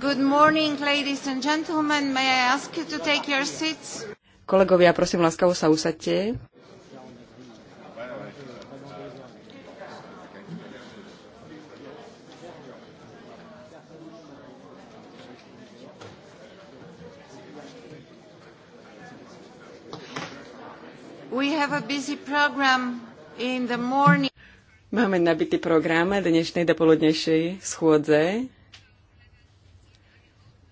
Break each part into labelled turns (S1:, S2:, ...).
S1: Good morning, ladies
S2: and gentlemen. May I ask you to take your seats?
S3: Kolegovia, prosím, láskavo sa usadte.
S2: We have a busy program in the morning. Máme nabitý program dnešnej
S3: dopoludnejšej schôdze.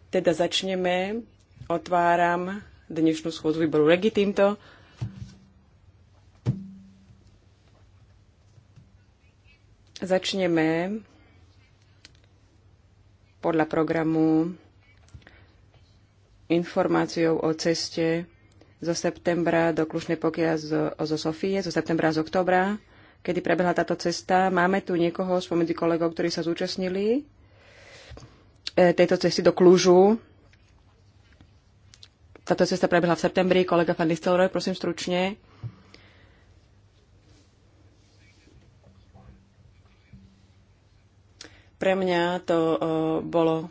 S3: Teda začneme. Otváram dnešnú schôdzu výboru Regi týmto. Začneme podľa programu informáciou o ceste zo septembra do Klušnej Pokia zo, zo Sofie, zo septembra a z oktobra, kedy prebehla táto cesta. Máme tu niekoho spomedzi kolegov, ktorí sa zúčastnili E, tejto cesty do Klužu. Táto cesta prebehla v septembri. Kolega Van Nistelrooy, prosím stručne. Pre mňa to uh, bolo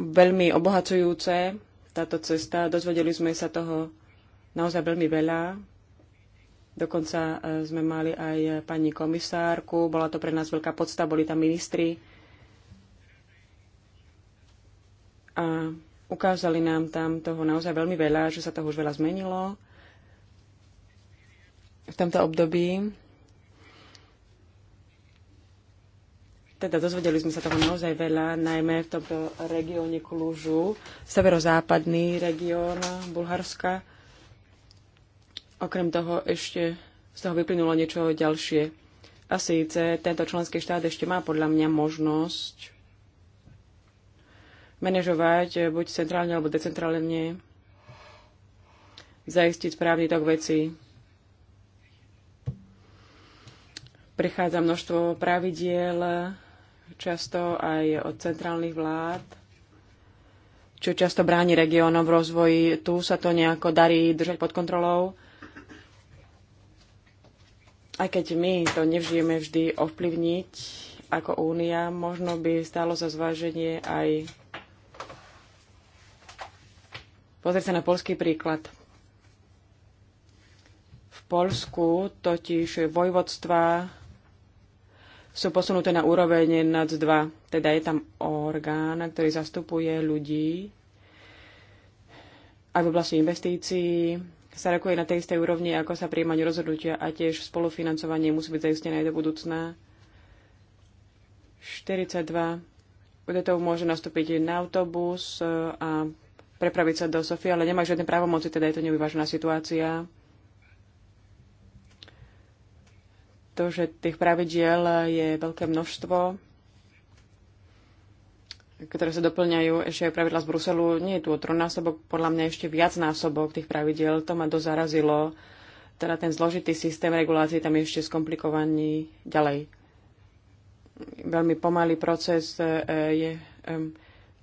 S3: veľmi obohacujúce, táto cesta. Dozvedeli sme sa toho naozaj veľmi veľa. Dokonca e, sme mali aj pani komisárku, bola to pre nás veľká podsta, boli tam ministri a ukázali nám tam toho naozaj veľmi veľa, že sa toho už veľa zmenilo v tomto období. Teda dozvedeli sme sa toho naozaj veľa, najmä v tomto regióne Klužu, severozápadný región Bulharska. Okrem toho ešte z toho vyplynulo niečo ďalšie. A síce tento členský štát ešte má podľa mňa možnosť manažovať eh, buď centrálne alebo decentrálne, zaistiť správny tok veci. Prichádza množstvo pravidiel, často aj od centrálnych vlád, čo často bráni regiónom v rozvoji. Tu sa to nejako darí držať pod kontrolou. Aj keď my to nevžijeme vždy ovplyvniť, ako únia, možno by stalo za zváženie aj Pozri sa na polský príklad. V Polsku totiž vojvodstva sú posunuté na úroveň NAC 2. Teda je tam orgán, ktorý zastupuje ľudí aj v oblasti investícií, sa rokuje na tej istej úrovni, ako sa príjmať rozhodnutia a tiež spolufinancovanie musí byť zaistené aj do budúcna. 42 to môže nastúpiť na autobus a prepraviť sa do Sofie, ale nemá žiadne právomoci, teda je to nevyvážená situácia. To, že tých pravidiel je veľké množstvo, ktoré sa doplňajú ešte aj pravidla z Bruselu. Nie je tu o trojnásobok, podľa mňa ešte viac násobok tých pravidiel. To ma dosť zarazilo. Teda ten zložitý systém regulácií tam je ešte skomplikovaný ďalej. Veľmi pomalý proces eh, je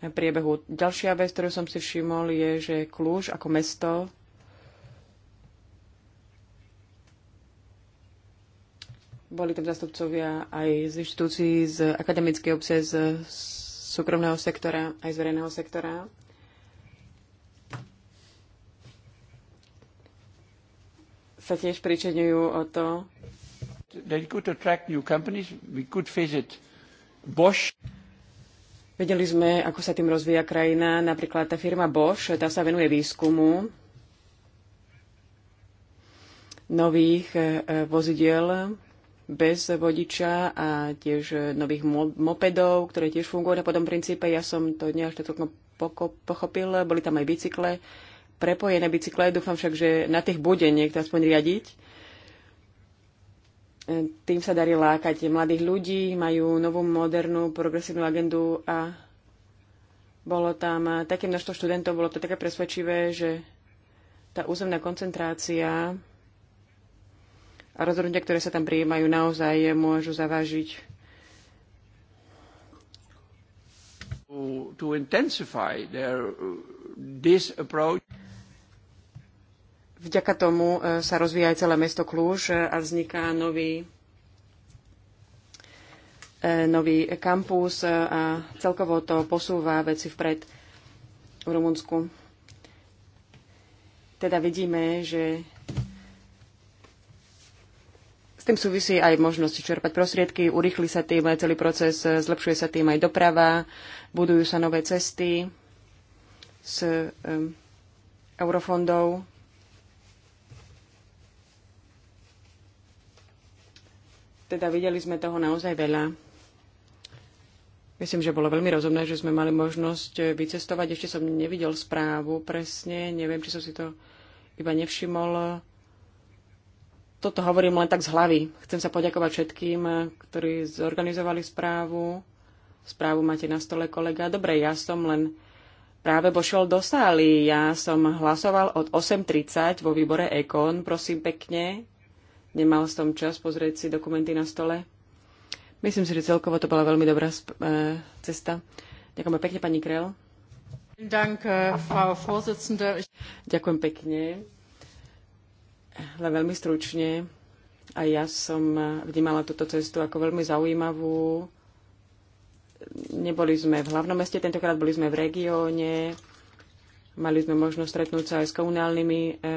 S3: priebehu. Ďalšia vec, ktorú som si všimol, je, že Kluž ako mesto boli tam zastupcovia aj z inštitúcií, z akademickej obce, z súkromného sektora, aj z verejného sektora. Sa tiež pričeňujú o to, They could attract new companies. We could visit Bosch. Vedeli sme, ako sa tým rozvíja krajina. Napríklad tá firma Bosch, tá sa venuje výskumu nových e, vozidiel bez vodiča a tiež nových mopedov, ktoré tiež fungujú na podom princípe. Ja som to dňa až celkom pochopil. Boli tam aj bicykle, prepojené bicykle. Dúfam však, že na tých bude niekto aspoň riadiť tým sa darí lákať mladých ľudí, majú novú, modernú, progresívnu agendu a bolo tam eh, také množstvo študentov, bolo to také presvedčivé, že tá územná koncentrácia a rozhodnutia, ktoré sa tam prijímajú, naozaj môžu zavážiť. To, to Vďaka tomu e, sa rozvíja aj celé mesto Kluž e, a vzniká nový, e, nový kampus a celkovo to posúva veci vpred v Rumunsku. Teda vidíme, že s tým súvisí aj možnosť čerpať prostriedky, urýchli sa tým aj celý proces, zlepšuje sa tým aj doprava, budujú sa nové cesty s eurofondov Teda videli sme toho naozaj veľa. Myslím, že bolo veľmi rozumné, že sme mali možnosť vycestovať. Ešte som nevidel správu presne, neviem, či som si to iba nevšimol. Toto hovorím len tak z hlavy. Chcem sa poďakovať všetkým, ktorí zorganizovali správu. Správu máte na stole, kolega. Dobre, ja som len práve vošiel do sály. Ja som hlasoval od 8.30 vo výbore EKON, prosím pekne. Nemal som čas pozrieť si dokumenty na stole. Myslím si, že celkovo to bola veľmi dobrá e, cesta. Ďakujem pekne, pani Krell. E, Ďakujem pekne. Ale veľmi stručne. A ja som vnímala túto cestu ako veľmi zaujímavú. Neboli sme v hlavnom meste, tentokrát boli sme v regióne. Mali sme možnosť stretnúť sa aj s komunálnymi e,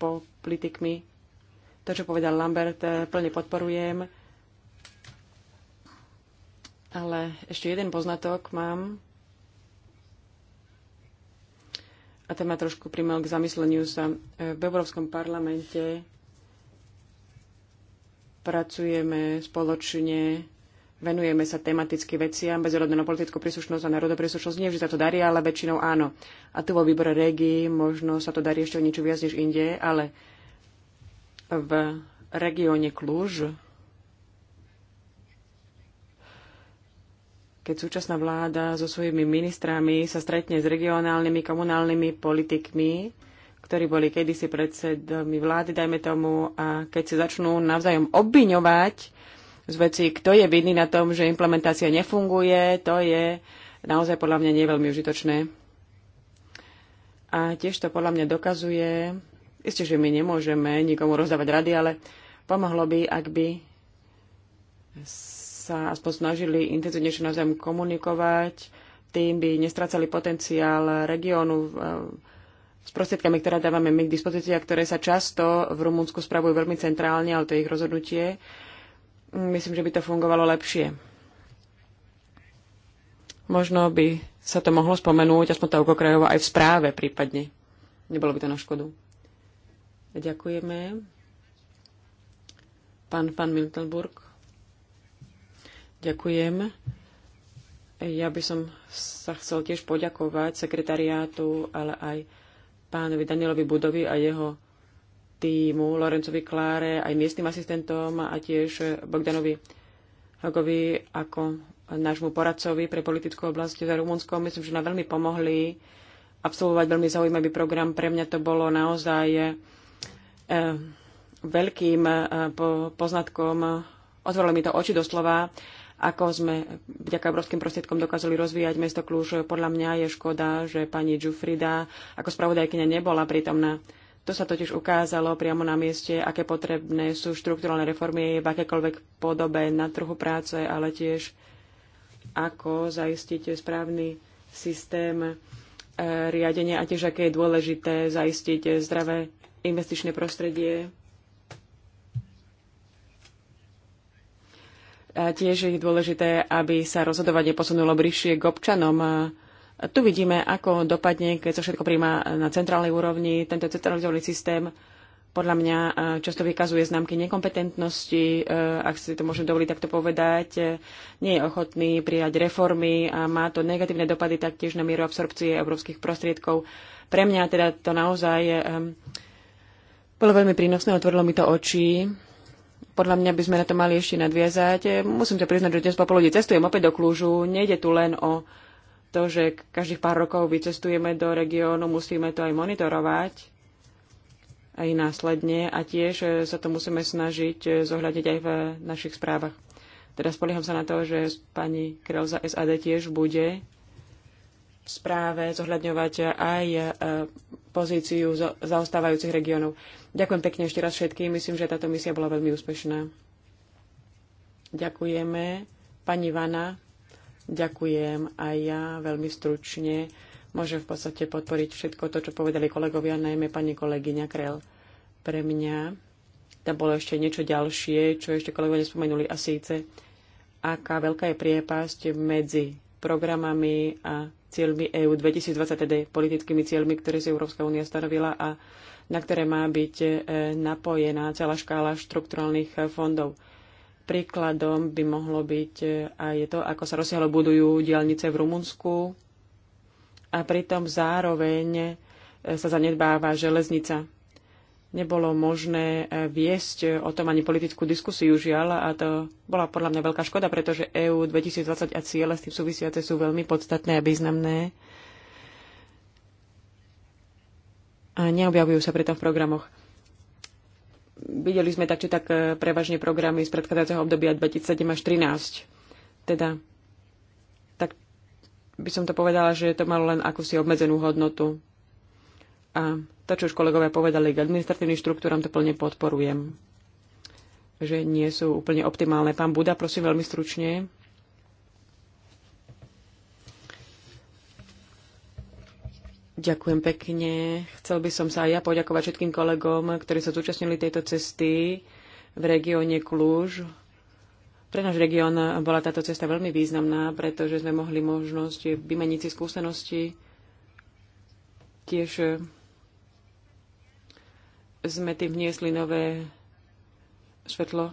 S3: politikmi to, čo povedal Lambert, e, plne podporujem. Ale ešte jeden poznatok mám. A to ma trošku primel k zamysleniu sa. E, v Európskom parlamente pracujeme spoločne, venujeme sa tematicky veciam, bez na politickú príslušnosť a príslušnosť. Nie vždy sa to darí, ale väčšinou áno. A tu vo výbore regii možno sa to darí ešte o niečo viac než inde, ale v regióne Kluž, keď súčasná vláda so svojimi ministrami sa stretne s regionálnymi, komunálnymi politikmi, ktorí boli kedysi predsedmi vlády, dajme tomu, a keď sa začnú navzájom obviňovať z veci, kto je vinný na tom, že implementácia nefunguje, to je naozaj podľa mňa neveľmi veľmi užitočné. A tiež to podľa mňa dokazuje, Isté, že my nemôžeme nikomu rozdávať rady, ale pomohlo by, ak by sa aspoň snažili intenzívnejšie zem komunikovať, tým by nestracali potenciál regiónu eh, s prostriedkami, ktoré dávame my k dispozícii a ktoré sa často v Rumunsku spravujú veľmi centrálne, ale to je ich rozhodnutie. Myslím, že by to fungovalo lepšie. Možno by sa to mohlo spomenúť, aspoň tá ukokrajová, aj v správe prípadne. Nebolo by to na škodu. Ďakujeme. Pán pán Miltenburg. Ďakujem. Ja by som sa chcel tiež poďakovať sekretariátu, ale aj pánovi Danielovi Budovi a jeho týmu, Lorencovi Kláre, aj miestnym asistentom a tiež Bogdanovi Hagovi ako nášmu poradcovi pre politickú oblasť za Rumunsko. Myslím, že nám veľmi pomohli absolvovať veľmi zaujímavý program. Pre mňa to bolo naozaj Eh, veľkým eh, poznatkom, otvorilo mi to oči doslova, ako sme vďaka obrovským prostriedkom dokázali rozvíjať mesto Kluž. Podľa mňa je škoda, že pani Giuffrida ako spravodajkyňa nebola prítomná. To sa totiž ukázalo priamo na mieste, aké potrebné sú štruktúralne reformy v akékoľvek podobe na trhu práce, ale tiež ako zaistiť správny systém eh, riadenia a tiež aké je dôležité zaistiť zdravé investičné prostredie. A tiež je dôležité, aby sa rozhodovanie posunulo bližšie k občanom. A tu vidíme, ako dopadne, keď sa všetko príjma na centrálnej úrovni. Tento centralizovaný systém podľa mňa často vykazuje známky nekompetentnosti, ak si to môžem dovoliť takto povedať. Nie je ochotný prijať reformy a má to negatívne dopady taktiež na mieru absorpcie európskych prostriedkov. Pre mňa teda to naozaj ehm, bolo veľmi prínosné, otvorilo mi to oči. Podľa mňa by sme na to mali ešte nadviazať. Musím sa priznať, že dnes popoludne cestujem opäť do Klúžu. Nejde tu len o to, že každých pár rokov vycestujeme do regiónu, musíme to aj monitorovať aj následne a tiež sa to musíme snažiť zohľadiť aj v našich správach. Teda spolieham sa na to, že pani Krelza SAD tiež bude správe zohľadňovať aj e, pozíciu zaostávajúcich regiónov. Ďakujem pekne ešte raz všetkým. Myslím, že táto misia bola veľmi úspešná. Ďakujeme. Pani Vana, ďakujem aj ja veľmi stručne. Môžem v podstate podporiť všetko to, čo povedali kolegovia, najmä pani kolegyňa Krel. Pre mňa tam bolo ešte niečo ďalšie, čo ešte kolegovia nespomenuli a síce, aká veľká je priepasť medzi programami a cieľmi EU 2020, teda politickými cieľmi, ktoré si Európska únia stanovila a na ktoré má byť e, napojená celá škála štrukturálnych fondov. Príkladom by mohlo byť e, aj to, ako sa rozsiahlo budujú dielnice v Rumunsku a pritom zároveň e, sa zanedbáva železnica nebolo možné eh, viesť eh, o tom ani politickú diskusiu, žiaľ, a to bola podľa mňa veľká škoda, pretože EU 2020 a ciele s tým súvisiace sú veľmi podstatné a významné. A neobjavujú sa preto v programoch. Videli sme tak, či tak eh, prevažne programy z predchádzajúceho obdobia 2007 až 2013. Teda, tak by som to povedala, že to malo len akúsi obmedzenú hodnotu a to, čo už kolegovia povedali, k administratívnym štruktúram to plne podporujem. Že nie sú úplne optimálne. Pán Buda, prosím veľmi stručne. Ďakujem pekne. Chcel by som sa aj ja poďakovať všetkým kolegom, ktorí sa zúčastnili tejto cesty v regióne Kluž. Pre náš región bola táto cesta veľmi významná, pretože sme mohli možnosť vymeniť si skúsenosti. Tiež sme tým vniesli nové svetlo,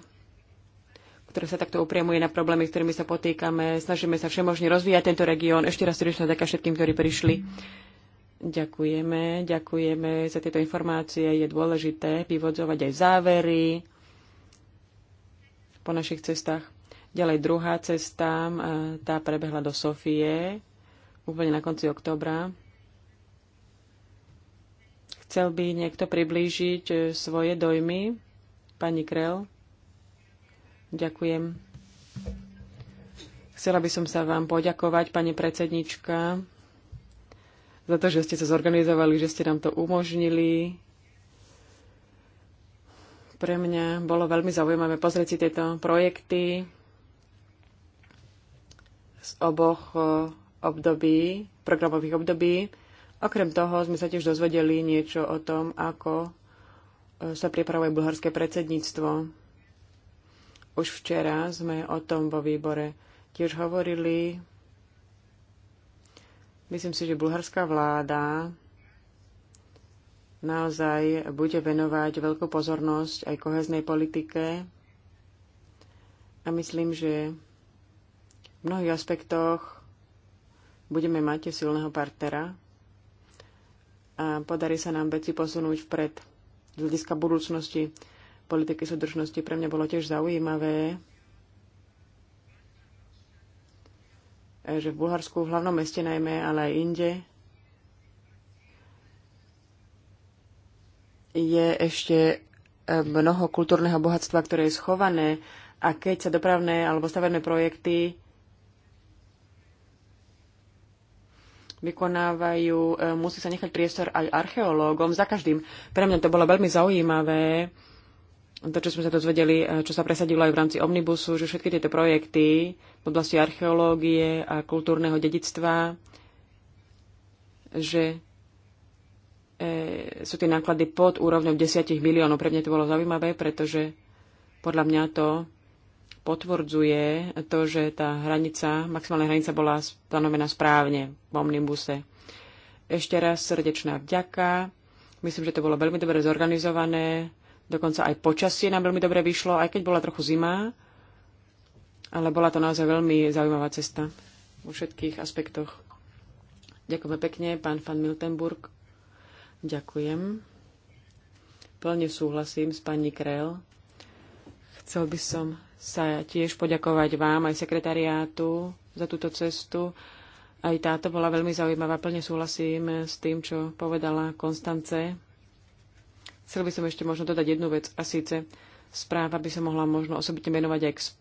S3: ktoré sa takto upriamuje na problémy, s ktorými sa potýkame. Snažíme sa všemožne rozvíjať tento región. Ešte raz srdečná ďaká všetkým, ktorí prišli. Ďakujeme, ďakujeme za tieto informácie. Je dôležité vyvodzovať aj závery po našich cestách. Ďalej druhá cesta, tá prebehla do Sofie úplne na konci oktobra. Chcel by niekto priblížiť e, svoje dojmy? Pani Krel? Ďakujem. Chcela by som sa vám poďakovať, pani predsednička, za to, že ste sa zorganizovali, že ste nám to umožnili. Pre mňa bolo veľmi zaujímavé pozrieť si tieto projekty z oboch e, období, programových období. Okrem toho sme sa tiež dozvedeli niečo o tom, ako e, sa pripravuje bulharské predsedníctvo. Už včera sme o tom vo výbore tiež hovorili. Myslím si, že bulharská vláda naozaj bude venovať veľkú pozornosť aj koheznej politike a myslím, že v mnohých aspektoch budeme mať silného partnera a podarí sa nám veci posunúť vpred z hľadiska budúcnosti politiky súdržnosti. Pre mňa bolo tiež zaujímavé, že v Bulharsku, v hlavnom meste najmä, ale aj inde, je ešte eh, mnoho kultúrneho bohatstva, ktoré je schované a keď sa dopravné alebo stavebné projekty vykonávajú, e, musí sa nechať priestor aj archeológom, za každým. Pre mňa to bolo veľmi zaujímavé, to, čo sme sa dozvedeli, e, čo sa presadilo aj v rámci Omnibusu, že všetky tieto projekty v oblasti archeológie a kultúrneho dedictva, že e, sú tie náklady pod úrovňou 10 miliónov. Pre mňa to bolo zaujímavé, pretože podľa mňa to potvrdzuje to, že tá hranica, maximálna hranica bola stanovená správne v omnibuse. Ešte raz srdečná vďaka. Myslím, že to bolo veľmi dobre zorganizované. Dokonca aj počasie nám veľmi dobre vyšlo, aj keď bola trochu zima. Ale bola to naozaj veľmi zaujímavá cesta vo všetkých aspektoch. Ďakujeme pekne, pán van Miltenburg. Ďakujem. Plne súhlasím s pani Krell Chcel by som sa tiež poďakovať vám aj sekretariátu za túto cestu. Aj táto bola veľmi zaujímavá. Plne súhlasím s tým, čo povedala Konstance. Chcel by som ešte možno dodať jednu vec a síce správa by sa mohla možno osobitne menovať aj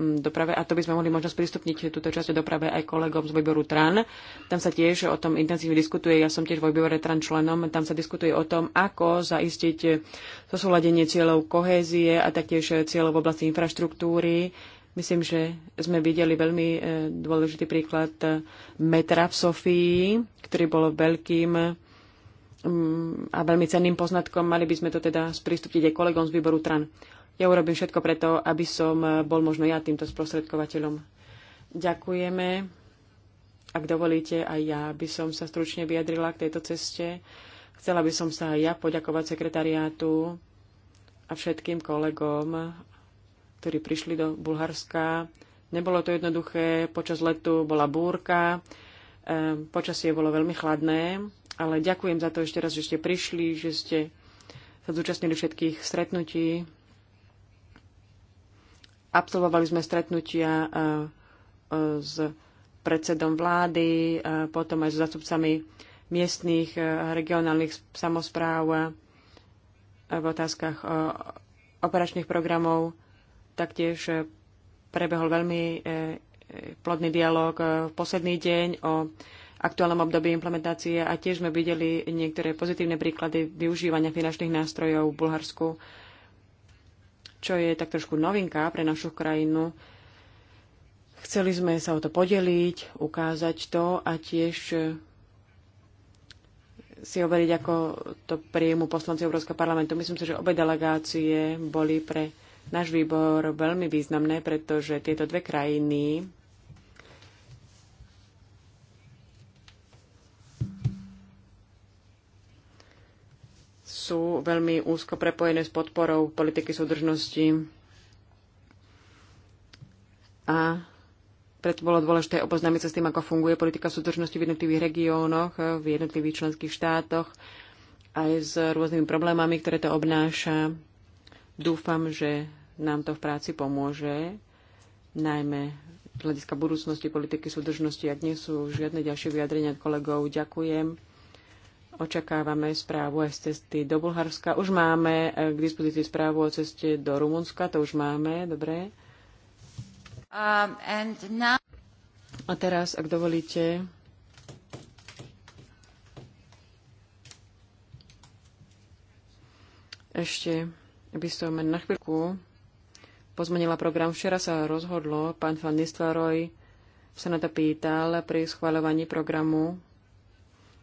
S3: Mm, doprave a to by sme mohli možno sprístupniť túto časť o doprave aj kolegom z výboru TRAN. Tam sa tiež o tom intenzívne diskutuje, ja som tiež vo výbore TRAN členom, tam sa diskutuje o tom, ako zaistiť zosúladenie cieľov kohézie a taktiež cieľov v oblasti infraštruktúry. Myslím, že sme videli veľmi e, dôležitý príklad e, metra v Sofii, ktorý bol veľkým mm, a veľmi cenným poznatkom. Mali by sme to teda sprístupniť aj kolegom z výboru TRAN. Ja urobím všetko preto, aby som eh, bol možno ja týmto sprostredkovateľom. Ďakujeme. Ak dovolíte, aj ja by som sa stručne vyjadrila k tejto ceste. Chcela by som sa aj ja poďakovať sekretariátu a všetkým kolegom, ktorí prišli do Bulharska. Nebolo to jednoduché, počas letu bola búrka, ehm, počasie bolo veľmi chladné, ale ďakujem za to ešte raz, že ste prišli, že ste sa zúčastnili všetkých stretnutí. Absolvovali sme stretnutia e, e, s predsedom vlády, e, potom aj s zastupcami miestných regionálnych samozpráv v otázkach operačných programov. Taktiež prebehol veľmi plodný dialog v posledný deň o aktuálnom období implementácie a tiež sme videli niektoré pozitívne príklady využívania finančných nástrojov v Bulharsku čo je tak trošku novinka pre našu krajinu. Chceli sme sa o to podeliť, ukázať to a tiež eh, si overiť, ako to príjemu poslanci Európskeho parlamentu. Myslím si, že obe delegácie boli pre náš výbor veľmi významné, pretože tieto dve krajiny sú veľmi úzko prepojené s podporou politiky súdržnosti. A preto bolo dôležité oboznámiť sa s tým, ako funguje politika súdržnosti v jednotlivých regiónoch, v jednotlivých členských štátoch, aj s rôznymi problémami, ktoré to obnáša. Dúfam, že nám to v práci pomôže, najmä z hľadiska budúcnosti politiky súdržnosti, ak nie sú žiadne ďalšie vyjadrenia kolegov, ďakujem Očakávame správu aj z cesty do Bulharska. Už máme eh, k dispozícii správu o ceste do Rumunska, to už máme, dobre.
S2: Um, now...
S3: A teraz, ak dovolíte, ešte by som na chvíľku pozmenila program. Včera sa rozhodlo, pán Fan Nistvaroy sa na to pýtal pri schváľovaní programu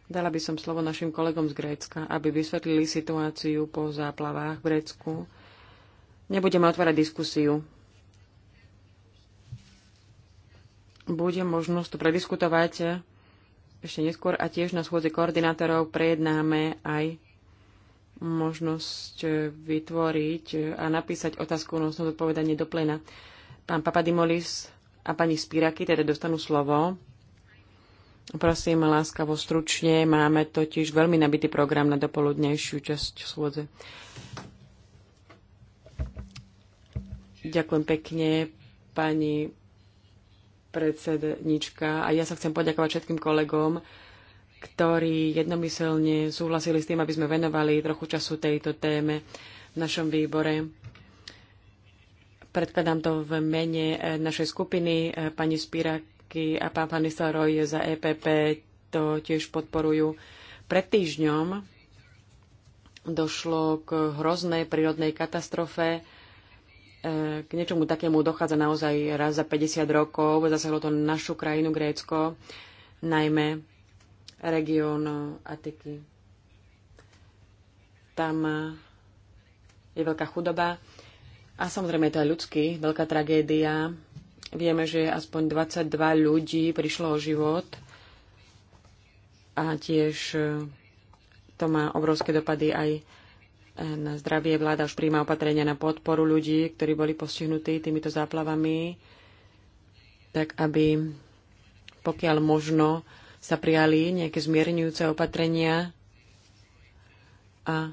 S3: Dala by som slovo našim kolegom z Grécka, aby vysvetlili situáciu po záplavách v Grécku. Nebudeme otvárať diskusiu. Bude možnosť to prediskutovať ešte neskôr a tiež na schôdzi koordinátorov prejednáme aj možnosť vytvoriť a napísať otázku na odpovedanie do plena. Pán Papadimolis a pani Spiraky teda dostanú slovo Prosím, láskavo, stručne. Máme totiž veľmi nabitý program na dopoludnejšiu časť schôdze. Ďakujem pekne, pani predsednička. A ja sa chcem poďakovať všetkým kolegom, ktorí jednomyselne súhlasili s tým, aby sme venovali trochu času tejto téme v našom výbore. Predkladám to v mene eh, našej skupiny. Eh, pani Spirak Arlaky a pán Van Roy za EPP to tiež podporujú. Pred týždňom došlo k hroznej prírodnej katastrofe. E, k niečomu takému dochádza naozaj raz za 50 rokov. Zasahlo to našu krajinu, Grécko, najmä región Atiky. Tam je veľká chudoba. A samozrejme, to je ľudský, veľká tragédia. Vieme, že aspoň 22 ľudí prišlo o život a tiež e, to má obrovské dopady aj e, na zdravie. Vláda už príjma opatrenia na podporu ľudí, ktorí boli postihnutí týmito záplavami, tak aby pokiaľ možno sa prijali nejaké zmierňujúce opatrenia a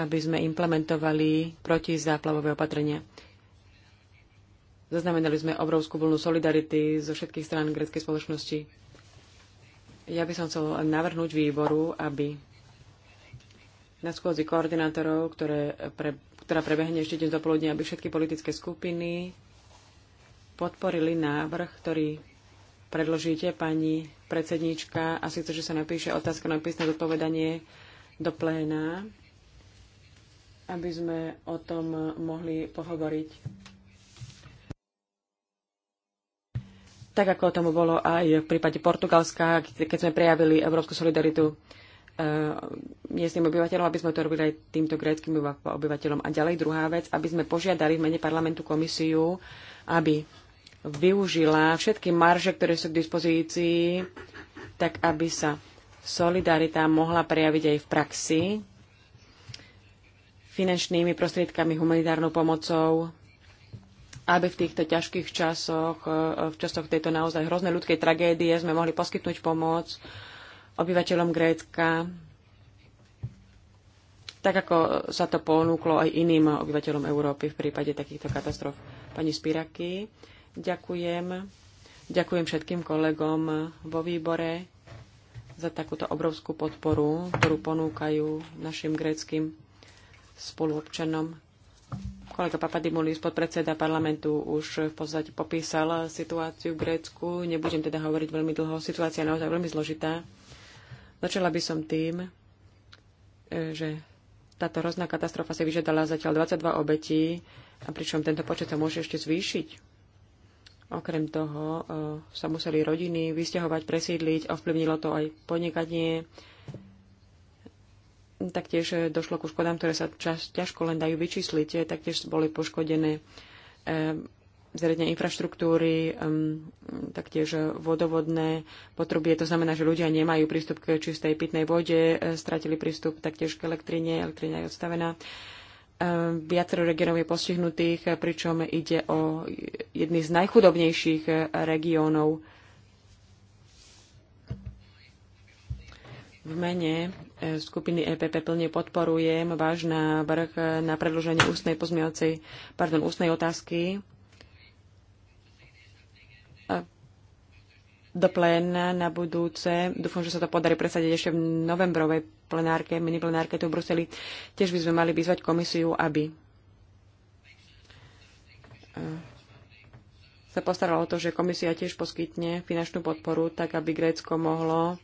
S3: aby sme implementovali protizáplavové opatrenia. Zaznamenali sme obrovskú vlnu solidarity zo všetkých strán greckej spoločnosti. Ja by som chcel navrhnúť výboru, aby na schôdzi koordinátorov, ktoré pre, ktorá prebehne ešte deň dopoludne, aby všetky politické skupiny podporili návrh, ktorý predložíte pani predsedníčka, a síce, že sa napíše otázka na písne zodpovedanie do pléna, aby sme o tom mohli pohovoriť tak ako tomu bolo aj v prípade Portugalska, keď sme prejavili európsku solidaritu e, miestnym obyvateľom, aby sme to robili aj týmto gréckým obyvateľom. A ďalej druhá vec, aby sme požiadali v mene parlamentu komisiu, aby využila všetky marže, ktoré sú k dispozícii, tak aby sa solidarita mohla prejaviť aj v praxi finančnými prostriedkami, humanitárnou pomocou, aby v týchto ťažkých časoch, e, v časoch tejto naozaj hroznej ľudskej tragédie sme mohli poskytnúť pomoc obyvateľom Grécka, tak ako sa to ponúklo aj iným obyvateľom Európy v prípade takýchto katastrof. Pani Spiraky, ďakujem. Ďakujem všetkým kolegom vo výbore za takúto obrovskú podporu, ktorú ponúkajú našim gréckým spoluobčanom. Kolega Papadimulis, podpredseda parlamentu, už v podstate popísal situáciu v Grécku. Nebudem teda hovoriť veľmi dlho. Situácia je naozaj veľmi zložitá. Začala by som tým, e, že táto hrozná katastrofa si vyžiadala zatiaľ 22 obetí, a pričom tento počet sa môže ešte zvýšiť. Okrem toho e, sa museli rodiny vysťahovať, presídliť, ovplyvnilo to aj podnikanie, Taktiež došlo ku škodám, ktoré sa čas, ťažko len dajú vyčísliť. Taktiež boli poškodené e, zredne infraštruktúry, taktiež vodovodné potrubie. To znamená, že ľudia nemajú prístup k čistej pitnej vode, e, stratili prístup taktiež k elektrine, elektrina je odstavená. E, viacero regionov je postihnutých, pričom ide o jedný z najchudobnejších regiónov V mene e, skupiny EPP plne podporujem váš návrh na predloženie ústnej pozmiacej, pardon, ústnej otázky e, do pléna na budúce. Dúfam, že sa to podarí presadiť ešte v novembrovej plenárke, mini plenárke tu v Bruseli. Tiež by sme mali vyzvať komisiu, aby e, sa postaralo o to, že komisia tiež poskytne finančnú podporu, tak aby Grécko mohlo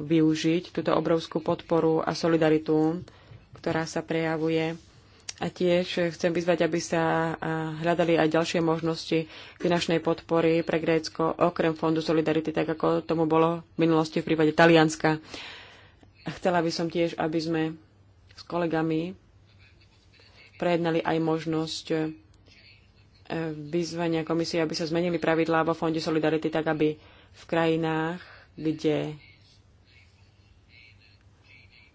S3: využiť túto obrovskú podporu a solidaritu, ktorá sa prejavuje. A tiež chcem vyzvať, aby sa hľadali aj ďalšie možnosti finančnej podpory pre Grécko, okrem Fondu Solidarity, tak ako tomu bolo v minulosti v prípade Talianska. Chcela by som tiež, aby sme s kolegami prejednali aj možnosť e, vyzvania komisie, aby sa zmenili pravidlá vo Fonde Solidarity tak, aby v krajinách, kde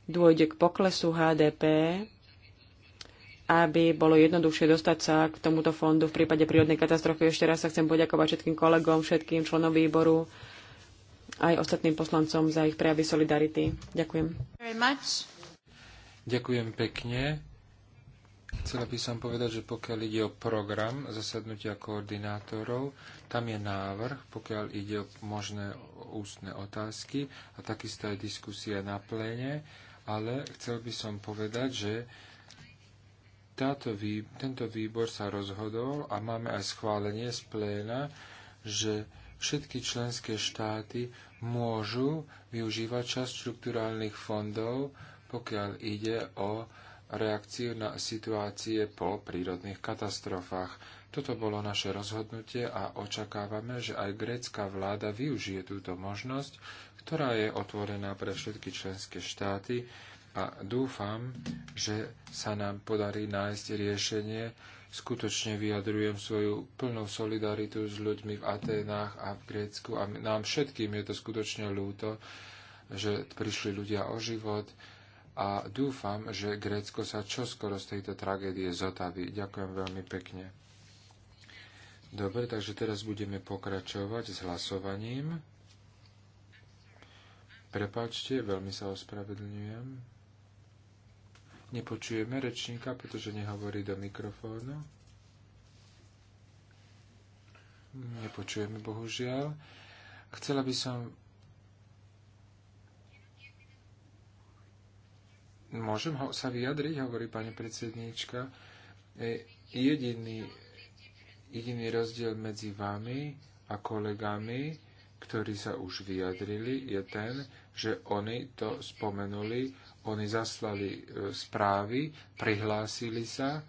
S3: dôjde k poklesu HDP, aby bolo jednoduchšie dostať sa k tomuto fondu v prípade prírodnej katastrofy. Ešte raz sa chcem poďakovať všetkým kolegom, všetkým členom výboru, aj ostatným poslancom za ich prejavy solidarity. Ďakujem.
S1: Ďakujem pekne. Chcela by som povedať, že pokiaľ ide o program zasadnutia koordinátorov, tam je návrh, pokiaľ ide o možné ústne otázky a takisto aj diskusia na pléne ale chcel by som povedať, že táto vý, tento výbor sa rozhodol a máme aj schválenie z pléna, že všetky členské štáty môžu využívať časť štruktúrálnych fondov, pokiaľ ide o reakciu na situácie po prírodných katastrofách. Toto bolo naše rozhodnutie a očakávame, že aj grécka vláda využije túto možnosť, ktorá je otvorená pre všetky členské štáty a dúfam, že sa nám podarí nájsť riešenie. Skutočne vyjadrujem svoju plnú solidaritu s ľuďmi v Aténách a v Grécku a nám všetkým je to skutočne ľúto, že prišli ľudia o život a dúfam, že Grécko sa čoskoro z tejto tragédie zotaví. Ďakujem veľmi pekne. Dobre, takže teraz budeme pokračovať s hlasovaním. Prepačte, veľmi sa ospravedlňujem. Nepočujeme rečníka, pretože nehovorí do mikrofónu. Nepočujeme, bohužiaľ. Chcela by som... Môžem ho- sa vyjadriť, hovorí pani predsedníčka. E, jediný, jediný rozdiel medzi vami a kolegami, ktorí sa už vyjadrili, je ten, že oni to spomenuli, oni zaslali e, správy, prihlásili sa,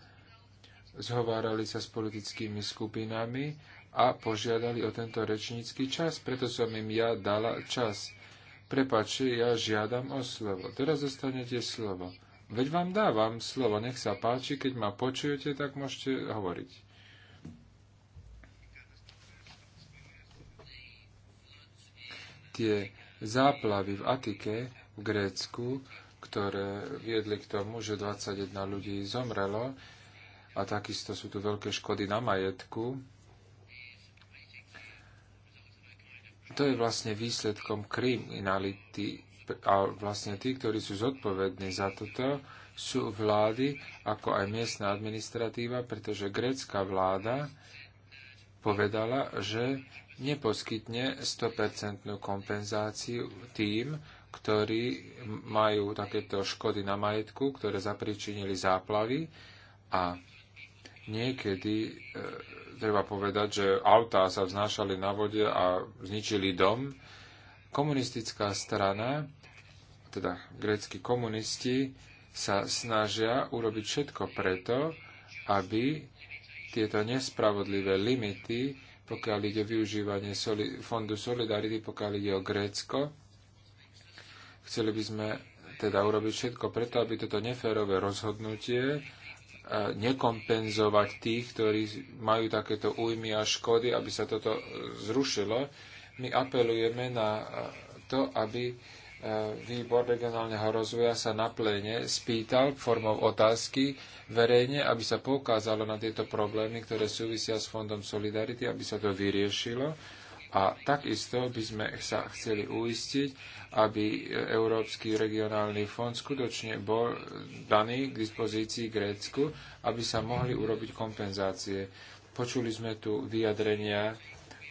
S1: zhovárali sa s politickými skupinami a požiadali o tento rečnícky čas, preto som im ja dala čas. Prepačte, ja žiadam o slovo. Teraz dostanete slovo. Veď vám dávam slovo, nech sa páči, keď ma počujete, tak môžete hovoriť. Tie záplavy v Atike v Grécku, ktoré viedli k tomu, že 21 ľudí zomrelo a takisto sú tu veľké škody na majetku. To je vlastne výsledkom kriminality a vlastne tí, ktorí sú zodpovední za toto, sú vlády ako aj miestna administratíva, pretože grécka vláda povedala, že neposkytne 100% kompenzáciu tým, ktorí majú takéto škody na majetku, ktoré zapričinili záplavy a niekedy e, treba povedať, že autá sa vznášali na vode a zničili dom. Komunistická strana, teda grécky komunisti, sa snažia urobiť všetko preto, aby tieto nespravodlivé limity pokiaľ ide o využívanie soli- fondu Solidarity, pokiaľ ide o Grécko. Chceli by sme teda urobiť všetko preto, aby toto neférové rozhodnutie e, nekompenzovať tých, ktorí majú takéto újmy a škody, aby sa toto e, zrušilo. My apelujeme na e, to, aby E, výbor regionálneho rozvoja sa na plene spýtal formou otázky verejne, aby sa poukázalo na tieto problémy, ktoré súvisia s Fondom Solidarity, aby sa to vyriešilo. A takisto by sme sa chceli uistiť, aby Európsky regionálny fond skutočne bol daný k dispozícii Grécku, aby sa mohli urobiť kompenzácie. Počuli sme tu vyjadrenia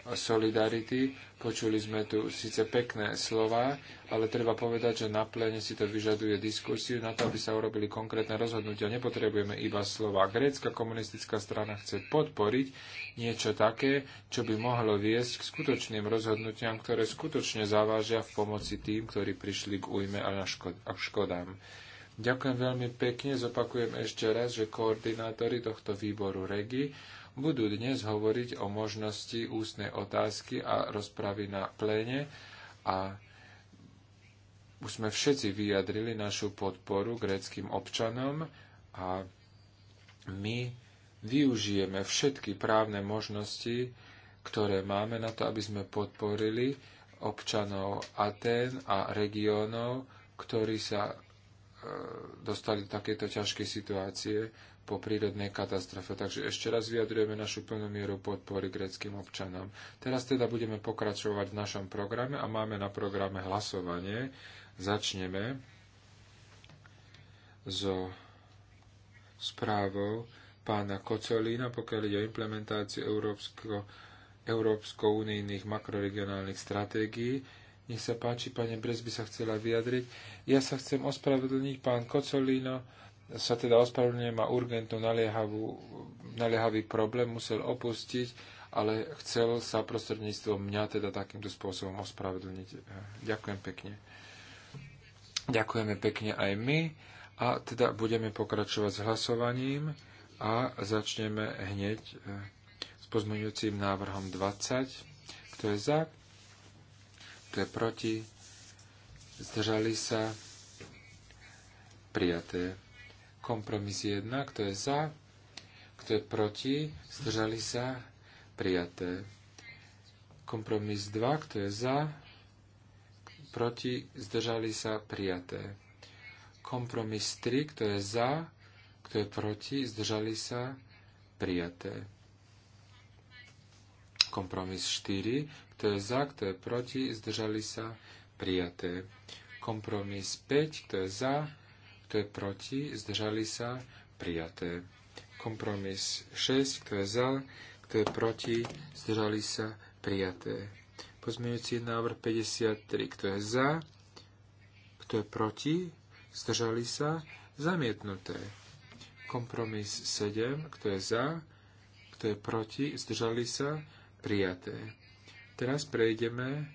S1: Solidarity, Počuli sme tu síce pekné slova, ale treba povedať, že na pléne si to vyžaduje diskusiu na to, aby sa urobili konkrétne rozhodnutia. Nepotrebujeme iba slova. Grécka komunistická strana chce podporiť niečo také, čo by mohlo viesť k skutočným rozhodnutiam, ktoré skutočne zavážia v pomoci tým, ktorí prišli k újme a, škod a škodám. Ďakujem veľmi pekne. Zopakujem ešte raz, že koordinátori tohto výboru REGI budú dnes hovoriť o možnosti ústnej otázky a rozpravy na pléne a už sme všetci vyjadrili našu podporu gréckým občanom a my využijeme všetky právne možnosti, ktoré máme na to, aby sme podporili občanov Atén a regiónov, ktorí sa e, dostali do takéto ťažkej situácie po prírodnej katastrofe. Takže ešte raz vyjadrujeme našu plnú mieru podpory greckým občanom. Teraz teda budeme pokračovať v našom programe a máme na programe hlasovanie. Začneme so správou pána Kocolína, pokiaľ ide o implementáciu európsko, európsko-unijných makroregionálnych stratégií. Nech sa páči, pani Brez by sa chcela vyjadriť. Ja sa chcem ospravedlniť, pán Kocolíno, sa teda ospravedlňuje, má urgentnú naliehavú, naliehavý problém, musel opustiť, ale chcel sa prostredníctvom mňa teda takýmto spôsobom ospravedlniť. Ďakujem pekne. Ďakujeme pekne aj my a teda budeme pokračovať s hlasovaním a začneme hneď eh, s pozmeňujúcim návrhom 20. Kto je za? Kto je proti? Zdržali sa? Prijaté. Kompromis 1, kto je za, kto je proti, zdržali sa, prijaté. Kompromis 2, kto je za, proti, zdržali sa, prijaté. Kompromis 3, kto je za, kto je proti, zdržali sa, prijaté. Kompromis 4, kto je za, kto je proti, zdržali sa, prijaté. Kompromis 5, kto je za, kto je proti, zdržali sa, prijaté. Kompromis 6, kto je za, kto je proti, zdržali sa, prijaté. Pozmeňujúci návrh 53, kto je za, kto je proti, zdržali sa, zamietnuté. Kompromis 7, kto je za, kto je proti, zdržali sa, prijaté. Teraz prejdeme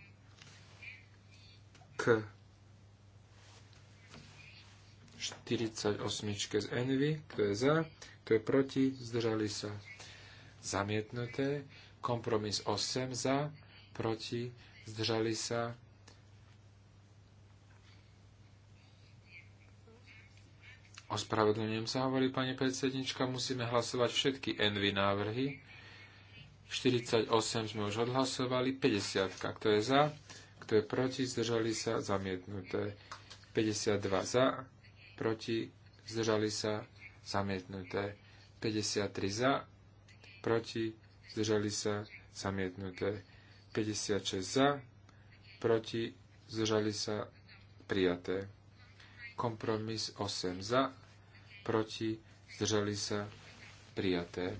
S1: k 48 z Envy, kto je za, kto je proti, zdržali sa zamietnuté, kompromis 8 za, proti, zdržali sa Ospravedlňujem sa, hovorí pani predsednička, musíme hlasovať všetky envy návrhy. 48 sme už odhlasovali, 50. Kto je za? Kto je proti? Zdržali sa? Zamietnuté. 52 za, proti, zdržali sa, zamietnuté. 53 za, proti, zdržali sa, zamietnuté. 56 za, proti, zdržali sa, prijaté. Kompromis 8 za, proti, zdržali sa, prijaté.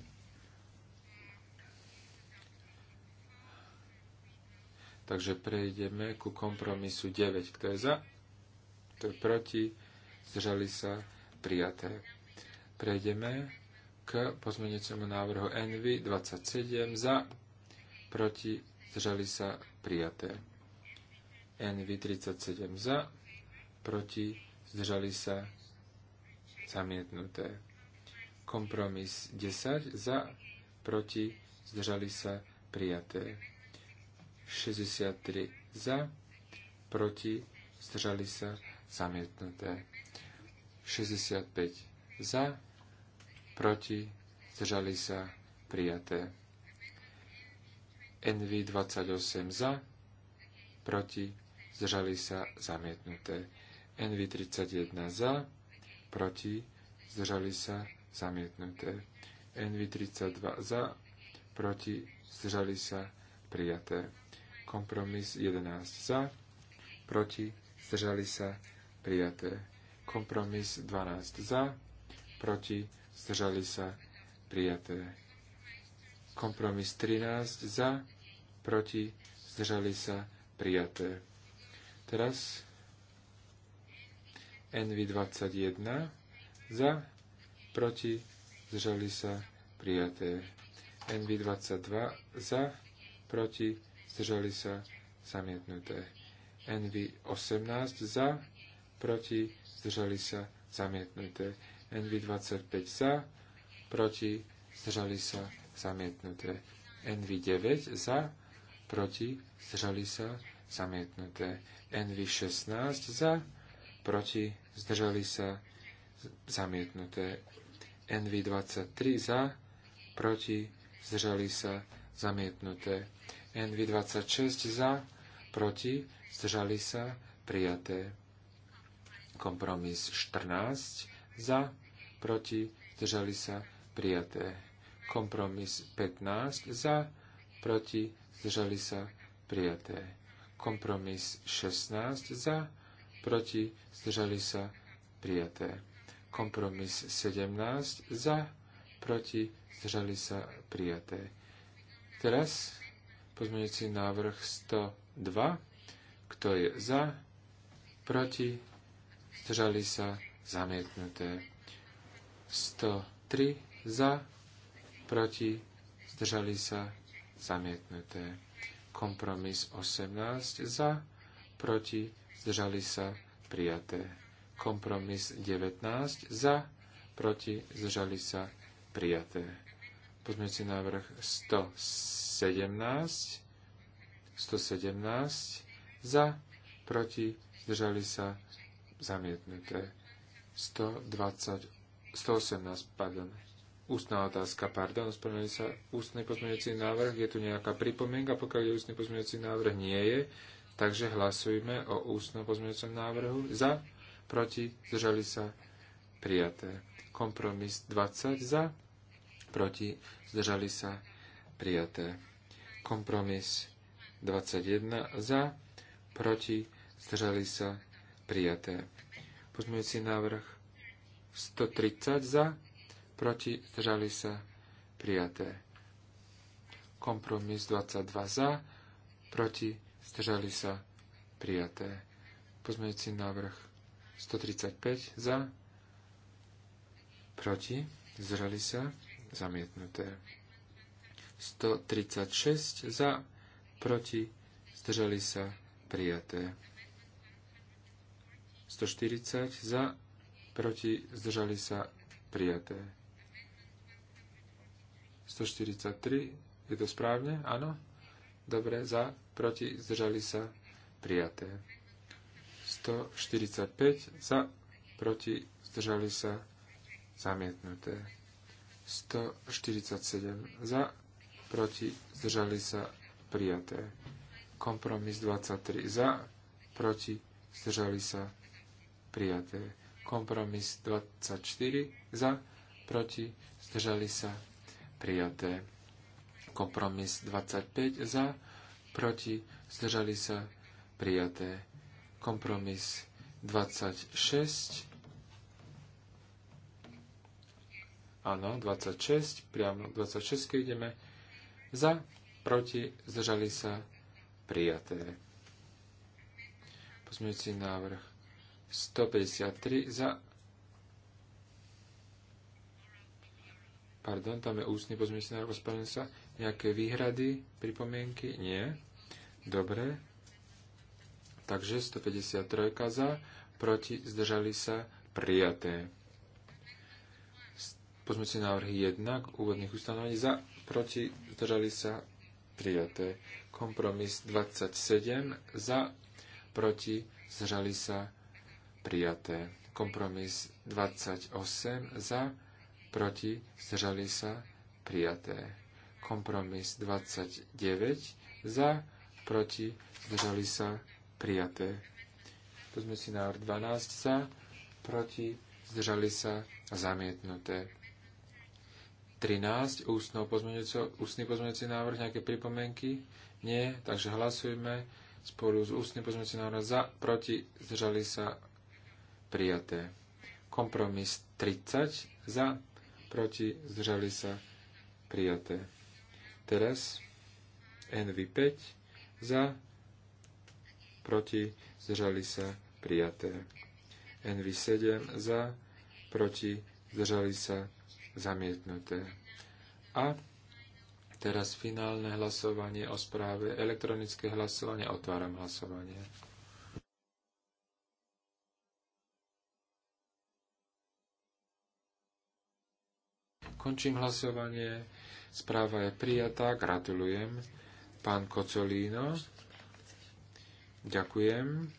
S1: Takže prejdeme ku kompromisu 9. Kto je za? Kto je proti? zdržali sa, prijaté. Prejdeme k pozmenujúcemu návrhu NV 27 za, proti, zdržali sa, prijaté. NV 37 za, proti, zdržali sa, zamietnuté. Kompromis 10 za, proti, zdržali sa, prijaté. 63 za, proti, zdržali sa, prijaté zamietnuté. 65 za, proti, zdržali sa, prijaté. NV 28 za, proti, zdržali sa, zamietnuté. NV 31 za, proti, zdržali sa, zamietnuté. NV 32 za, proti, zdržali sa, prijaté. Kompromis 11 za, proti, zdržali sa, prijaté. Kompromis 12 za, proti, zdržali sa, prijaté. Kompromis 13 za, proti, zdržali sa, prijaté. Teraz NV21 za, proti, zdržali sa, prijaté. NV22 za, proti, zdržali sa, zamietnuté. NV18 za, proti, zdržali sa, zamietnuté. NV25 za, proti, zdržali sa, zamietnuté. NV9 za, proti, zdržali sa, zamietnuté. NV16 za, proti, zdržali sa, zamietnuté. NV23 za, proti, zdržali sa, zamietnuté. NV26 za, proti, zdržali sa, prijaté. Kompromis 14 za, proti, zdržali sa, prijaté. Kompromis 15 za, proti, zdržali sa, prijaté. Kompromis 16 za, proti, zdržali sa, prijaté. Kompromis 17 za, proti, zdržali sa, prijaté. Teraz pozmeňujúci návrh 102. Kto je za? Proti? zdržali sa, zamietnuté. 103 za, proti, zdržali sa, zamietnuté. Kompromis 18 za, proti, zdržali sa, prijaté. Kompromis 19 za, proti, zdržali sa, prijaté. Poďme si návrh 117, 117 za, proti, zdržali sa, zamietnuté. 120, 118, pardon. Ústna otázka, pardon, spomenuli sa ústny pozmeňujúci návrh. Je tu nejaká pripomienka, pokiaľ je ústny pozmeňujúci návrh? Nie je. Takže hlasujme o ústnom pozmeňujúcom návrhu. Za, proti, zdržali sa, prijaté. Kompromis 20 za, proti, zdržali sa, prijaté. Kompromis 21 za, proti, zdržali sa, prijaté prijaté. Pozmeňujúci návrh 130 za, proti, zdržali sa, prijaté. Kompromis 22 za, proti, zdržali sa, prijaté. Pozmeňujúci návrh 135 za, proti, zdržali sa, zamietnuté. 136 za, proti, zdržali sa, prijaté. 140 za, proti, zdržali sa prijaté. 143, je to správne? Áno? Dobre, za, proti, zdržali sa prijaté. 145 za, proti, zdržali sa zamietnuté. 147 za, proti, zdržali sa prijaté. Kompromis 23 za, proti, zdržali sa prijaté prijaté. Kompromis 24 za, proti, zdržali sa, prijaté. Kompromis 25 za, proti, zdržali sa, prijaté. Kompromis 26, áno, 26, priamo 26 ideme, za, proti, zdržali sa, prijaté. Pozmeňujúci návrh 153 za. Pardon, tam je ústny pozmeňujúci návrh, ospravedlňujem sa. Nejaké výhrady, pripomienky? Nie. Dobre. Takže 153 za, proti, zdržali sa, prijaté. Pozmeňujúci návrh 1 k úvodných ustanovení za, proti, zdržali sa, prijaté. Kompromis 27 za, proti, zdržali sa, prijaté prijaté. Kompromis 28 za, proti, zdržali sa, prijaté. Kompromis 29 za, proti, zdržali sa, prijaté. Pozme si návrh 12 za, proti, zdržali sa, zamietnuté. 13, ústno ústny pozmeňujúci návrh, nejaké pripomienky? Nie, takže hlasujme spolu s ústnym pozmeňujúcim návrhom za, proti, zdržali sa, prijaté. Kompromis 30 za, proti, zdržali sa, prijaté. Teraz NV5 za, proti, zdržali sa, prijaté. NV7 za, proti, zdržali sa, zamietnuté. A teraz finálne hlasovanie o správe, elektronické hlasovanie, otváram hlasovanie. Končím hlasovanie. Správa je prijatá. Gratulujem. Pán Kocolíno. Ďakujem.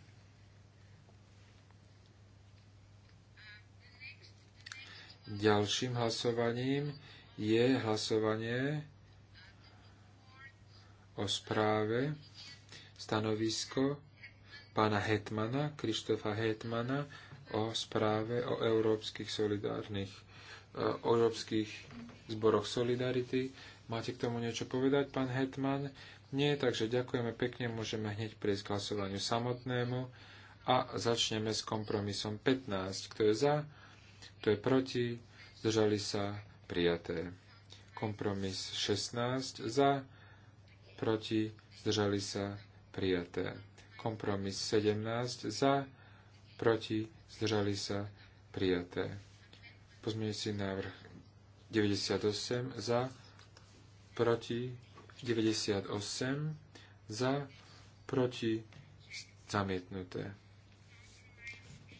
S1: Ďalším hlasovaním je hlasovanie o správe stanovisko pána Hetmana, Krištofa Hetmana o správe o európskych solidárnych Eh, o európskych zboroch Solidarity. Máte k tomu niečo povedať, pán Hetman? Nie, takže ďakujeme pekne, môžeme hneď prejsť k hlasovaniu samotnému a začneme s kompromisom 15. Kto je za, kto je proti, zdržali sa prijaté. Kompromis 16 za, proti, zdržali sa prijaté. Kompromis 17 za, proti, zdržali sa prijaté Pozmeňujúci návrh 98 za, proti 98 za, proti zamietnuté.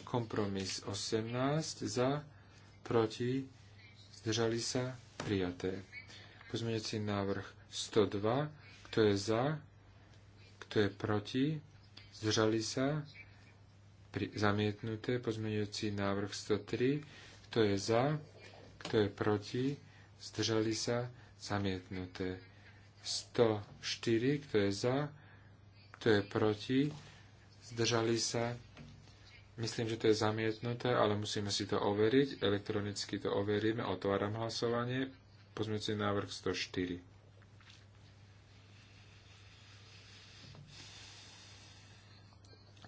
S1: Kompromis 18 za, proti zdržali sa prijaté. Pozmeňujúci návrh 102, kto je za, kto je proti, zdržali sa, pri, zamietnuté, pozmeňujúci návrh 103, kto je za? Kto je proti? Zdržali sa? Zamietnuté. 104. Kto je za? Kto je proti? Zdržali sa? Myslím, že to je zamietnuté, ale musíme si to overiť. Elektronicky to overíme. Otváram hlasovanie. Pozmeňujúci návrh 104.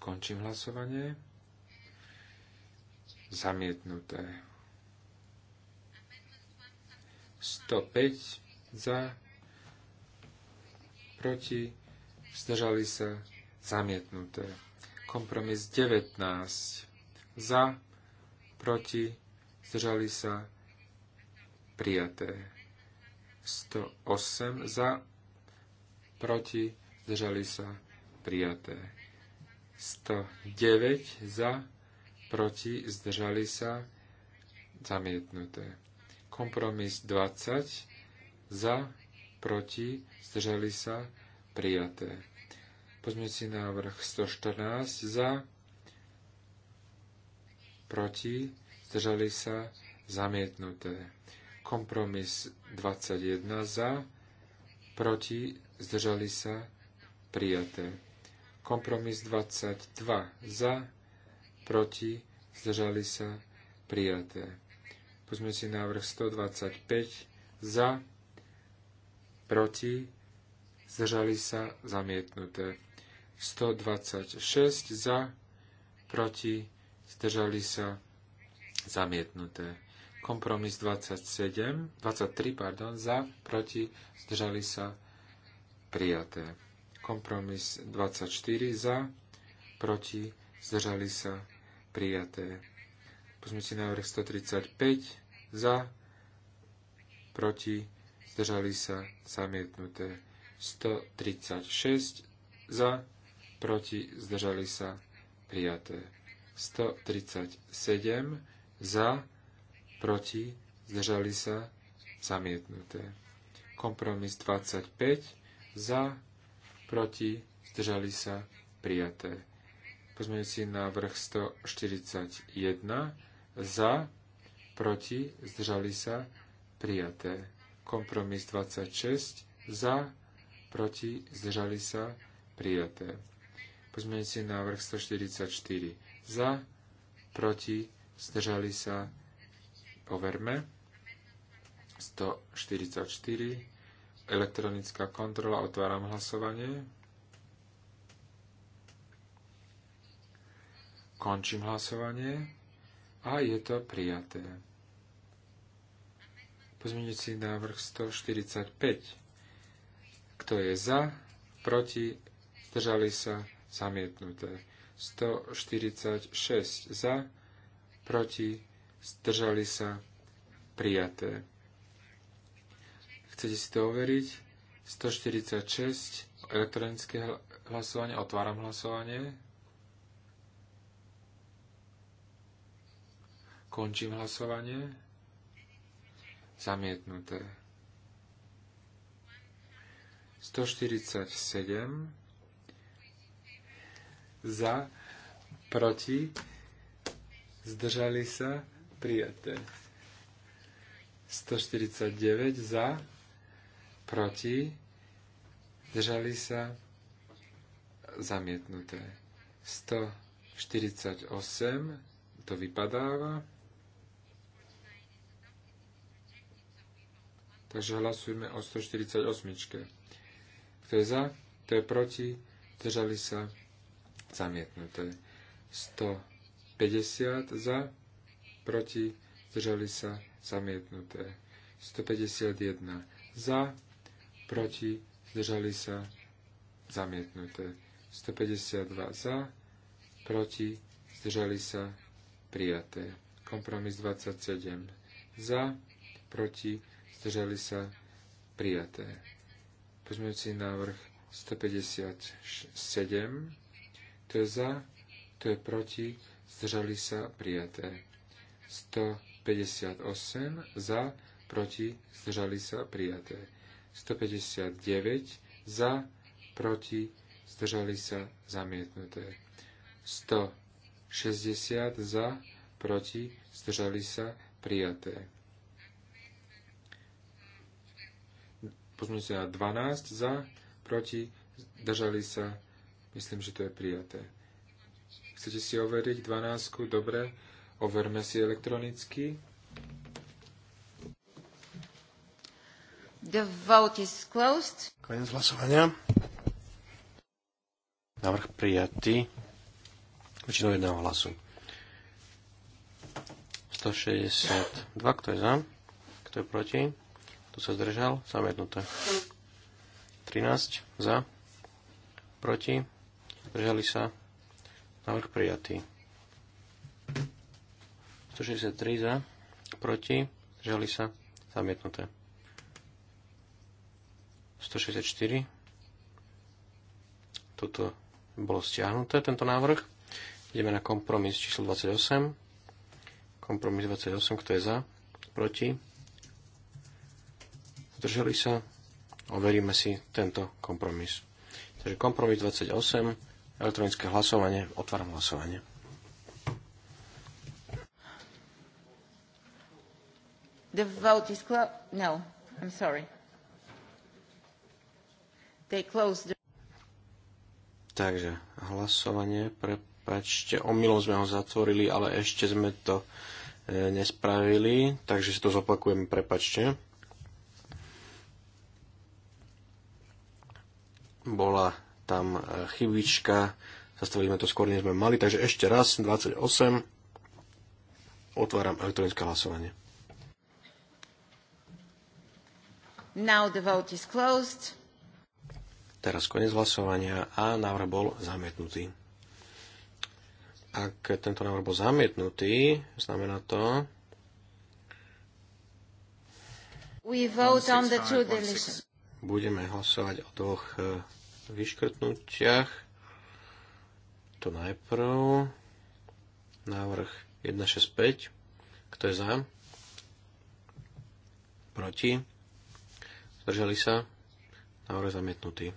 S1: Končím hlasovanie. Zamietnuté. 105 za, proti, zdržali sa, zamietnuté. Kompromis 19 za, proti, zdržali sa, prijaté. 108 za, proti, zdržali sa, prijaté. 109 za, proti, zdržali sa, zamietnuté. Kompromis 20 za, proti, zdržali sa, prijaté. Pozmeňujúci návrh 114 za, proti, zdržali sa, zamietnuté. Kompromis 21 za, proti, zdržali sa, prijaté. Kompromis 22 za, proti, zdržali sa, prijaté. Pozme si návrh 125 za, proti, zdržali sa, zamietnuté. 126 za, proti, zdržali sa, zamietnuté. Kompromis 27, 23, pardon, za, proti, zdržali sa, prijaté. Kompromis 24 za, proti, zdržali sa, prijaté. Pozmite návrh 135 za, proti, zdržali sa zamietnuté. 136 za, proti, zdržali sa prijaté. 137 za, proti, zdržali sa zamietnuté. Kompromis 25 za, proti, zdržali sa prijaté. Pozmeňujúci návrh 141 za, proti, zdržali sa, prijaté. Kompromis 26, za, proti, zdržali sa, prijaté. Pozmeňujúci návrh 144, za, proti, zdržali sa, overme. 144, elektronická kontrola, otváram hlasovanie. Končím hlasovanie a je to prijaté. Pozmeňujúci návrh 145. Kto je za, proti, zdržali sa, zamietnuté. 146 za, proti, zdržali sa, prijaté. Chcete si to overiť? 146 elektronické hlasovanie, otváram hlasovanie. Končím hlasovanie. Zamietnuté. 147 za, proti, zdržali sa, prijaté. 149 za, proti, zdržali sa, zamietnuté. 148 to vypadáva. Takže hlasujme o 148. Kto je za, kto je proti, držali sa zamietnuté. 150 za, proti, zdržali sa zamietnuté. 151 za, proti, zdržali sa zamietnuté. 152 za, proti, zdržali sa prijaté. Kompromis 27 za, proti, zdržali sa, prijaté. Pozmeňujúci návrh 157, to je za, to je proti, zdržali sa, prijaté. 158 za, proti, zdržali sa, prijaté. 159 za, proti, zdržali sa, zamietnuté. 160 za, proti, zdržali sa, prijaté. Pozmeňujúci na 12 za, proti, držali sa, myslím, že to je prijaté. Chcete si overiť 12? Dobre, overme si elektronicky.
S2: The vote is closed.
S1: Koniec
S4: hlasovania. Návrh prijatý väčšinou jedného hlasu. 162, kto je za, kto je proti? kto sa zdržal, zamietnuté. 13 za, proti, zdržali sa, návrh prijatý. 163 za, proti, zdržali sa, zamietnuté. 164, toto bolo stiahnuté, tento návrh. Ideme na kompromis číslo 28. Kompromis 28, kto je za, proti, Zdržali sa? Overíme si tento kompromis. Takže kompromis 28, elektronické hlasovanie, otváram hlasovanie.
S2: The vote is closed. No, I'm sorry. They closed the...
S4: Takže hlasovanie, prepačte, omylom sme ho zatvorili, ale ešte sme to e, nespravili, takže si to zopakujeme, prepačte. bola tam e, chybička, zastavili sme to skôr, než sme mali, takže ešte raz, 28, otváram elektronické hlasovanie.
S2: Now the vote is closed.
S4: Teraz koniec hlasovania a návrh bol zamietnutý. Ak tento návrh bol zamietnutý, znamená to...
S2: We vote on the two
S4: Budeme hlasovať o dvoch e, vyškrtnutiach. To najprv. Návrh 165. Kto je za? Proti? Zdržali sa? Návrh zamietnutý.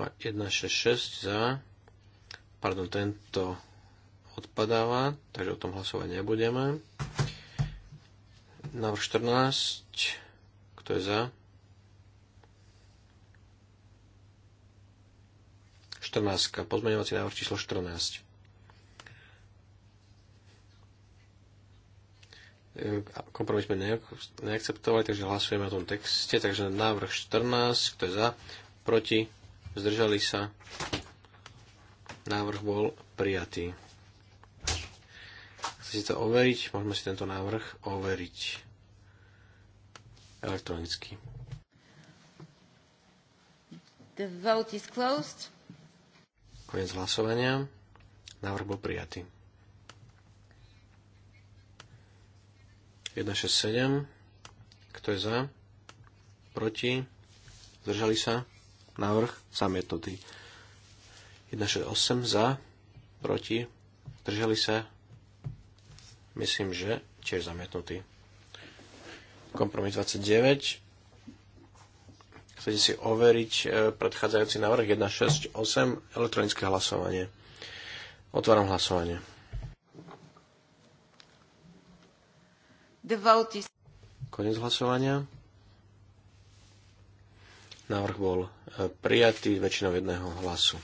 S4: 166 za. Pardon, tento odpadáva, takže o tom hlasovať nebudeme. Návrh 14. Kto je za? 14. Pozmeňovací návrh číslo 14. E, kompromis sme neakceptovali, takže hlasujeme o tom texte. Takže návrh 14, kto je za, proti, zdržali sa. Návrh bol prijatý. Chcete si to overiť? Môžeme si tento návrh overiť elektronicky.
S2: The vote is closed.
S4: Koniec hlasovania. Návrh bol prijatý. 167. Kto je za? Proti? Zdržali sa? Návrh zamietnutý. 168 za? Proti? Zdržali sa? Myslím, že tiež zamietnutý. Kompromis 29 Chcete si overiť e, predchádzajúci návrh 168 elektronické hlasovanie. Otváram hlasovanie. Konec hlasovania. Návrh bol e, prijatý väčšinou jedného hlasu.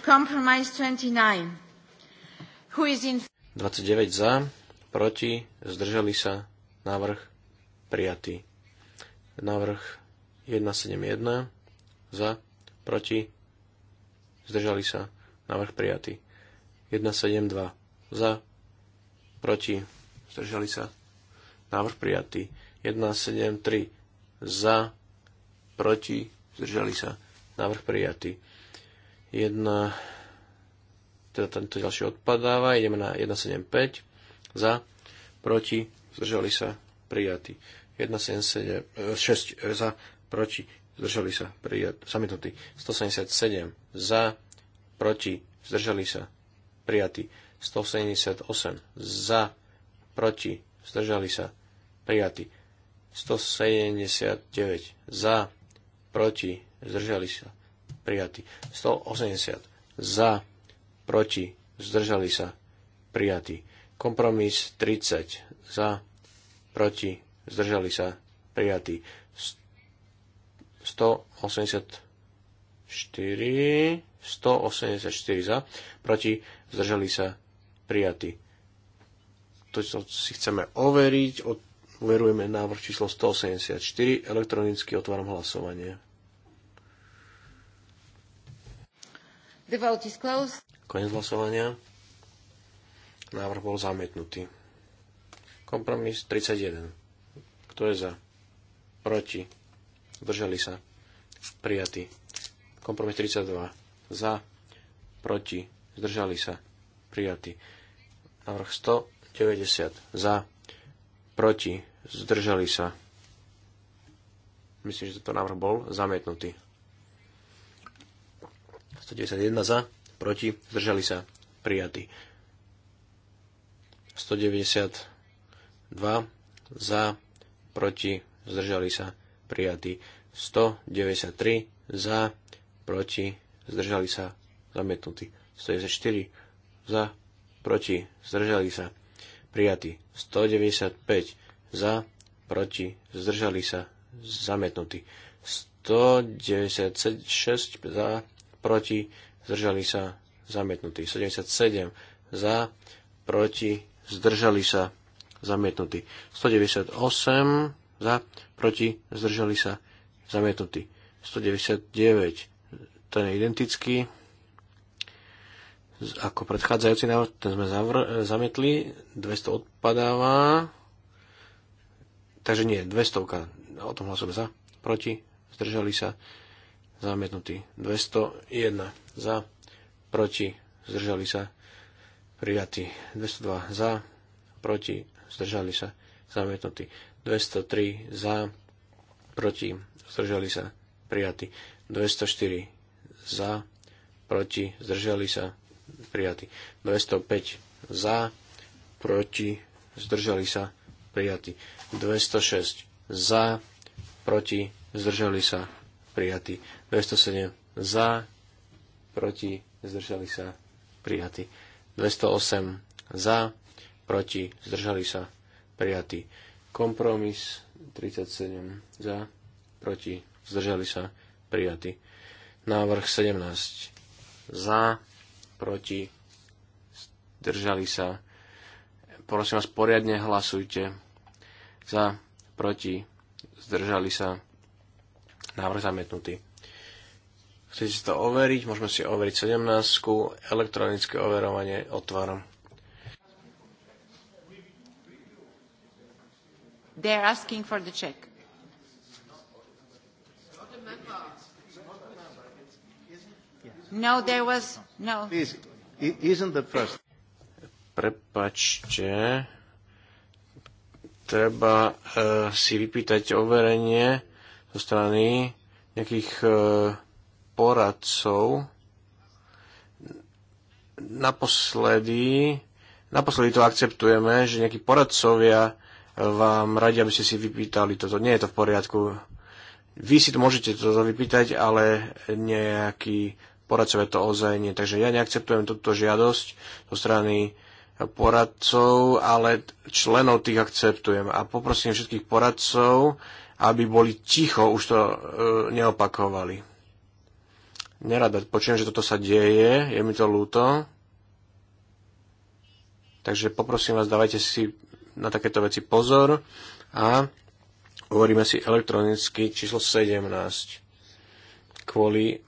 S2: Compromise 29. Who is in...
S4: 29 za, proti, zdržali sa, návrh prijatý. Návrh 171 za, proti, zdržali sa. Návrh prijatý. 172 za, proti, zdržali sa. Návrh prijatý. 173 za, proti, zdržali sa. Návrh prijatý. 1 teda tento ďalší odpadáva, ideme na 175, za, proti, zdržali sa, prijatý. 1,76 e, e, za, proti, zdržali sa, prijat, zamietnutý. 177 za, proti, zdržali sa, prijatý. 178 za, proti, zdržali sa, prijatý. 179 za, proti, zdržali sa, prijatý. 180 za, proti, zdržali sa, prijatý. Kompromis 30 za, proti, zdržali sa, prijatí. 184, 184 za, proti, zdržali sa, prijatí. To, čo si chceme overiť, Uverujeme návrh číslo 184, elektronicky otváram hlasovanie. Konec hlasovania. Návrh bol zamietnutý. Kompromis 31 kto je za? Proti. Zdržali sa. Prijatý. Kompromis 32. Za. Proti. Zdržali sa. Prijatý. Návrh 190. Za. Proti. Zdržali sa. Myslím, že toto návrh bol zamietnutý. 191 za, proti, zdržali sa, prijatý. 192 za, proti, zdržali sa, prijatý. 193 za, proti, zdržali sa, zamietnutý. 194 za, proti, zdržali sa, prijatý. 195 za, proti, zdržali sa, zamietnutý. 196 za, proti, zdržali sa, zamietnutý. 77 za, proti, zdržali sa, zamietnutý. 198 za, proti, zdržali sa, zamietnutý. 199, ten je identický ako predchádzajúci návrh, ten sme zavr- zamietli, 200 odpadáva, takže nie, 200, o tom hlasujem za, proti, zdržali sa, zamietnutý, 201 za, proti, zdržali sa, prijatý, 202 za, proti, zdržali sa, zamietnutí, 203 za, proti, zdržali sa, prijatí. 204 za, proti, zdržali sa, prijatí. 205 za, proti, zdržali sa, prijatí. 206 za, proti, zdržali sa, prijatí. 207 za, proti, zdržali sa, prijatí. 208 za, proti, zdržali sa, prijatý. Kompromis 37 za, proti, zdržali sa, prijatý. Návrh 17 za, proti, zdržali sa. Prosím vás, poriadne hlasujte. Za, proti, zdržali sa. Návrh zamietnutý. Chcete si to overiť? Môžeme si overiť 17. Elektronické overovanie otváram.
S2: They are asking for the check. No, there was no. Please,
S4: isn't the first. Prepačte, treba uh, si vypýtať overenie zo strany nejakých uh, poradcov. Naposledy, naposledy to akceptujeme, že nejakí poradcovia vám radi, aby ste si vypýtali toto. Nie je to v poriadku. Vy si to môžete toto vypýtať, ale nejaký poradcovia to ozaj nie. Takže ja neakceptujem túto žiadosť zo strany poradcov, ale členov tých akceptujem. A poprosím všetkých poradcov, aby boli ticho, už to e, neopakovali. Nerada počujem, že toto sa deje, je mi to ľúto. Takže poprosím vás, dávajte si na takéto veci pozor a hovoríme si elektronicky číslo 17 kvôli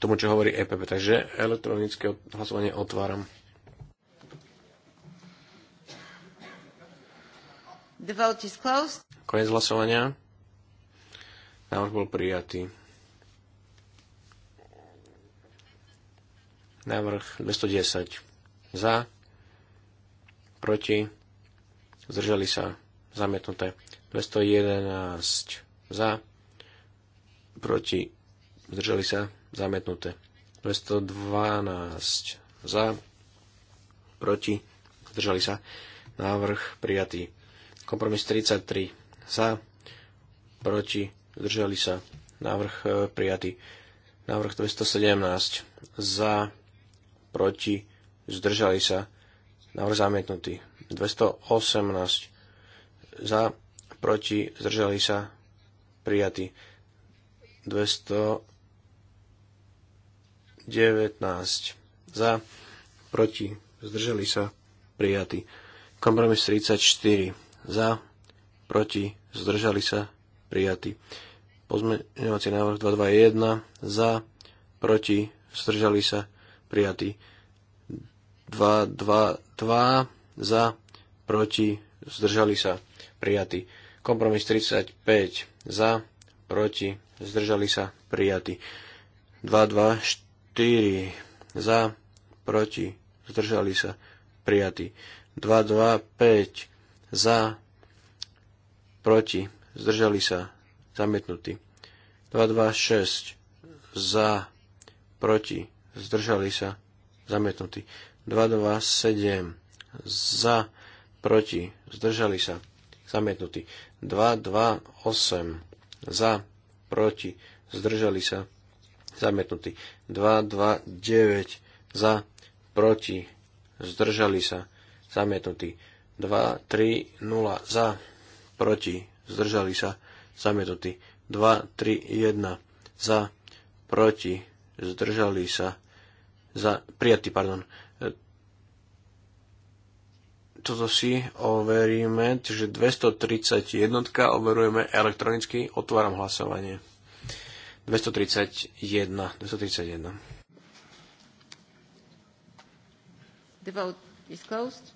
S4: tomu, čo hovorí EPP. Takže elektronické hlasovanie otváram.
S2: The vote is closed.
S4: Konec hlasovania. Návrh bol prijatý. Návrh 210. Za. Proti zdržali sa, zamietnuté. 211 za, proti, zdržali sa, zamietnuté. 212 za, proti, zdržali sa, návrh prijatý. Kompromis 33 za, proti, zdržali sa, návrh e, prijatý. Návrh 217 za, proti, zdržali sa, návrh zamietnutý. 218 za, proti, zdržali sa, prijatí. 219 za, proti, zdržali sa, prijatí. Kompromis 34 za, proti, zdržali sa, prijatí. Pozmeňovací návrh 221 za, proti, zdržali sa, prijatí. 222 za, proti, zdržali sa, prijatý. Kompromis 35 za, proti, zdržali sa, prijatý. 2, 2, 4 za, proti, zdržali sa, prijatý. 2, 2, 5 za, proti, zdržali sa, zamietnutý. 2, 2, 6 za, proti, zdržali sa, zamietnutý. 2, 2, 7 za, proti, zdržali sa, zamietnutý. 2, 2, 8, za, proti, zdržali sa, zamietnutý. 2, 2, 9, za, proti, zdržali sa, zamietnutý. 2, 3, 0, za, proti, zdržali sa, zamietnutý. 2, 3, 1, za, proti, zdržali sa, za, prijatý, pardon, toto si overíme, čiže 231 overujeme elektronicky, otváram hlasovanie. 231, 231.
S2: The vote is closed.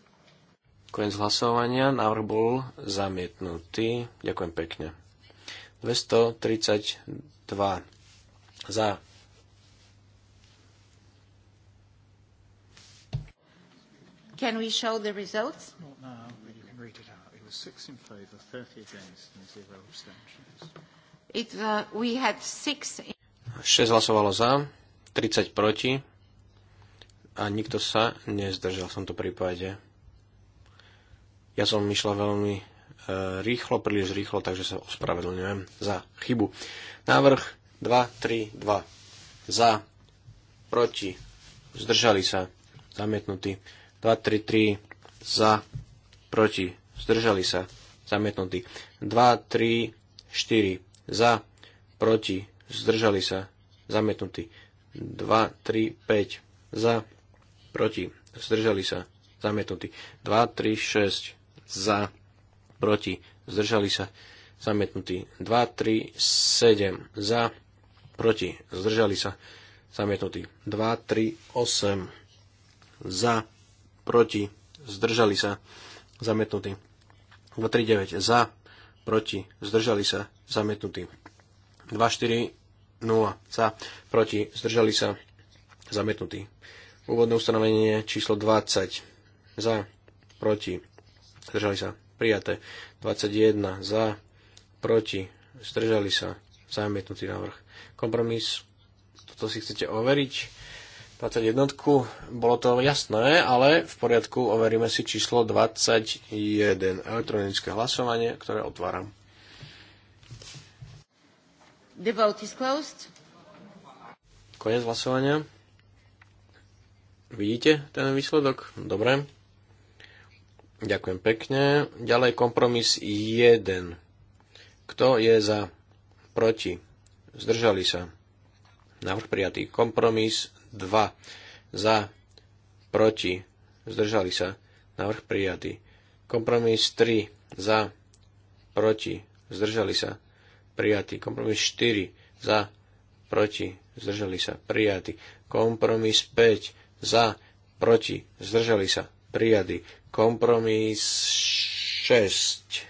S4: Koniec hlasovania, návrh bol zamietnutý. Ďakujem pekne. 232 za
S2: Can we show the results? Not now, but you can read it out. It was six in favour, 30 against, and
S1: zero abstentions.
S2: It, uh, we had six...
S4: In... 6 hlasovalo za, 30 proti a nikto sa nezdržal v tomto prípade. Ja som išla veľmi e, rýchlo, príliš rýchlo, takže sa ospravedlňujem za chybu. Návrh 2, 3, 2. Za, proti, zdržali sa, zamietnutý. 233 za, proti, zdržali sa, zamietnutý. 2, 3, 4 za, proti, zdržali sa, zamietnutý. 2, 3, 5 za, proti, zdržali sa, zamietnutý. 2, 3, 6 za, proti, zdržali sa, zamietnutý. 2, 3, 7 za, proti, zdržali sa, zamietnutý. 2, 3, 8 za, proti, zdržali sa, zametnutí. 239 za, proti, zdržali sa, 24 240 za, proti, zdržali sa, zametnutí. Úvodné ustanovenie číslo 20 za, proti, zdržali sa, prijaté. 21 za, proti, zdržali sa, zametnutý návrh. Kompromis, toto si chcete overiť. 21. Bolo to jasné, ale v poriadku overíme si číslo 21. Elektronické hlasovanie, ktoré otváram. The
S2: vote is closed.
S4: Konec hlasovania. Vidíte ten výsledok? Dobre. Ďakujem pekne. Ďalej kompromis 1. Kto je za? Proti? Zdržali sa. Návrh prijatý. Kompromis 2 za, proti, zdržali sa, návrh prijatý. Kompromis 3 za, proti, zdržali sa, prijatý. Kompromis 4 za, proti, zdržali sa, prijatý. Kompromis 5 za, proti, zdržali sa, prijatý. Kompromis 6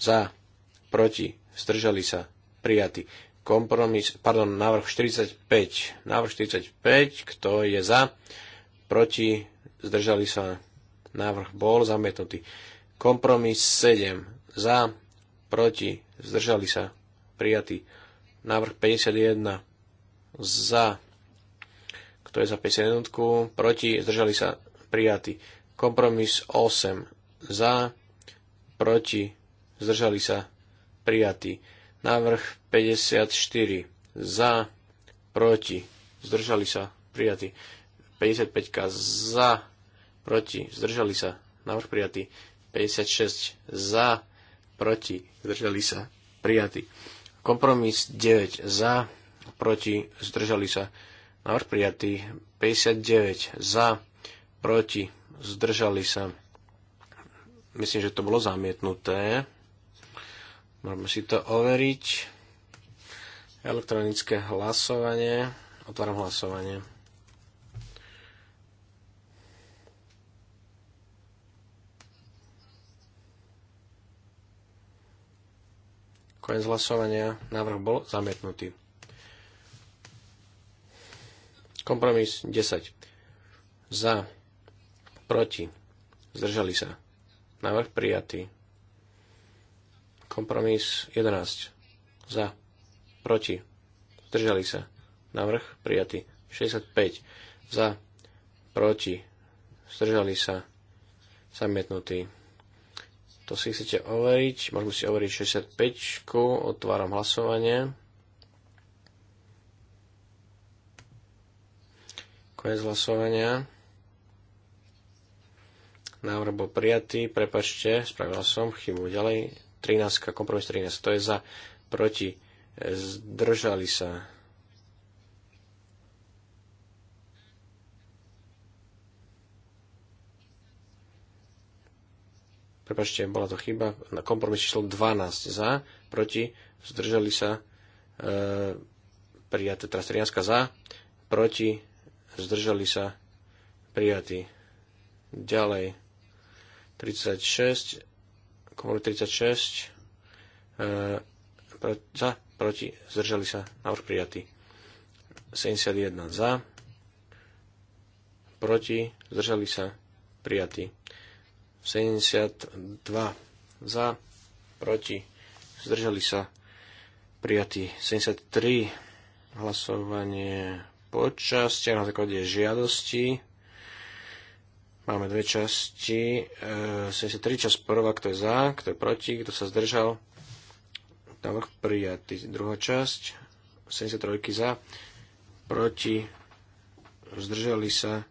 S4: za, proti, zdržali sa, prijatý kompromis, pardon, návrh 45. Návrh 45, kto je za, proti, zdržali sa, návrh bol zamietnutý. Kompromis 7, za, proti, zdržali sa, prijatý. Návrh 51, za, kto je za 51, proti, zdržali sa, prijatý. Kompromis 8, za, proti, zdržali sa, prijatý Návrh 54 za, proti, zdržali sa, prijatý. 55 za, proti, zdržali sa, návrh prijatý. 56 za, proti, zdržali sa, prijatý. Kompromis 9 za, proti, zdržali sa, návrh prijatý. 59 za, proti, zdržali sa. Myslím, že to bolo zamietnuté. Môžeme si to overiť. Elektronické hlasovanie. Otváram hlasovanie. Koniec hlasovania. Návrh bol zamietnutý. Kompromis 10. Za. Proti. Zdržali sa. Návrh prijatý. Kompromis 11. Za. Proti. Zdržali sa. Návrh prijatý. 65. Za. Proti. Zdržali sa. Zamietnutý. To si chcete overiť. Môžeme si overiť 65. Otváram hlasovanie. Konec hlasovania. Návrh bol prijatý, prepačte, spravil som chybu. Ďalej, 13, kompromis 13, to je za, proti, e, zdržali sa. Prepačte, bola to chyba. Na kompromis číslo 12 za, proti, zdržali sa. E, prijaté teraz 13 za, proti, zdržali sa. Prijatý. Ďalej. 36 Komoru 36 e, pro, za, proti, zdržali sa, návrh prijatý. 71 za, proti, zdržali sa, prijatý. 72 za, proti, zdržali sa, prijatý. 73 hlasovanie počas, na základe žiadosti Máme dve časti. E, 73 čas prvá, kto je za, kto je proti, kto sa zdržal. Návrh prijatý. Druhá časť. 73 za, proti, zdržali sa.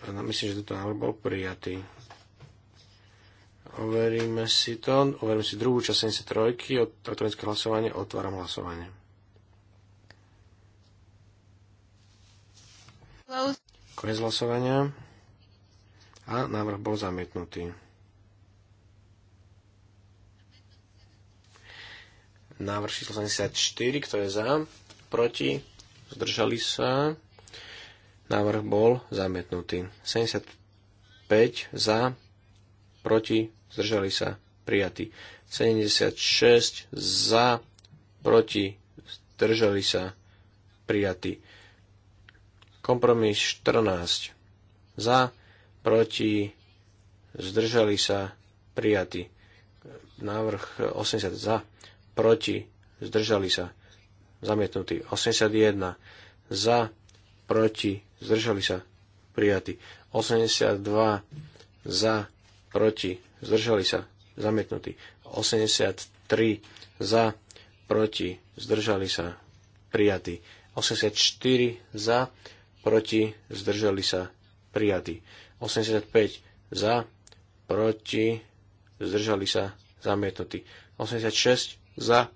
S4: A no, myslím, že toto návrh bol prijatý. Overíme si to. Overíme si druhú časť 73. Elektronické hlasovanie. Otváram hlasovanie. Konec hlasovania a návrh bol zamietnutý. Návrh číslo 74, kto je za, proti, zdržali sa, návrh bol zamietnutý. 75 za, proti, zdržali sa, prijatý. 76 za, proti, zdržali sa, prijatý. Kompromis 14 za, proti, zdržali sa, prijatý. Návrh 80 za, proti, zdržali sa, zamietnutý. 81 za, proti, zdržali sa, prijatý. 82 za, proti, zdržali sa, zamietnutý. 83 za, proti, zdržali sa, prijatý. 84 za, proti, zdržali sa, prijatý. 85 za, proti, zdržali sa, zamietnutí. 86 za,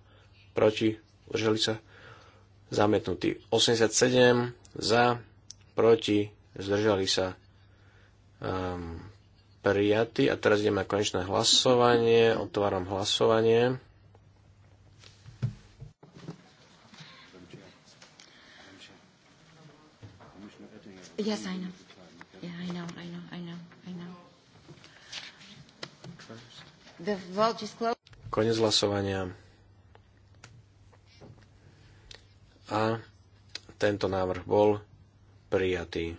S4: proti, zdržali sa, zamietnutí. 87 za, proti, zdržali sa, um, prijatí. A teraz ideme na konečné hlasovanie. Otváram hlasovanie. Ja, yes, I know. Konec hlasovania. A tento návrh bol prijatý.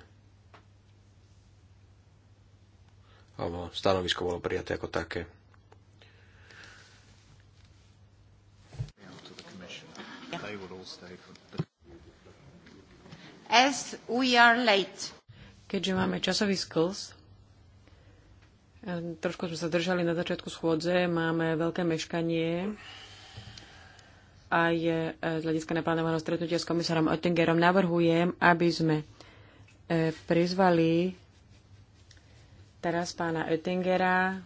S4: Alebo stanovisko bolo prijaté ako také.
S2: As we are late.
S3: Keďže máme časový skls, Trošku sme sa držali na začiatku schôdze, máme veľké meškanie aj e, z hľadiska naplánovaného stretnutia s komisárom Oettingerom navrhujem, aby sme e, prizvali teraz pána Oettingera.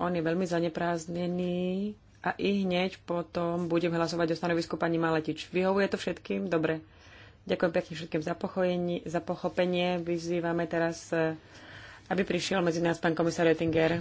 S3: On je veľmi zanepráznený a i hneď potom budem hlasovať o stanovisku pani Maletič. Vyhovuje to všetkým? Dobre. Ďakujem pekne všetkým za, za pochopenie. Vyzývame teraz e, aby prišiel medzi nás pán komisár Ettinger.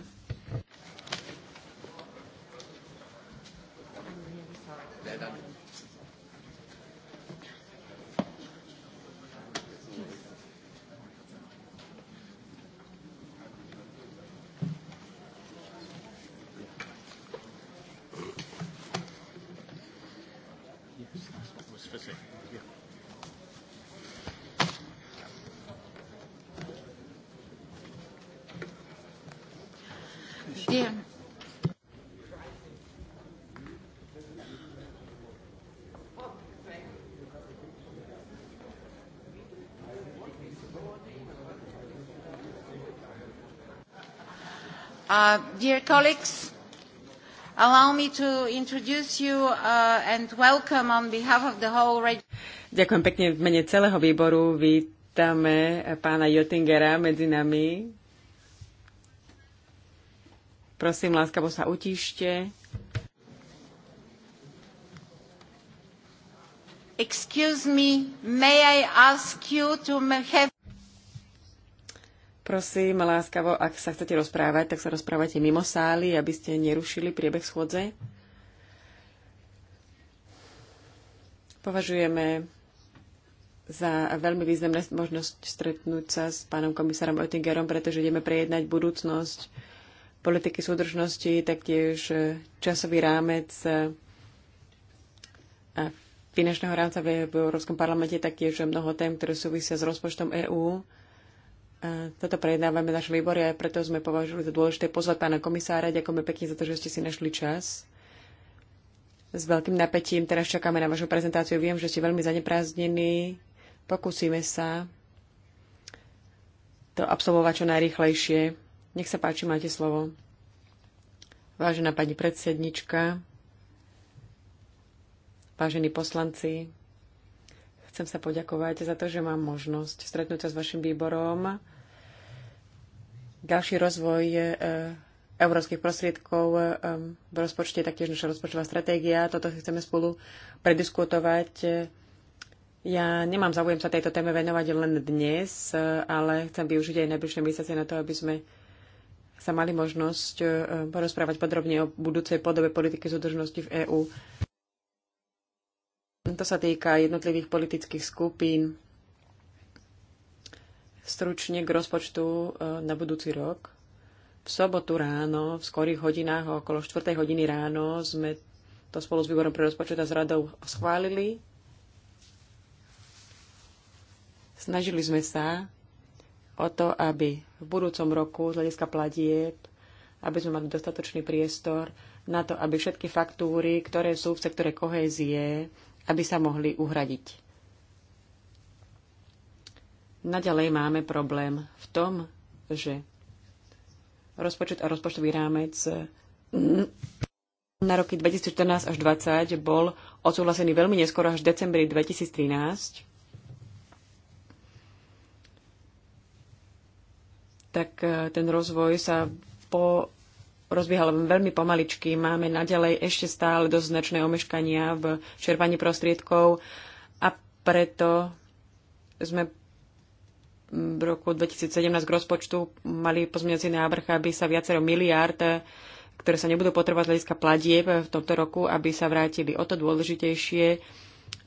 S2: Uh, dear colleagues, allow me to introduce you uh, and welcome on behalf of the whole
S3: Ďakujem pekne v mene celého výboru. Vítame pána Jotingera medzi nami. Prosím, láskavo sa utíšte.
S2: Excuse me, may I ask you to have
S3: Prosím, láskavo, ak sa chcete rozprávať, tak sa rozprávate mimo sály, aby ste nerušili priebeh schôdze. Považujeme za veľmi významné možnosť stretnúť sa s pánom komisárom Oettingerom, pretože ideme prejednať budúcnosť politiky súdržnosti, taktiež časový rámec a finančného rámca v Európskom parlamente, taktiež mnoho tém, ktoré súvisia s rozpočtom EÚ. E, toto prejednávame naš výbor a preto sme považovali za dôležité pozvať pána komisára. Ďakujeme pekne za to, že ste si našli čas. S veľkým napätím teraz čakáme na vašu prezentáciu. Viem, že ste veľmi zaneprázdnení. Pokúsime sa to absolvovať čo najrychlejšie. Nech sa páči, máte slovo. Vážená pani predsednička, vážení poslanci, Chcem sa poďakovať za to, že mám možnosť stretnúť sa s vašim výborom. Ďalší rozvoj e, európskych prostriedkov e, v rozpočte, taktiež naša rozpočtová stratégia. Toto si chceme spolu prediskutovať. Ja nemám záujem sa tejto téme venovať len dnes, e, ale chcem využiť aj najbližšie mesiace na to, aby sme sa mali možnosť porozprávať podrobne o budúcej podobe politiky súdržnosti v EÚ. To sa týka jednotlivých politických skupín. Stručne k rozpočtu e, na budúci rok. V sobotu ráno, v skorých hodinách, okolo 4. hodiny ráno, sme to spolu s výborom pre rozpočet a s radou schválili. Snažili sme sa o to, aby v budúcom roku z hľadiska platieb, aby sme mali dostatočný priestor na to, aby všetky faktúry, ktoré sú v sektore kohézie, aby sa mohli uhradiť. Naďalej máme problém v tom, že rozpočet a rozpočtový rámec na roky 2014 až 2020 bol odsúhlasený veľmi neskoro až v decembri 2013. Tak eh, ten rozvoj sa po rozbiehal veľmi pomaličky. Máme naďalej ešte stále dosť značné omeškania v čerpaní prostriedkov a preto sme v roku 2017 k rozpočtu mali pozmeňací návrh, aby sa viacero miliárd, ktoré sa nebudú potrebovať z hľadiska platieb v tomto roku, aby sa vrátili. O to dôležitejšie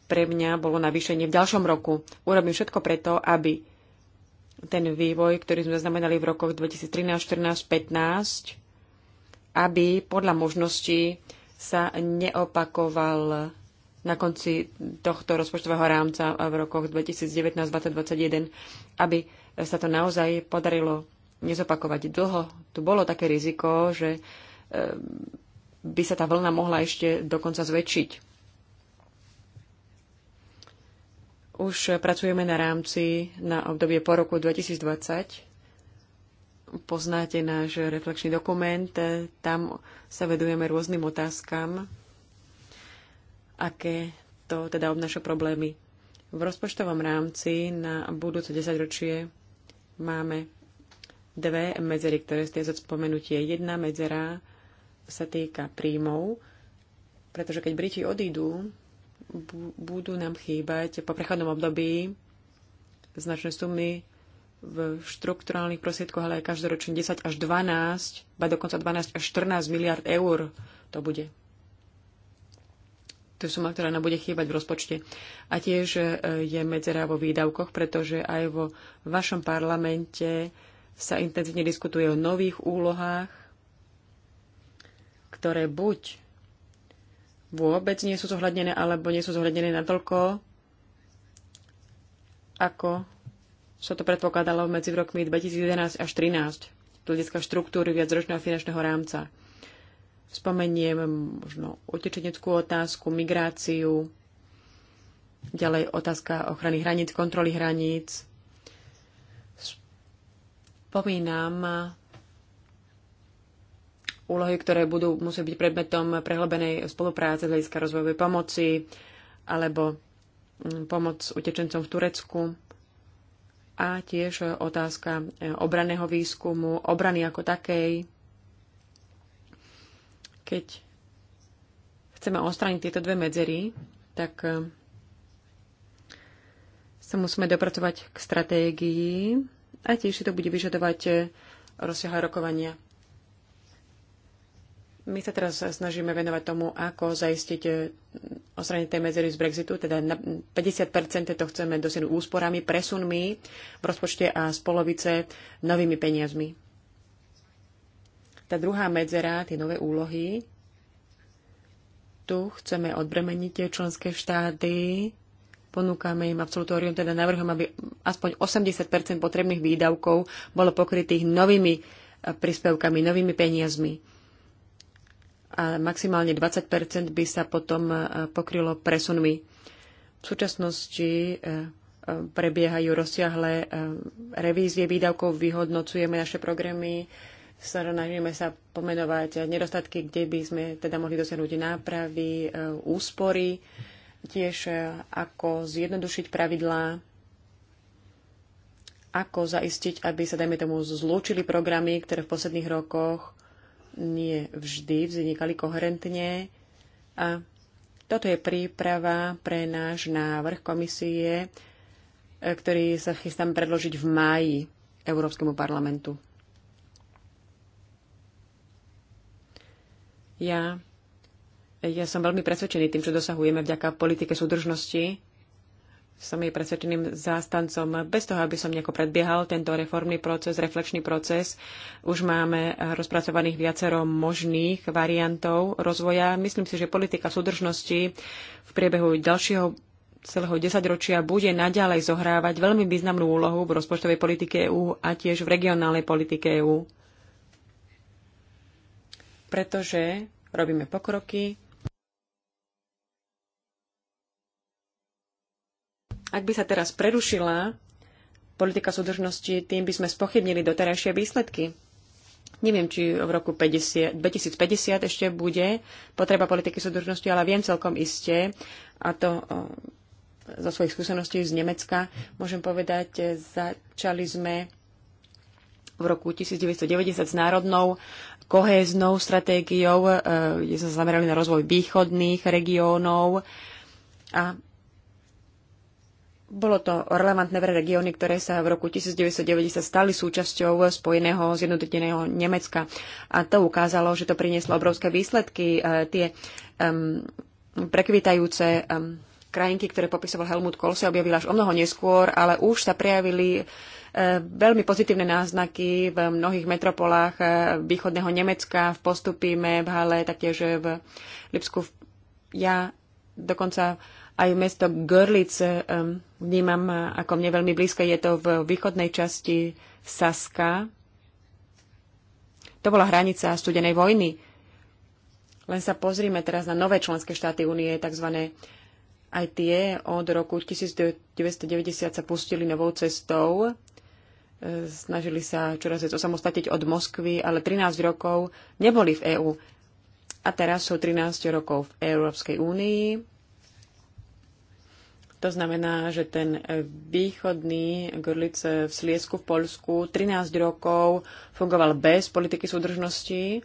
S3: pre mňa bolo navýšenie v ďalšom roku. Urobím všetko preto, aby ten vývoj, ktorý sme znamenali v rokoch 2013, 2014-2015 aby podľa možností sa neopakoval na konci tohto rozpočtového rámca v rokoch 2019-2021, aby sa to naozaj podarilo nezopakovať. Dlho tu bolo také riziko, že ehm, by sa tá vlna mohla ešte dokonca zväčšiť. Už pracujeme na rámci na obdobie po roku 2020 poznáte náš reflexný dokument, tam sa vedujeme rôznym otázkam, aké to teda obnáša problémy. V rozpočtovom rámci na budúce desaťročie máme dve medzery, ktoré ste za spomenutie. Jedna medzera sa týka príjmov, pretože keď Briti odídu, budú nám chýbať po prechodnom období značné sumy v štrukturálnych prosiedkoch, ale aj každoročne 10 až 12, ba dokonca 12 až 14 miliard eur to bude. To je suma, ktorá nám bude chýbať v rozpočte. A tiež e, je medzera vo výdavkoch, pretože aj vo vašom parlamente sa intenzívne diskutuje o nových úlohách, ktoré buď vôbec nie sú zohľadnené, alebo nie sú zohľadnené natoľko, ako sa to predpokladalo medzi rokmi 2011 až 2013, hľadiska štruktúry viacročného finančného rámca. Spomeniem možno utečeneckú otázku, migráciu, ďalej otázka ochrany hraníc, kontroly hraníc. Spomínam úlohy, ktoré budú musieť byť predmetom prehlbenej spolupráce z hľadiska rozvojovej pomoci alebo mm, pomoc utečencom v Turecku a tiež otázka e, obraného výskumu, obrany ako takej. Keď chceme ostraniť tieto dve medzery, tak e, sa musíme dopracovať k stratégii a tiež si to bude vyžadovať e, rozsiahle rokovania. My sa teraz snažíme venovať tomu, ako zaistiť eh, osranie tej medzery z Brexitu, teda na 50% to chceme dosiahnuť úsporami, presunmi v rozpočte a z polovice novými peniazmi. Tá druhá medzera, tie nové úlohy, tu chceme odbremeniť členské štáty, ponúkame im absolutórium, teda navrhom, aby aspoň 80% potrebných výdavkov bolo pokrytých novými eh, príspevkami, novými peniazmi a maximálne 20 by sa potom e, pokrylo presunmi. V súčasnosti e, e, prebiehajú rozsiahle revízie výdavkov, vyhodnocujeme naše programy, snažíme sa pomenovať nedostatky, kde by sme teda mohli dosiahnuť nápravy, úspory, tiež ako zjednodušiť pravidlá, ako zaistiť, aby sa, dajme tomu, zlúčili programy, ktoré v posledných rokoch nie vždy vznikali koherentne a toto je príprava pre náš návrh komisie, e, ktorý sa chystám predložiť v máji Európskemu parlamentu. Ja, ja som veľmi presvedčený tým, čo dosahujeme vďaka politike súdržnosti som jej presvedčeným zástancom. Bez toho, aby som nejako predbiehal tento reformný proces, reflexný proces, už máme rozpracovaných viacero možných variantov rozvoja. Myslím si, že politika súdržnosti v priebehu ďalšieho celého desaťročia bude naďalej zohrávať veľmi významnú úlohu v rozpočtovej politike EÚ a tiež v regionálnej politike EÚ. Pretože robíme pokroky, Ak by sa teraz prerušila politika súdržnosti, tým by sme spochybnili doterajšie výsledky. Neviem, či v roku 50, 2050 ešte bude potreba politiky súdržnosti, ale viem celkom iste, a to zo svojich skúseností z Nemecka, môžem povedať, začali sme v roku 1990 s národnou kohéznou stratégiou, e, kde sa zamerali na rozvoj východných regiónov a bolo to relevantné pre regióny, ktoré sa v roku 1990 stali súčasťou spojeného zjednoteného Nemecka. A to ukázalo, že to prinieslo obrovské výsledky. E, tie um, prekvitajúce um, krajinky, ktoré popisoval Helmut Kohl, sa objavili až o mnoho neskôr, ale už sa prejavili e, veľmi pozitívne náznaky v mnohých metropolách e, východného Nemecka, v Postupíme, v Hale, taktiež v Lipsku. Ja dokonca aj mesto Görlitz vnímam eh, ako mne veľmi blízke. Je to v východnej časti Saska. To bola hranica studenej vojny. Len sa pozrime teraz na nové členské štáty únie, tzv. Aj tie od roku 1990 sa pustili novou cestou. Eh, snažili sa čoraz viac osamostatiť od Moskvy, ale 13 rokov neboli v EÚ. A teraz sú 13 rokov v Európskej únii to znamená, že ten východný grlic v Sliesku v Polsku 13 rokov fungoval bez politiky súdržnosti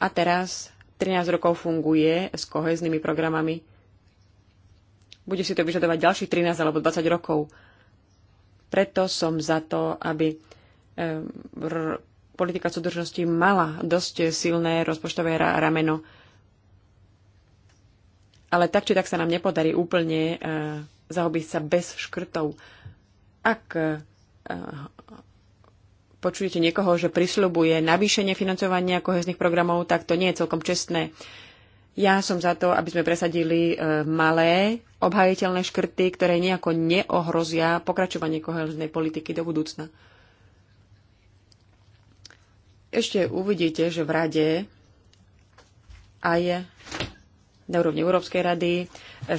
S3: a teraz 13 rokov funguje s koheznými programami. Bude si to vyžadovať ďalších 13 alebo 20 rokov. Preto som za to, aby ehm, politika súdržnosti mala dosť silné rozpočtové rameno. Ale tak či tak sa nám nepodarí úplne eh, zaobísť sa bez škrtov. Ak eh, počujete niekoho, že prisľubuje navýšenie financovania kohezných programov, tak to nie je celkom čestné. Ja som za to, aby sme presadili eh, malé obhajiteľné škrty, ktoré nejako neohrozia pokračovanie koheznej politiky do budúcna. Ešte uvidíte, že v rade aj na úrovni Európskej rady, e,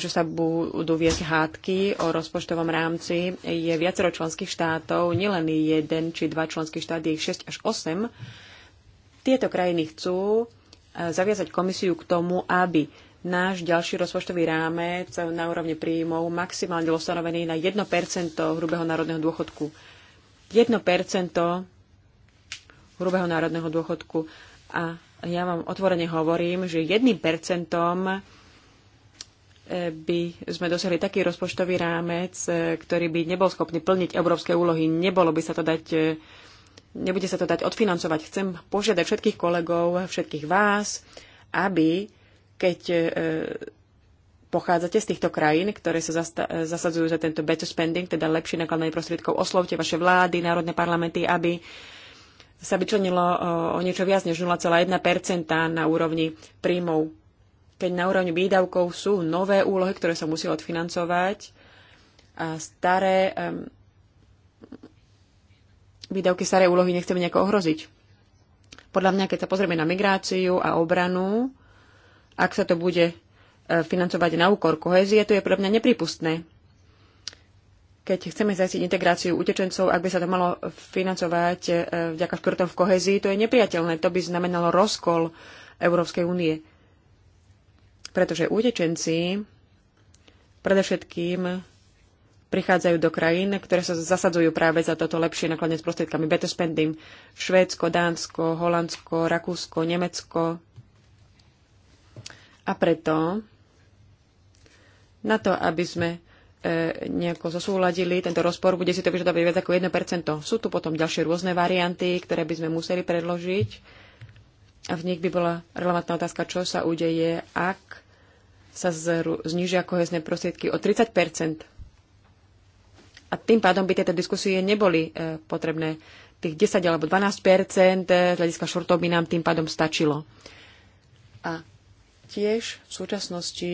S3: že sa budú viesť hádky o rozpočtovom rámci. Je viacero členských štátov, nielen jeden či dva členských štát, je ich 6 až 8. Tieto krajiny chcú e, zaviazať komisiu k tomu, aby náš ďalší rozpočtový rámec na úrovni príjmov maximálne bol stanovený na 1% hrubého národného dôchodku. 1% hrubého národného dôchodku. A ja vám otvorene hovorím, že jedným percentom eh, by sme dosiahli taký rozpočtový rámec, eh, ktorý by nebol schopný plniť európske úlohy. Nebolo by sa to dať, eh, nebude sa to dať odfinancovať. Chcem požiadať všetkých kolegov, všetkých vás, aby keď pochádzate z týchto krajín, ktoré sa zasadzujú za tento better spending, teda lepšie nakladanie prostriedkov, oslovte vaše vlády, národné parlamenty, aby sa vyčlenilo eh, o niečo viac než 0,1 na úrovni príjmov. Keď na úrovni výdavkov sú nové úlohy, ktoré sa musí odfinancovať a staré um, výdavky, staré úlohy nechceme nejako ohroziť. Podľa mňa, keď sa pozrieme na migráciu a obranu, ak sa to bude eh, financovať na úkor kohezie, to je podľa mňa nepripustné keď chceme zajistiť integráciu utečencov, ak by sa to malo financovať e, vďaka škrtom v kohezii, to je nepriateľné. To by znamenalo rozkol Európskej únie. Pretože utečenci predovšetkým prichádzajú do krajín, ktoré sa zasadzujú práve za toto lepšie nakladne s prostriedkami. Better spending Švédsko, Dánsko, Holandsko, Rakúsko, Nemecko. A preto na to, aby sme E, nejako zosúladili. Tento rozpor bude si to vyžadovať viac ako 1%. Sú tu potom ďalšie rôzne varianty, ktoré by sme museli predložiť. A v nich by bola relevantná otázka, čo sa udeje, ak sa znižia kohezné prostriedky o 30 A tým pádom by tieto diskusie neboli e, potrebné. Tých 10 alebo 12 e, z hľadiska šortov by nám tým pádom stačilo. A tiež v súčasnosti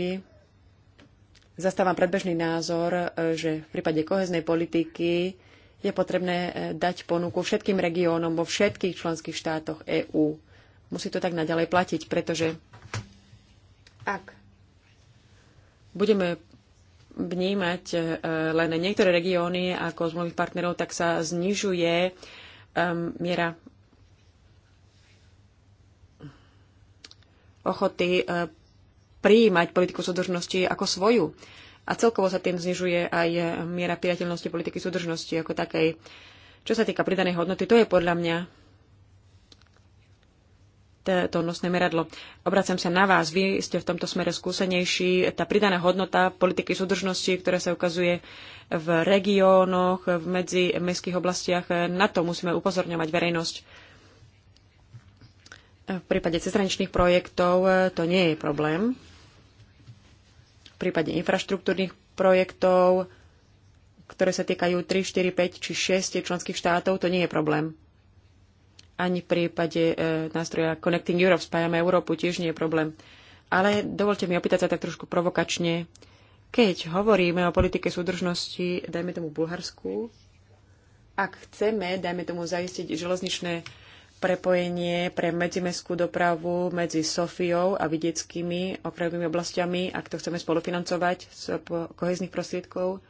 S3: zastávam predbežný názor, e, že v prípade koheznej politiky je potrebné e, dať ponuku všetkým regiónom vo všetkých členských štátoch EÚ. Musí to tak naďalej platiť, pretože ak budeme vnímať e, len niektoré regióny ako zmluvných partnerov, tak sa znižuje miera ochoty prijímať politiku súdržnosti ako svoju. A celkovo sa tým znižuje aj miera priateľnosti politiky súdržnosti ako takej. Čo sa týka pridanej hodnoty, to je podľa mňa to nosné meradlo. Obracam sa na vás, vy ste v tomto smere skúsenejší. Tá pridaná hodnota politiky súdržnosti, ktorá sa ukazuje v regiónoch, v medzi mestských oblastiach, na to musíme upozorňovať verejnosť. V prípade cezraničných projektov to nie je problém prípadne infraštruktúrnych projektov, ktoré sa týkajú 3, 4, 5 či 6 členských štátov, to nie je problém. Ani v prípade e, nástroja Connecting Europe, spájame Európu, tiež nie je problém. Ale dovolte mi opýtať sa tak trošku provokačne. Keď hovoríme o politike súdržnosti, dajme tomu Bulharsku, ak chceme, dajme tomu, zaistiť železničné prepojenie pre medzimestskú dopravu medzi Sofiou a vidieckými okrajovými oblastiami, ak to chceme spolufinancovať z kohezných prostriedkov.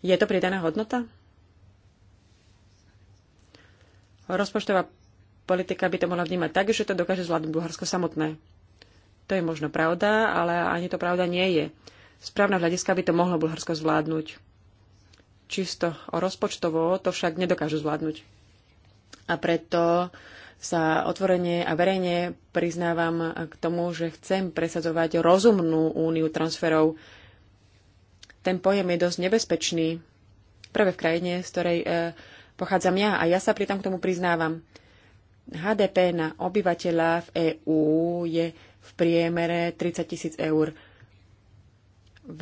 S3: Je to pridaná hodnota? Rozpočtová politika by to mohla vnímať tak, že to dokáže zvládnuť Bulharsko samotné. To je možno pravda, ale ani to pravda nie je. Správna hľadiska by to mohlo Bulharsko zvládnuť. Čisto rozpočtovo to však nedokážu zvládnuť. A preto sa otvorene a verejne priznávam k tomu, že chcem presadzovať rozumnú úniu transferov. Ten pojem je dosť nebezpečný. Prvé v krajine, z ktorej e, pochádzam ja a ja sa pritom k tomu priznávam. HDP na obyvateľa v EÚ je v priemere 30 tisíc eur. V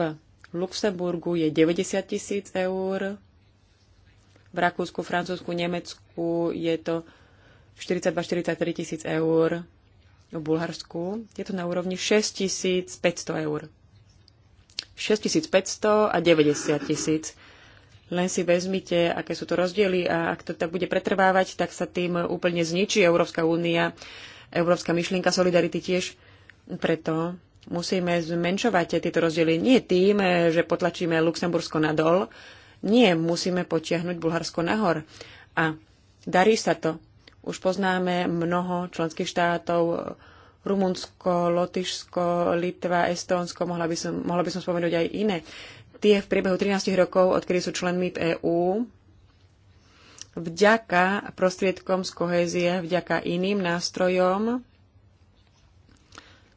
S3: Luxemburgu je 90 tisíc eur, v Rakúsku, Francúzsku, Nemecku je to 42-43 tisíc eur. V Bulharsku je to na úrovni 6500 eur. 6500 a 90 tisíc. Len si vezmite, aké sú to rozdiely a ak to tak bude pretrvávať, tak sa tým úplne zničí Európska únia, európska myšlienka solidarity tiež. Preto musíme zmenšovať tieto rozdiely nie tým, že potlačíme Luxembursko nadol, nie, musíme potiahnuť Bulharsko nahor. A darí sa to. Už poznáme mnoho členských štátov, Rumunsko, Lotyšsko, Litva, Estónsko, mohla by som, mohla by som spomenúť aj iné. Tie v priebehu 13 rokov, odkedy sú členmi v e EÚ, vďaka prostriedkom z kohézie, vďaka iným nástrojom,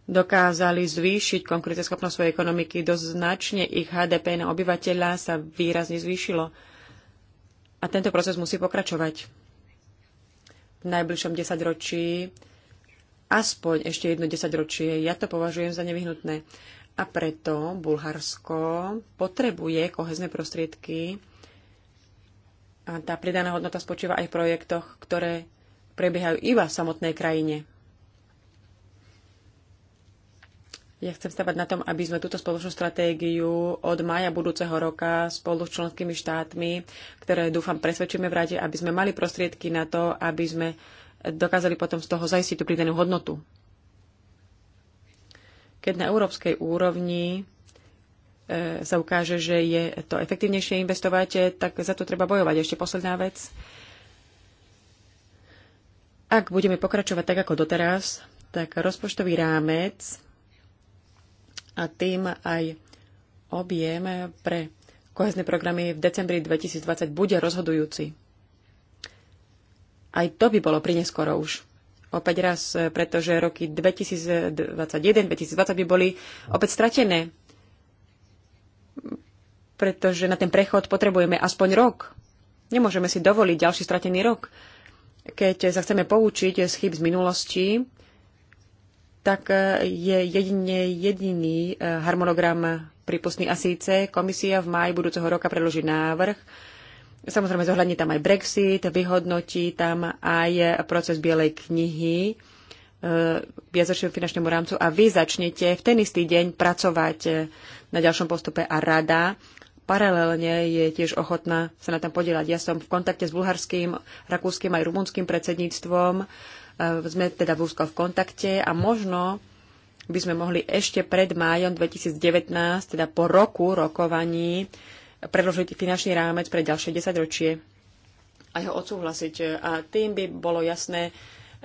S3: dokázali zvýšiť konkurenceschopnosť svojej ekonomiky. Dosť značne ich HDP na obyvateľa sa výrazne zvýšilo. A tento proces musí pokračovať. V najbližšom desaťročí aspoň ešte jedno desaťročie. Ja to považujem za nevyhnutné. A preto Bulharsko potrebuje kohezné prostriedky a tá pridaná hodnota spočíva aj v projektoch, ktoré prebiehajú iba v samotnej krajine Ja chcem stavať na tom, aby sme túto spoločnú stratégiu od maja budúceho roka spolu s členskými štátmi, ktoré dúfam presvedčíme v rade, aby sme mali prostriedky na to, aby sme dokázali potom z toho zaistiť tú pridanú hodnotu. Keď na európskej úrovni e, sa ukáže, že je to efektívnejšie investovať, e, tak za to treba bojovať. Ešte posledná vec. Ak budeme pokračovať tak ako doteraz, tak rozpočtový rámec a tým aj objem pre kohezné programy v decembri 2020 bude rozhodujúci. Aj to by bolo prineskoro už. Opäť raz, pretože roky 2021-2020 by boli opäť stratené, pretože na ten prechod potrebujeme aspoň rok. Nemôžeme si dovoliť ďalší stratený rok. Keď sa chceme poučiť z chyb z minulosti, tak e, je jedine jediný e, harmonogram prípustný a síce komisia v máji budúceho roka predloží návrh. Samozrejme zohľadní tam aj Brexit, vyhodnotí tam aj proces Bielej knihy e, viazačnému finančnému rámcu a vy začnete v ten istý deň pracovať na ďalšom postupe a rada paralelne je tiež ochotná sa na tam podielať. Ja som v kontakte s bulharským, rakúskym aj rumunským predsedníctvom E, sme teda v úzkom v kontakte a možno by sme mohli ešte pred májom 2019, teda po roku rokovaní, predložiť finančný rámec pre ďalšie 10 ročie a ho odsúhlasiť. A tým by bolo jasné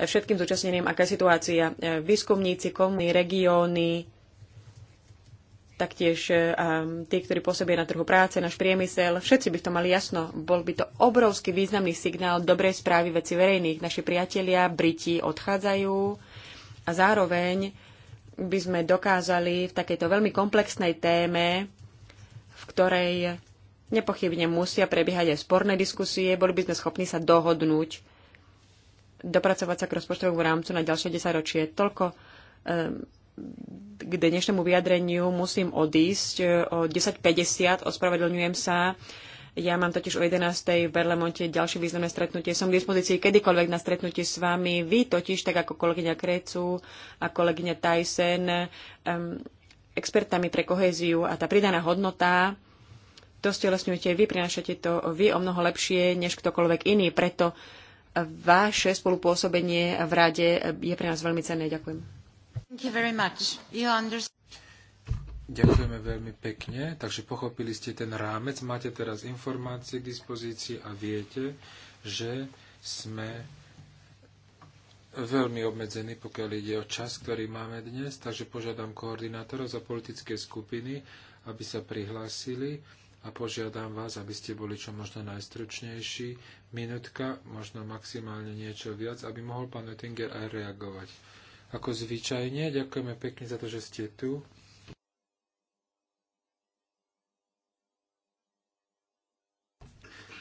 S3: všetkým zúčastneným, aká je situácia. E, výskumníci, komuny, regióny, taktiež um, e, tí, ktorí pôsobia na trhu práce, náš priemysel, všetci by to mali jasno. Bol by to obrovský významný signál dobrej správy veci verejných. Naši priatelia, Briti odchádzajú a zároveň by sme dokázali v takejto veľmi komplexnej téme, v ktorej nepochybne musia prebiehať aj sporné diskusie, boli by sme schopní sa dohodnúť, dopracovať sa k rozpočtovému rámcu na ďalšie ročie. Toľko um, k dnešnému vyjadreniu musím odísť o 10.50, ospravedlňujem sa. Ja mám totiž o 11.00 v Berlemonte ďalšie významné stretnutie. Som k dispozícii kedykoľvek na stretnutie s vami. Vy totiž, tak ako kolegyňa Krecu a kolegyňa Tyson, um, expertami pre kohéziu a tá pridaná hodnota, to stelesňujete vy, prinašate to vy o mnoho lepšie než ktokoľvek iný. Preto vaše spolupôsobenie v rade je pre nás veľmi cenné. Ďakujem.
S1: Ďakujeme veľmi pekne. Takže pochopili ste ten rámec, máte teraz informácie k dispozícii a viete, že sme veľmi obmedzení, pokiaľ ide o čas, ktorý máme dnes, takže požiadam koordinátorov za politické skupiny, aby sa prihlásili a požiadam vás, aby ste boli čo možno najstručnejší. Minútka, možno maximálne niečo viac, aby mohol pán Oettinger aj reagovať ako zvyčajne. Ďakujeme pekne za to, že ste tu.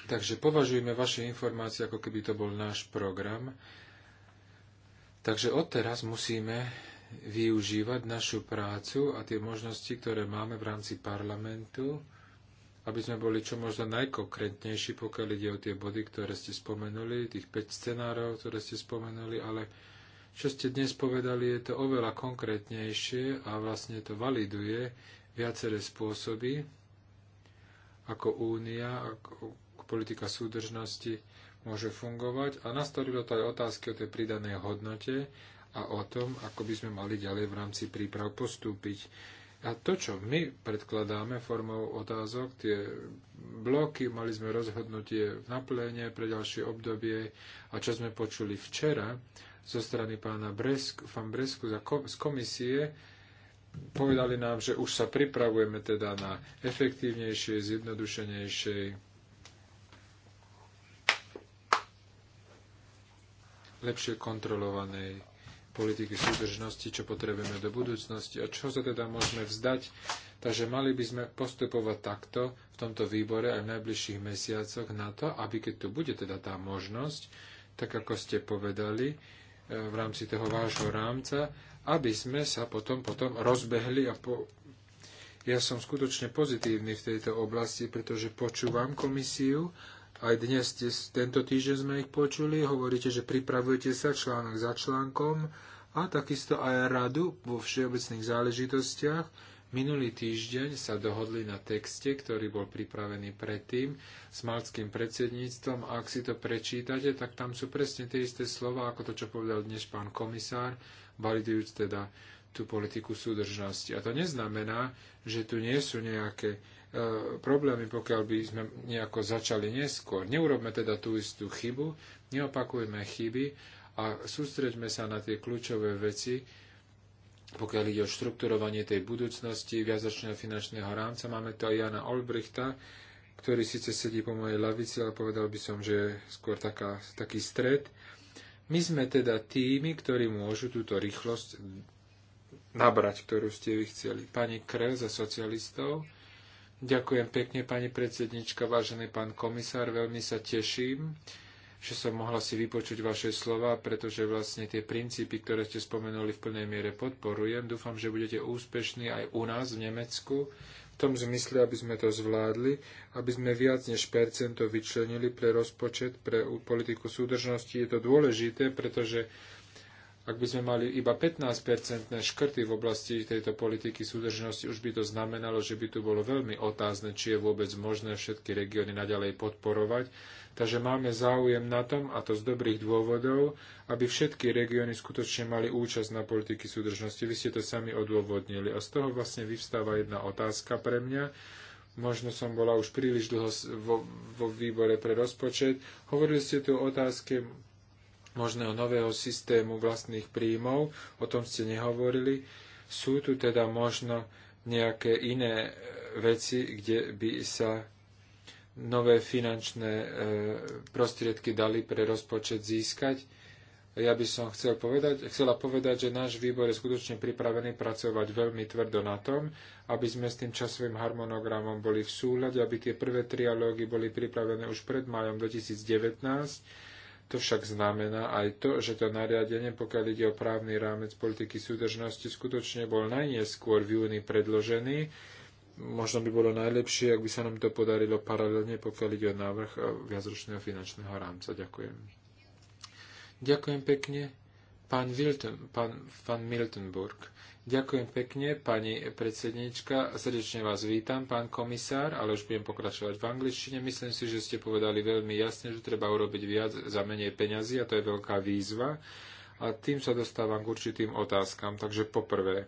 S1: Takže považujeme vaše informácie, ako keby to bol náš program. Takže odteraz musíme využívať našu prácu a tie možnosti, ktoré máme v rámci parlamentu, aby sme boli čo možno najkonkrétnejší, pokiaľ ide o tie body, ktoré ste spomenuli, tých 5 scenárov, ktoré ste spomenuli, ale čo ste dnes povedali, je to oveľa konkrétnejšie a vlastne to validuje viaceré spôsoby, ako únia, ako politika súdržnosti môže fungovať a nastavilo to aj otázky o tej pridanej hodnote a o tom, ako by sme mali ďalej v rámci príprav postúpiť. A to, čo my predkladáme formou otázok, tie bloky, mali sme rozhodnutie na pléne pre ďalšie obdobie a čo sme počuli včera, zo strany pána Bresk, Fan Bresku z komisie. Povedali nám, že už sa pripravujeme teda na efektívnejšie, zjednodušenejšie lepšie kontrolovanej politiky súdržnosti, čo potrebujeme do budúcnosti a čo sa teda môžeme vzdať. Takže mali by sme postupovať takto v tomto výbore aj v najbližších mesiacoch na to, aby keď tu bude teda tá možnosť, tak ako ste povedali, v rámci toho vášho rámca, aby sme sa potom, potom rozbehli a po... Ja som skutočne pozitívny v tejto oblasti, pretože počúvam komisiu, aj dnes, tento týždeň sme ich počuli, hovoríte, že pripravujete sa článok za článkom a takisto aj radu vo všeobecných záležitostiach, Minulý týždeň sa dohodli na texte, ktorý bol pripravený predtým s malckým predsedníctvom a ak si to prečítate, tak tam sú presne tie isté slova, ako to, čo povedal dnes pán komisár, validujúc teda tú politiku súdržnosti. A to neznamená, že tu nie sú nejaké e, problémy, pokiaľ by sme nejako začali neskôr. Neurobme teda tú istú chybu, neopakujme chyby a sústreďme sa na tie kľúčové veci, pokiaľ ide o štrukturovanie tej budúcnosti viazačného finančného rámca. Máme tu aj Jana Olbrichta, ktorý síce sedí po mojej lavici, ale povedal by som, že je skôr taká, taký stred. My sme teda tými, ktorí môžu túto rýchlosť nabrať, ktorú ste vy chceli. Pani Krel za socialistov. Ďakujem pekne, pani predsednička, vážený pán komisár, veľmi sa teším že som mohla si vypočuť vaše slova, pretože vlastne tie princípy, ktoré ste spomenuli, v plnej miere podporujem. Dúfam, že budete úspešní aj u nás v Nemecku, v tom zmysle, aby sme to zvládli, aby sme viac než percento vyčlenili pre rozpočet, pre politiku súdržnosti. Je to dôležité, pretože ak by sme mali iba 15-percentné škrty v oblasti tejto politiky súdržnosti, už by to znamenalo, že by tu bolo veľmi otázne, či je vôbec možné všetky regióny naďalej podporovať. Takže máme záujem na tom, a to z dobrých dôvodov, aby všetky regióny skutočne mali účasť na politiky súdržnosti. Vy ste to sami odôvodnili. A z toho vlastne vyvstáva jedna otázka pre mňa možno som bola už príliš dlho vo, vo výbore pre rozpočet. Hovorili ste tu o otázke možného nového systému vlastných príjmov, o tom ste nehovorili. Sú tu teda možno nejaké iné e, veci, kde by sa nové finančné e, prostriedky dali pre rozpočet získať. Ja by som chcel povedať, chcela povedať, že náš výbor je skutočne pripravený pracovať veľmi tvrdo na tom, aby sme s tým časovým harmonogramom boli v súhľade, aby tie prvé trialógy boli pripravené už pred majom 2019 to však znamená aj to, že to nariadenie, pokiaľ ide o právny rámec politiky súdržnosti, skutočne bol najneskôr v júni predložený. Možno by bolo najlepšie, ak by sa nám to podarilo paralelne, pokiaľ ide o návrh eh, viacročného finančného rámca. Ďakujem. Ďakujem pekne. Pán, Wilton, pán, pán Miltenburg, ďakujem pekne, pani predsednička, srdečne vás vítam, pán komisár, ale už budem pokračovať v angličtine. Myslím si, že ste povedali veľmi jasne, že treba urobiť viac za menej peňazí a to je veľká výzva. A tým sa dostávam k určitým otázkam. Takže poprvé,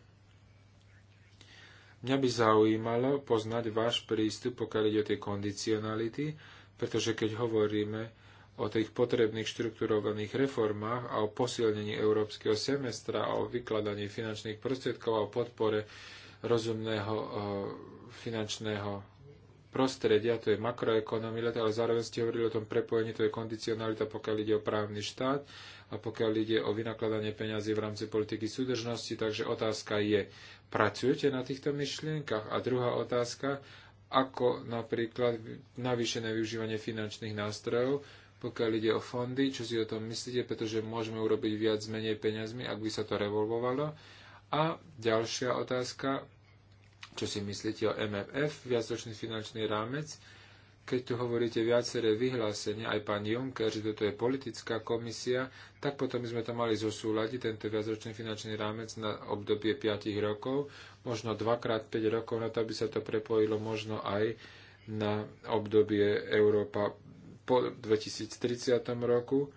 S1: mňa by zaujímalo poznať váš prístup, pokiaľ ide o tie kondicionality, pretože keď hovoríme o tých potrebných štruktúrovaných reformách a o posilnení európskeho semestra a o vykladaní finančných prostriedkov a o podpore rozumného e, finančného prostredia, to je makroekonomia, ale zároveň ste hovorili o tom prepojení, to je kondicionalita, pokiaľ ide o právny štát a pokiaľ ide o vynakladanie peňazí v rámci politiky súdržnosti. Takže otázka je, pracujete na týchto myšlienkach? A druhá otázka, ako napríklad navýšené využívanie finančných nástrojov pokiaľ ide o fondy, čo si o tom myslíte, pretože môžeme urobiť viac s menej peniazmi, ak by sa to revolvovalo. A ďalšia otázka, čo si myslíte o MFF, viacročný finančný rámec, keď tu hovoríte viaceré vyhlásenia, aj pán Juncker, že toto je politická komisia, tak potom by sme to mali zosúľadiť, tento viacročný finančný rámec na obdobie 5 rokov, možno 2x5 rokov, na to by sa to prepojilo možno aj na obdobie Európa po 2030 roku,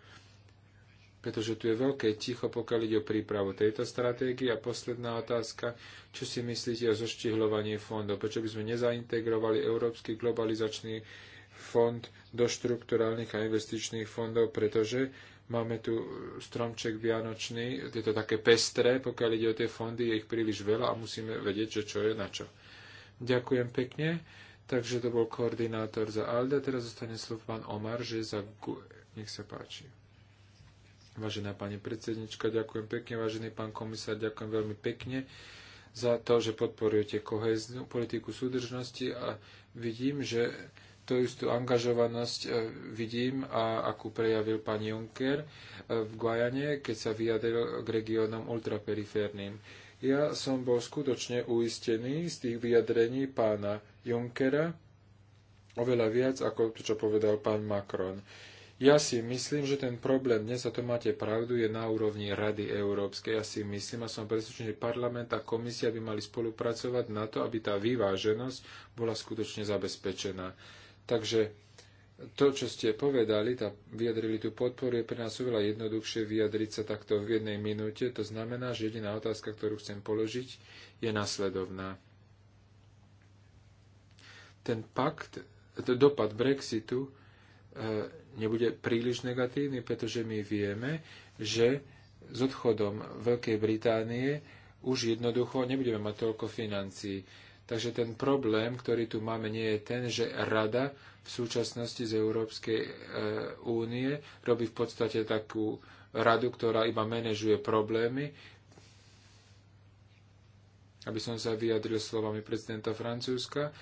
S1: pretože tu je veľké ticho, pokiaľ ide o prípravu tejto stratégie. A posledná otázka, čo si myslíte o zoštihľovaní fondov? Prečo by sme nezaintegrovali Európsky globalizačný fond do štrukturálnych a investičných fondov, pretože máme tu stromček vianočný, je to také pestré, pokiaľ ide o tie fondy, je ich príliš veľa a musíme vedieť, že čo je na čo. Ďakujem pekne. Takže to bol koordinátor za ALDE. Teraz zostane slov pán Omar, že za GUE. Nech sa páči. Vážená pani predsednička, ďakujem pekne. Vážený pán komisár, ďakujem veľmi pekne za to, že podporujete koheznú politiku súdržnosti a vidím, že to istú angažovanosť e, vidím, a akú prejavil pán Juncker e, v Guajane, keď sa vyjadril k regiónom ultraperiférnym. Ja som bol skutočne uistený z tých vyjadrení pána Junckera, oveľa viac ako to, čo povedal pán Macron. Ja si myslím, že ten problém dnes, a to máte pravdu, je na úrovni Rady Európskej. Ja si myslím a som presvedčený, že parlament a komisia by mali spolupracovať na to, aby tá vyváženosť bola skutočne zabezpečená. Takže to, čo ste povedali, tá, vyjadrili tú podporu, je pre nás oveľa jednoduchšie vyjadriť sa takto v jednej minúte. To znamená, že jediná otázka, ktorú chcem položiť, je nasledovná ten pakt, dopad Brexitu e, nebude príliš negatívny, pretože my vieme, že s odchodom Veľkej Británie už jednoducho nebudeme mať toľko financií. Takže ten problém, ktorý tu máme, nie je ten, že Rada v súčasnosti z Európskej e, únie robí v podstate takú radu, ktorá iba manažuje problémy. Aby som sa vyjadril slovami prezidenta Francúzska,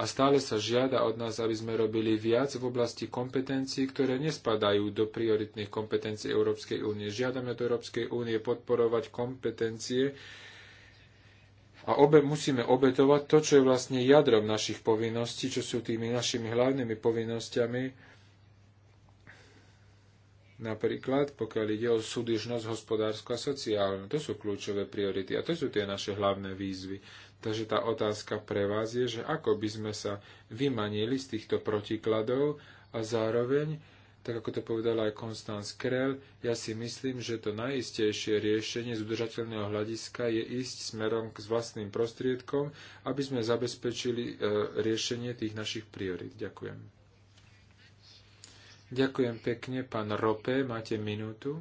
S1: a stále sa žiada od nás, aby sme robili viac v oblasti kompetencií, ktoré nespadajú do prioritných kompetencií Európskej únie. Žiadame od Európskej únie podporovať kompetencie a obe, musíme obetovať to, čo je vlastne jadrom našich povinností, čo sú tými našimi hlavnými povinnosťami, Napríklad, pokiaľ ide o súdržnosť hospodársko a sociálnu, to sú kľúčové priority a to sú tie naše hlavné výzvy. Takže tá otázka pre vás je, že ako by sme sa vymanili z týchto protikladov a zároveň, tak ako to povedala aj Konstanz Krell, ja si myslím, že to najistejšie riešenie z udržateľného hľadiska je ísť smerom k vlastným prostriedkom, aby sme zabezpečili e, riešenie tých našich priorit. Ďakujem. Ďakujem pekne, pán Rope, máte minútu.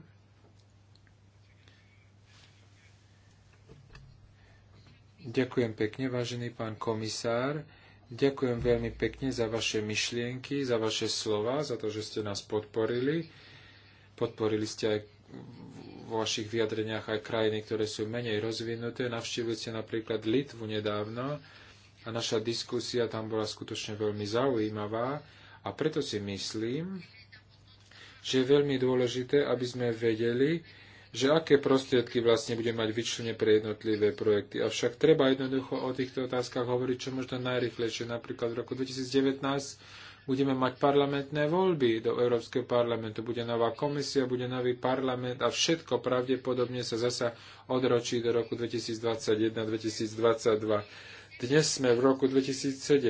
S1: Ďakujem pekne, vážený pán komisár. Ďakujem veľmi pekne za vaše myšlienky, za vaše slova, za to, že ste nás podporili. Podporili ste aj vo vašich vyjadreniach aj krajiny, ktoré sú menej rozvinuté. Navštívili ste napríklad Litvu nedávno a naša diskusia tam bola skutočne veľmi zaujímavá a preto si myslím, že je veľmi dôležité, aby sme vedeli, že aké prostriedky vlastne bude mať vyčlenie pre jednotlivé projekty. Avšak treba jednoducho o týchto otázkach hovoriť čo možno najrychlejšie. Napríklad v roku 2019 budeme mať parlamentné voľby do Európskeho parlamentu, bude nová komisia, bude nový parlament a všetko pravdepodobne sa zasa odročí do roku 2021-2022 dnes sme v roku 2017,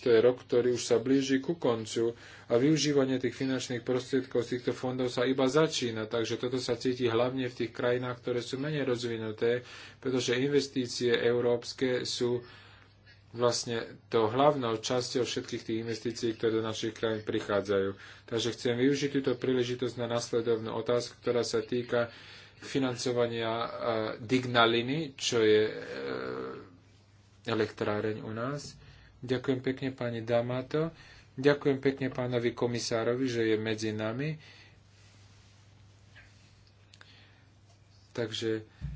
S1: to je rok, ktorý už sa blíži ku koncu a využívanie tých finančných prostriedkov z týchto fondov sa iba začína, takže toto sa cíti hlavne v tých krajinách, ktoré sú menej rozvinuté, pretože investície európske sú vlastne to hlavnou časťou všetkých tých investícií, ktoré do našich krajín prichádzajú. Takže chcem využiť túto príležitosť na nasledovnú otázku, ktorá sa týka financovania uh, Dignaliny, čo je uh, elektráreň u nás. Ďakujem pekne pani Damato. Ďakujem pekne pánovi komisárovi, že je medzi nami. Takže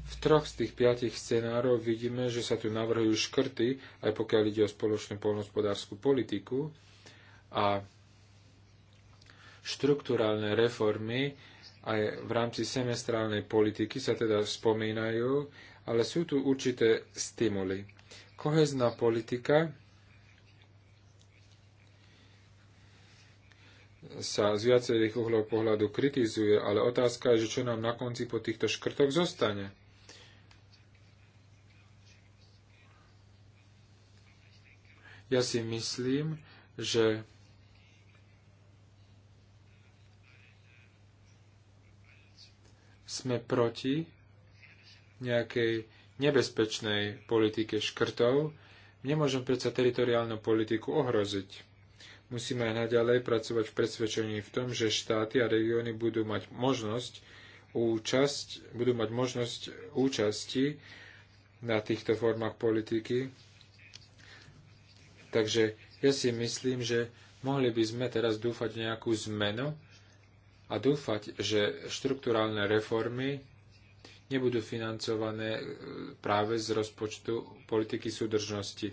S1: v troch z tých piatich scenárov vidíme, že sa tu navrhujú škrty, aj pokiaľ ide o spoločnú polnospodárskú politiku a štruktúrálne reformy aj v rámci semestrálnej politiky sa teda spomínajú, ale sú tu určité stimuly. Kohezná politika sa z viacerých uhlov pohľadu kritizuje, ale otázka je, že čo nám na konci po týchto škrtoch zostane. Ja si myslím, že sme proti nejakej nebezpečnej politike škrtov, nemôžem predsa teritoriálnu politiku ohroziť. Musíme aj naďalej pracovať v presvedčení v tom, že štáty a regióny budú mať možnosť účasť, budú mať možnosť účasti na týchto formách politiky. Takže ja si myslím, že mohli by sme teraz dúfať nejakú zmenu a dúfať, že štruktúrálne reformy nebudú financované e, práve z rozpočtu politiky súdržnosti.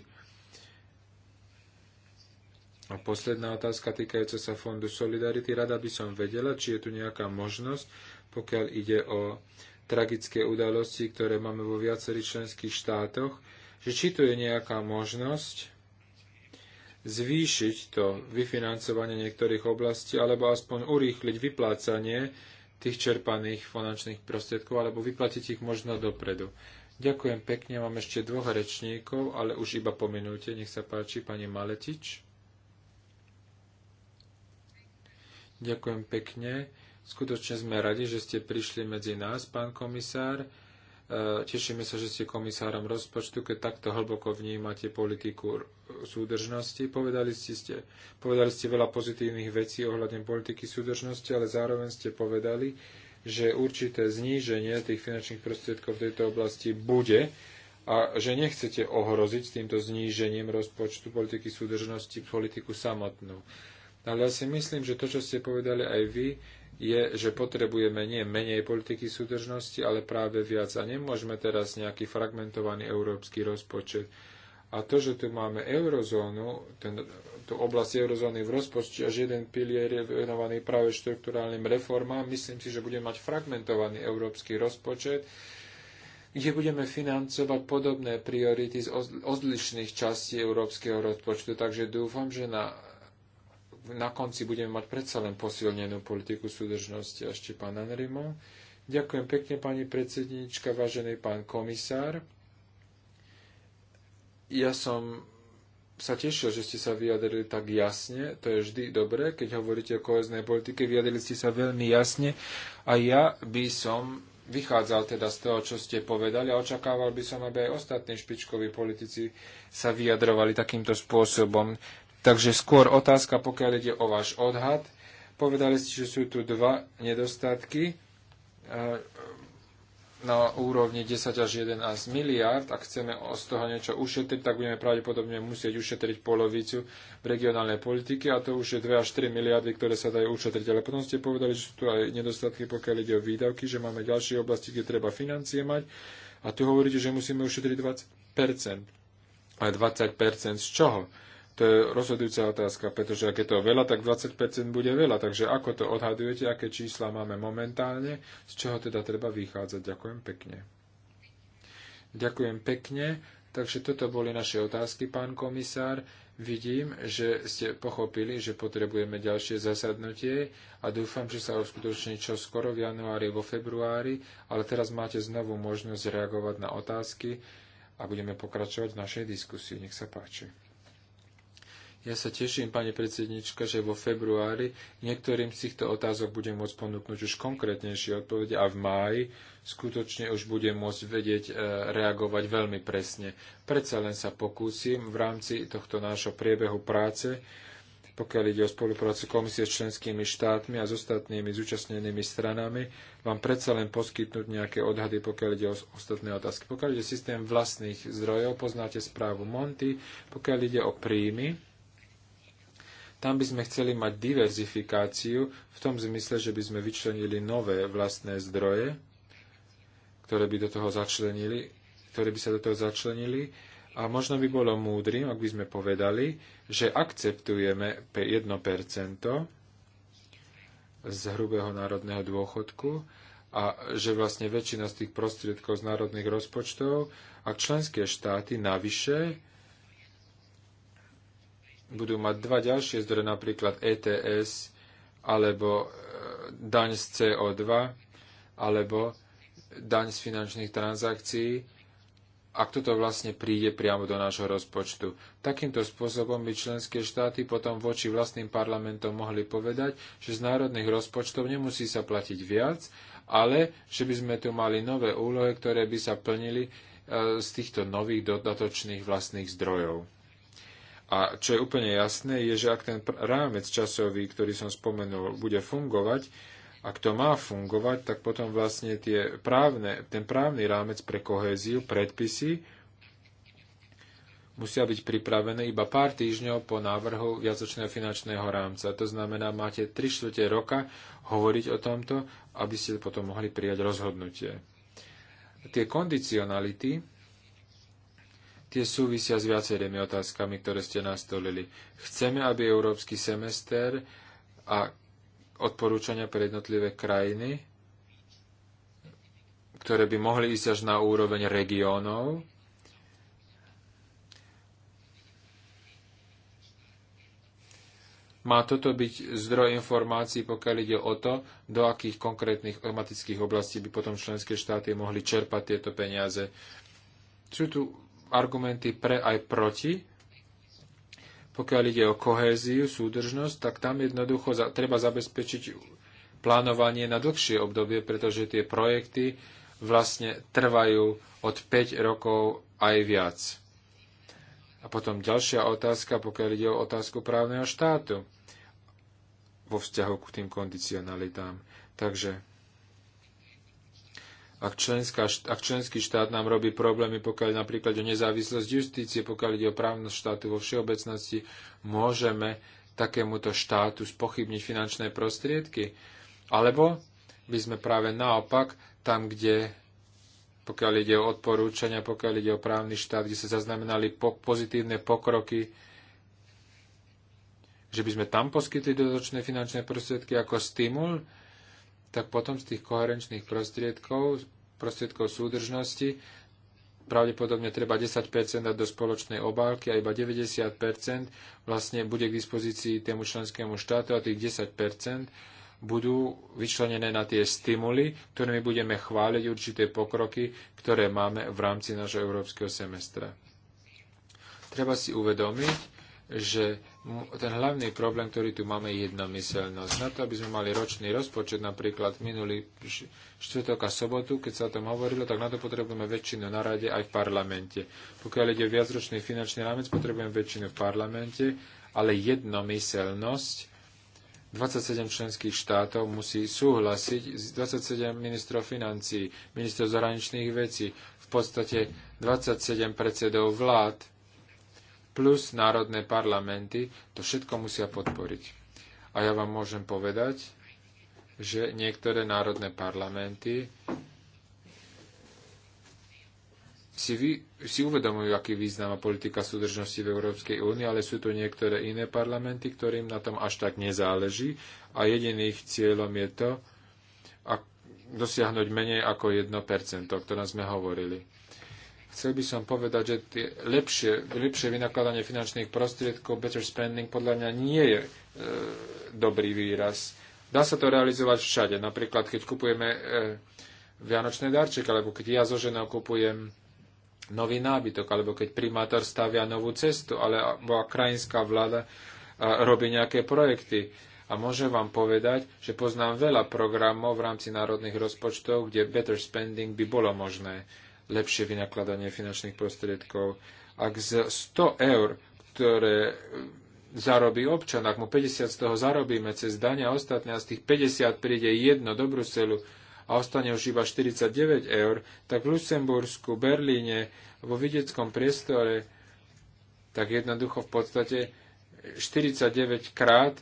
S1: A posledná otázka týkajúca sa Fondu Solidarity. Rada by som vedela, či je tu nejaká možnosť, pokiaľ ide o tragické udalosti, ktoré máme vo viacerých členských štátoch, že či tu je nejaká možnosť zvýšiť to vyfinancovanie niektorých oblastí, alebo aspoň urýchliť vyplácanie tých čerpaných finančných prostriedkov alebo vyplatiť ich možno dopredu. Ďakujem pekne, mám ešte dvoch rečníkov, ale už iba po minúte. Nech sa páči, pani Maletič. Ďakujem pekne. Skutočne sme radi, že ste prišli medzi nás, pán komisár. E, tešíme sa, že ste komisárom rozpočtu, keď takto hlboko vnímate politiku súdržnosti. Povedali ste, ste, povedali ste veľa pozitívnych vecí ohľadne politiky súdržnosti, ale zároveň ste povedali, že určité zníženie tých finančných prostriedkov v tejto oblasti bude a že nechcete ohroziť týmto znížením rozpočtu politiky súdržnosti politiku samotnú. Ale ja si myslím, že to, čo ste povedali aj vy, je, že potrebujeme nie menej politiky súdržnosti, ale práve viac. A nemôžeme teraz nejaký fragmentovaný európsky rozpočet. A to, že tu máme eurozónu, ten, tú oblasť eurozóny v rozpočte, až jeden pilier je venovaný práve štrukturálnym reformám, myslím si, že budeme mať fragmentovaný európsky rozpočet, kde budeme financovať podobné priority z odlišných častí európskeho rozpočtu. Takže dúfam, že na na konci budeme mať predsa len posilnenú politiku súdržnosti. A ešte pán Anrimo. Ďakujem pekne, pani predsednička, vážený pán komisár. Ja som sa tešil, že ste sa vyjadrili tak jasne. To je vždy dobré, keď hovoríte o koheznej politike. Vyjadrili ste sa veľmi jasne. A ja by som vychádzal teda z toho, čo ste povedali a očakával by som, aby aj ostatní špičkoví politici sa vyjadrovali takýmto spôsobom. Takže skôr otázka, pokiaľ ide o váš odhad. Povedali ste, že sú tu dva nedostatky e, na úrovni 10 až 11 miliard. Ak chceme z toho niečo ušetriť, tak budeme pravdepodobne musieť ušetriť polovicu v regionálnej politike a to už je 2 až 3 miliardy, ktoré sa dajú ušetriť. Ale potom ste povedali, že sú tu aj nedostatky, pokiaľ ide o výdavky, že máme ďalšie oblasti, kde treba financie mať a tu hovoríte, že musíme ušetriť 20%. Ale 20% z čoho? To je rozhodujúca otázka, pretože ak je to veľa, tak 20% bude veľa. Takže ako to odhadujete, aké čísla máme momentálne, z čoho teda treba vychádzať? Ďakujem pekne. Ďakujem pekne. Takže toto boli naše otázky, pán komisár. Vidím, že ste pochopili, že potrebujeme ďalšie zasadnutie a dúfam, že sa uskutoční čo skoro v januári, vo februári, ale teraz máte znovu možnosť reagovať na otázky a budeme pokračovať v našej diskusii. Nech sa páči. Ja sa teším, pani predsednička, že vo februári niektorým z týchto otázok budem môcť ponúknuť už konkrétnejšie odpovede a v máji skutočne už budem môcť vedieť e, reagovať veľmi presne. Predsa len sa pokúsim v rámci tohto nášho priebehu práce, pokiaľ ide o spoluprácu komisie s členskými štátmi a s ostatnými zúčastnenými stranami, vám predsa len poskytnúť nejaké odhady, pokiaľ ide o ostatné otázky. Pokiaľ ide o systém vlastných zdrojov, poznáte správu Monty, pokiaľ ide o príjmy, tam by sme chceli mať diverzifikáciu v tom zmysle, že by sme vyčlenili nové vlastné zdroje, ktoré by do toho začlenili, ktoré by sa do toho začlenili. A možno by bolo múdrym, ak by sme povedali, že akceptujeme 1% z hrubého národného dôchodku a že vlastne väčšina z tých prostriedkov z národných rozpočtov, ak členské štáty navyše budú mať dva ďalšie zdroje, napríklad ETS, alebo e, daň z CO2, alebo daň z finančných transakcií, ak toto vlastne príde priamo do nášho rozpočtu. Takýmto spôsobom by členské štáty potom voči vlastným parlamentom mohli povedať, že z národných rozpočtov nemusí sa platiť viac, ale že by sme tu mali nové úlohy, ktoré by sa plnili e, z týchto nových dodatočných vlastných zdrojov. A čo je úplne jasné, je, že ak ten rámec časový, ktorý som spomenul, bude fungovať, ak to má fungovať, tak potom vlastne tie právne, ten právny rámec pre kohéziu, predpisy, musia byť pripravené iba pár týždňov po návrhu viacočného finančného rámca. To znamená, máte 3 štvrte roka hovoriť o tomto, aby ste potom mohli prijať rozhodnutie. Tie kondicionality, tie súvisia s viacerými otázkami, ktoré ste nastolili. Chceme, aby európsky semester a odporúčania pre jednotlivé krajiny, ktoré by mohli ísť až na úroveň regiónov, Má toto byť zdroj informácií, pokiaľ ide o to, do akých konkrétnych tematických oblastí by potom členské štáty mohli čerpať tieto peniaze. Sú tu argumenty pre aj proti, pokiaľ ide o kohéziu, súdržnosť, tak tam jednoducho za, treba zabezpečiť plánovanie na dlhšie obdobie, pretože tie projekty vlastne trvajú od 5 rokov aj viac. A potom ďalšia otázka, pokiaľ ide o otázku právneho štátu vo vzťahu k tým kondicionalitám. Takže ak, členská, ak členský štát nám robí problémy, pokiaľ napríklad o nezávislosť justície, pokiaľ ide o právnosť štátu vo všeobecnosti, môžeme takémuto štátu spochybniť finančné prostriedky. Alebo by sme práve naopak, tam, kde pokiaľ ide o odporúčania, pokiaľ ide o právny štát, kde sa zaznamenali po- pozitívne pokroky, že by sme tam poskytli dodatočné finančné prostriedky ako stimul, tak potom z tých koherenčných prostriedkov, prostriedkov súdržnosti, pravdepodobne treba 10% dať do spoločnej obálky a iba 90% vlastne bude k dispozícii tému členskému štátu a tých 10% budú vyčlenené na tie stimuly, ktorými budeme chváliť určité pokroky, ktoré máme v rámci nášho európskeho semestra. Treba si uvedomiť, že ten hlavný problém, ktorý tu máme, je jednomyselnosť. Na to, aby sme mali ročný rozpočet, napríklad minulý štvrtok a sobotu, keď sa o tom hovorilo, tak na to potrebujeme väčšinu na rade aj v parlamente. Pokiaľ ide o viacročný finančný rámec, potrebujeme väčšinu v parlamente, ale jednomyselnosť 27 členských štátov musí súhlasiť, s 27 ministrov financí, ministrov zahraničných vecí, v podstate 27 predsedov vlád, plus národné parlamenty, to všetko musia podporiť. A ja vám môžem povedať, že niektoré národné parlamenty si, vy, si uvedomujú, aký význam a politika súdržnosti v Európskej únii, ale sú tu niektoré iné parlamenty, ktorým na tom až tak nezáleží a jediným cieľom je to dosiahnuť menej ako 1%, o ktorom sme hovorili. Chcel by som povedať, že tie lepšie, lepšie vynakladanie finančných prostriedkov, better spending, podľa mňa nie je e, dobrý výraz. Dá sa to realizovať všade. Napríklad, keď kupujeme e, vianočné darček, alebo keď ja so ženou kupujem nový nábytok, alebo keď primátor stavia novú cestu, alebo krajinská vláda e, robí nejaké projekty. A môžem vám povedať, že poznám veľa programov v rámci národných rozpočtov, kde better spending by bolo možné lepšie vynakladanie finančných prostriedkov. Ak z 100 eur, ktoré zarobí občan, ak mu 50 z toho zarobíme cez dania a ostatné a z tých 50 príde jedno do Bruselu a ostane už iba 49 eur, tak v Luxembursku, Berlíne, vo videckom priestore, tak jednoducho v podstate 49 krát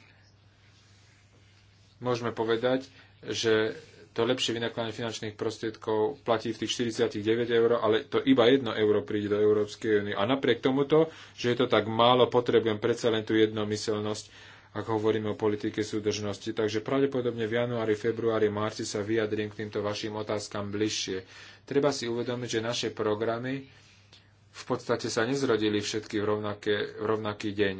S1: môžeme povedať, že to lepšie vynakladanie finančných prostriedkov platí v tých 49 eur, ale to iba 1 euro príde do Európskej únie. A napriek tomuto, že je to tak málo, potrebujem predsa len tú jednomyselnosť, ak hovoríme o politike súdržnosti. Takže pravdepodobne v januári, februári, marci sa vyjadrím k týmto vašim otázkam bližšie. Treba si uvedomiť, že naše programy v podstate sa nezrodili všetky v, rovnaké, v rovnaký deň.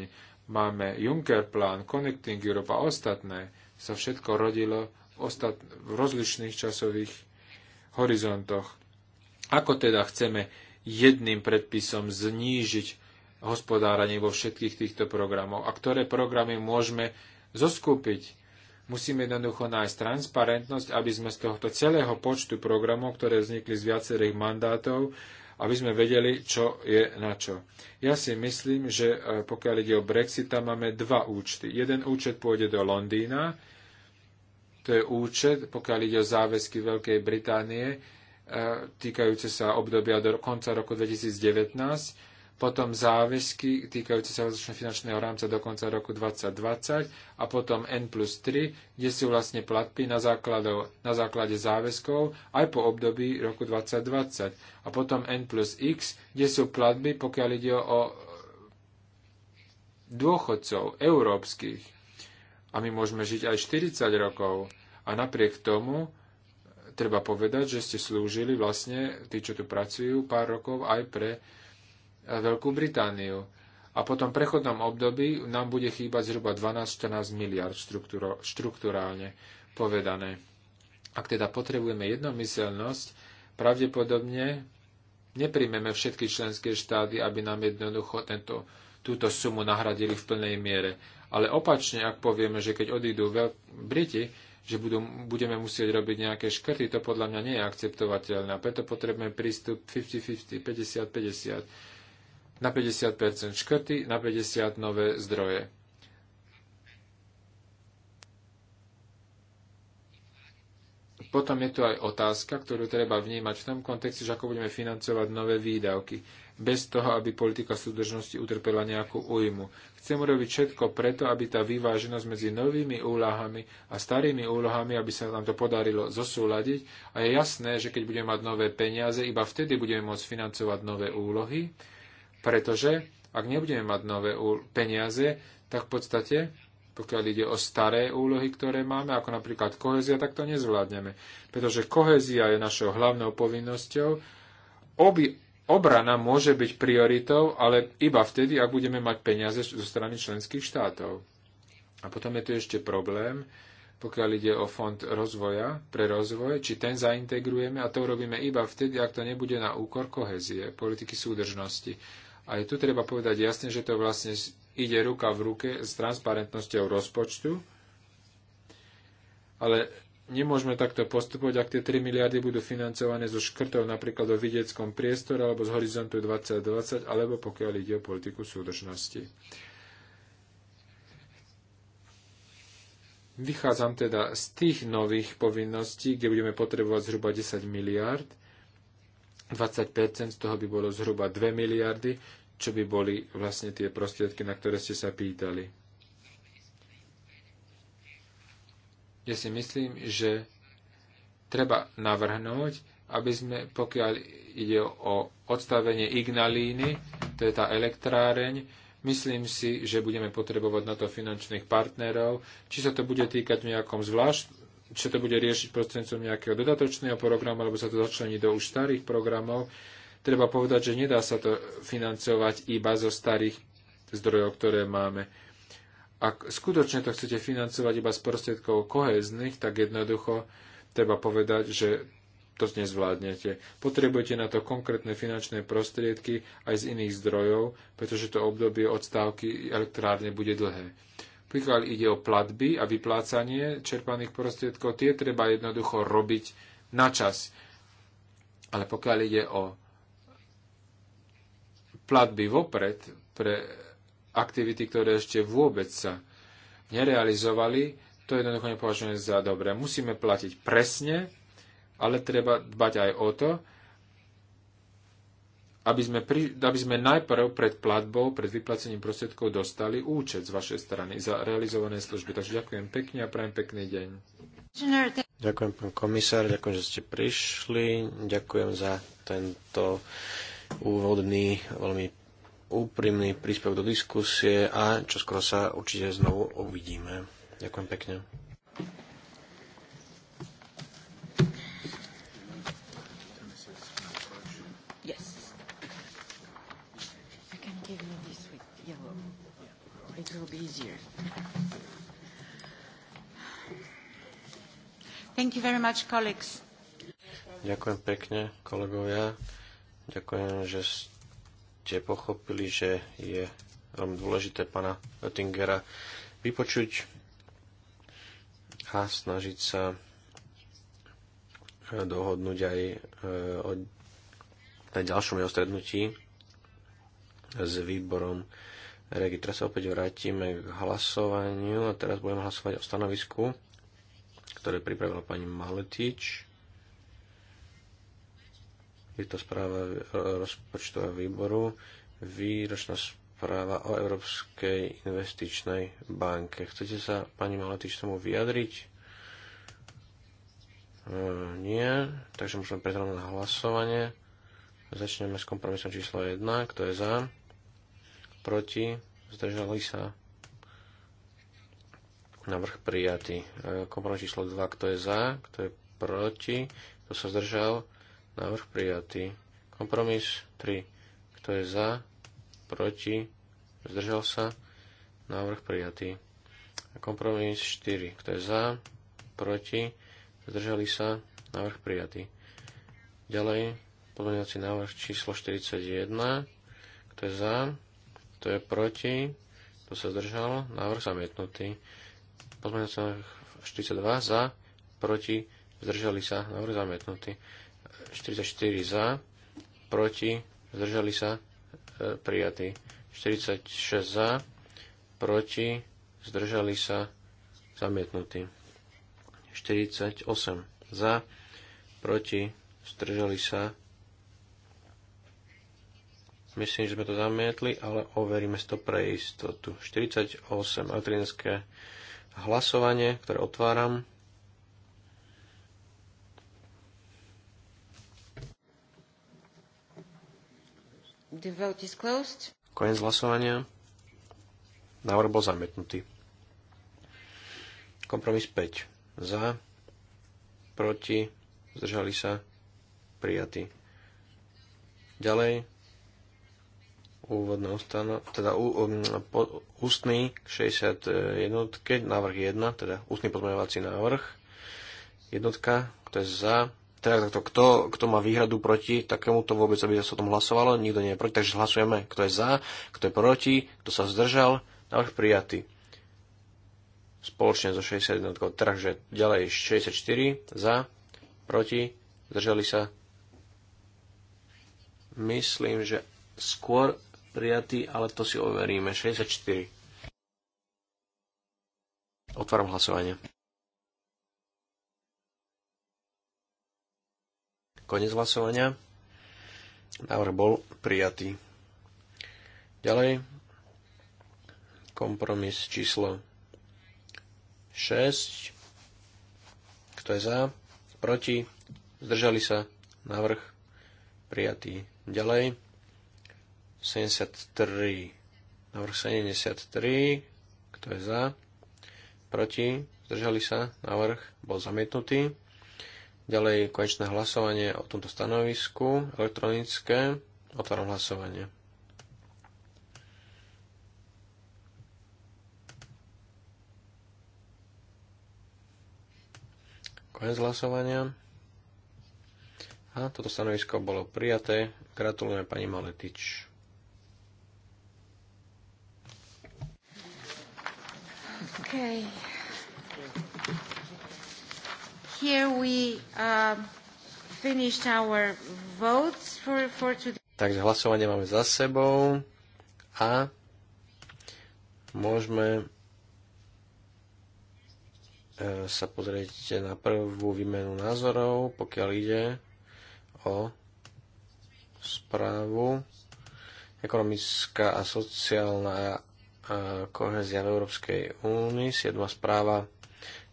S1: Máme Juncker plán, Connecting Europe a ostatné sa všetko rodilo ostat- v rozličných časových horizontoch. Ako teda chceme jedným predpisom znížiť hospodáranie vo všetkých týchto programoch a ktoré programy môžeme zoskúpiť. Musíme jednoducho nájsť transparentnosť, aby sme z tohto celého počtu programov, ktoré vznikli z viacerých mandátov, aby sme vedeli, čo je na čo. Ja si myslím, že e, pokiaľ ide o Brexit, tam máme dva účty. Jeden účet pôjde do Londýna, to je účet, pokiaľ ide o záväzky Veľkej Británie, e, týkajúce sa obdobia do konca roku 2019, potom záväzky týkajúce sa rozličného finančného rámca do konca roku 2020 a potom N plus 3, kde sú vlastne platby na, základov, na základe záväzkov aj po období roku 2020 a potom N plus X, kde sú platby, pokiaľ ide o dôchodcov európskych a my môžeme žiť aj 40 rokov. A napriek tomu treba povedať, že ste slúžili vlastne, tí, čo tu pracujú, pár rokov aj pre e, Veľkú Britániu. A po tom prechodnom období nám bude chýbať zhruba 12-14 miliard štruktúrálne povedané. Ak teda potrebujeme jednomyselnosť, pravdepodobne neprijmeme všetky členské štáty, aby nám jednoducho tento, túto sumu nahradili v plnej miere. Ale opačne, ak povieme, že keď odídu Veľk- Briti, že budú, budeme musieť robiť nejaké škrty, to podľa mňa nie je akceptovateľné. A preto potrebujeme prístup 50-50, 50-50. Na 50% škrty, na 50 nové zdroje. Potom je tu aj otázka, ktorú treba vnímať v tom kontexte, že ako budeme financovať nové výdavky bez toho, aby politika súdržnosti utrpela nejakú újmu. Chcem urobiť všetko preto, aby tá vyváženosť medzi novými úlohami a starými úlohami, aby sa nám to podarilo zosúľadiť. A je jasné, že keď budeme mať nové peniaze, iba vtedy budeme môcť financovať nové úlohy, pretože ak nebudeme mať nové peniaze, tak v podstate pokiaľ ide o staré úlohy, ktoré máme, ako napríklad kohezia, tak to nezvládneme. Pretože kohezia je našou hlavnou povinnosťou. Obi, obrana môže byť prioritou, ale iba vtedy, ak budeme mať peniaze zo strany členských štátov. A potom je tu ešte problém, pokiaľ ide o fond rozvoja pre rozvoj, či ten zaintegrujeme a to robíme iba vtedy, ak to nebude na úkor kohezie, politiky súdržnosti. A je tu treba povedať jasne, že to vlastne ide ruka v ruke s transparentnosťou rozpočtu, ale Nemôžeme takto postupovať, ak tie 3 miliardy budú financované zo škrtov napríklad o vidieckom priestore alebo z horizontu 2020, alebo pokiaľ ide o politiku súdržnosti. Vychádzam teda z tých nových povinností, kde budeme potrebovať zhruba 10 miliard. 20% z toho by bolo zhruba 2 miliardy, čo by boli vlastne tie prostriedky, na ktoré ste sa pýtali. ja si myslím, že treba navrhnúť, aby sme, pokiaľ ide o odstavenie Ignalíny, to je tá elektráreň, myslím si, že budeme potrebovať na to finančných partnerov. Či sa to bude týkať v nejakom zvlášť, či to bude riešiť prostredníctvom nejakého dodatočného programu, alebo sa to začlení do už starých programov. Treba povedať, že nedá sa to financovať iba zo starých zdrojov, ktoré máme. Ak skutočne to chcete financovať iba z prostriedkov kohezných, tak jednoducho treba povedať, že to nezvládnete. Potrebujete na to konkrétne finančné prostriedky aj z iných zdrojov, pretože to obdobie odstávky elektrárne bude dlhé. Pokiaľ ide o platby a vyplácanie čerpaných prostriedkov, tie treba jednoducho robiť na čas. Ale pokiaľ ide o platby vopred pre aktivity, ktoré ešte vôbec sa nerealizovali, to jednoducho nepovažujeme za dobré. Musíme platiť presne, ale treba dbať aj o to, aby sme, pri, aby sme najprv pred platbou, pred vyplacením prostriedkov dostali účet z vašej strany za realizované služby. Takže ďakujem pekne a prajem pekný deň.
S4: Ďakujem, pán komisár, ďakujem, že ste prišli. Ďakujem za tento úvodný, veľmi úprimný príspevok do diskusie a čo skoro sa určite znovu uvidíme. Ďakujem pekne.
S2: Thank you very much, colleagues.
S4: Ďakujem pekne, kolegovia. Ďakujem, že ste ste pochopili, že je veľmi dôležité pána Oettingera vypočuť a snažiť sa e, dohodnúť aj e, o na ďalšom jeho strednutí s výborom Regi. Teraz sa opäť vrátime k hlasovaniu a teraz budeme hlasovať o stanovisku, ktoré pripravila pani Maletič je to správa rozpočtového výboru, výročná správa o Európskej investičnej banke. Chcete sa, pani Maletič, tomu vyjadriť? E, nie, takže môžeme prejsť na hlasovanie. Začneme s kompromisom číslo 1. Kto je za? Proti? Zdržali sa? Navrh prijatý. E, kompromis číslo 2. Kto je za? Kto je proti? Kto sa zdržal? Návrh prijatý. Kompromis 3. Kto je za? Proti? Zdržal sa? Návrh prijatý. Kompromis 4. Kto je za? Proti? Zdržali sa? Návrh prijatý. Ďalej pozmeňovací návrh číslo 41. Kto je za? Kto je proti? Kto sa zdržal? Návrh zamietnutý. Pozmeňovací návrh 42. Za? Proti? Zdržali sa? Návrh zamietnutý. 44 za, proti, zdržali sa, e, prijatí. 46 za, proti, zdržali sa, zamietnutí. 48 za, proti, zdržali sa. Myslím, že sme to zamietli, ale overíme si to pre istotu. 48 elektrinské hlasovanie, ktoré otváram.
S2: The vote is closed.
S4: Koniec hlasovania. Návrh bol zamietnutý. Kompromis 5. Za, proti, zdržali sa, prijatý. Ďalej, úvodné ustano, teda ú, ú, po, ústny 61, návrh 1, teda ústny pozmeňovací návrh, jednotka, kto je za, teda takto, kto, kto má výhradu proti takémuto vôbec, aby sa o tom hlasovalo, nikto nie je proti, takže hlasujeme, kto je za, kto je proti, kto sa zdržal, návrh prijatý. Spoločne so 61. Takže ďalej 64 za, proti, zdržali sa. Myslím, že skôr prijatý, ale to si overíme. 64. Otváram hlasovanie. Konec hlasovania. Návrh bol prijatý. Ďalej. Kompromis číslo 6. Kto je za? Proti? Zdržali sa? Návrh prijatý. Ďalej. 73. Návrh 73. Kto je za? Proti? Zdržali sa? Návrh bol zamietnutý. Ďalej konečné hlasovanie o tomto stanovisku elektronické. Otváram hlasovanie. Konec hlasovania. A toto stanovisko bolo prijaté. Gratulujeme pani Maletič.
S2: Okay here we uh, finished our votes for, for today.
S4: Takže hlasovanie máme za sebou a môžeme e, sa pozrieť na prvú výmenu názorov, pokiaľ ide o správu ekonomická a sociálna e, kohezia v Európskej únii, 7. správa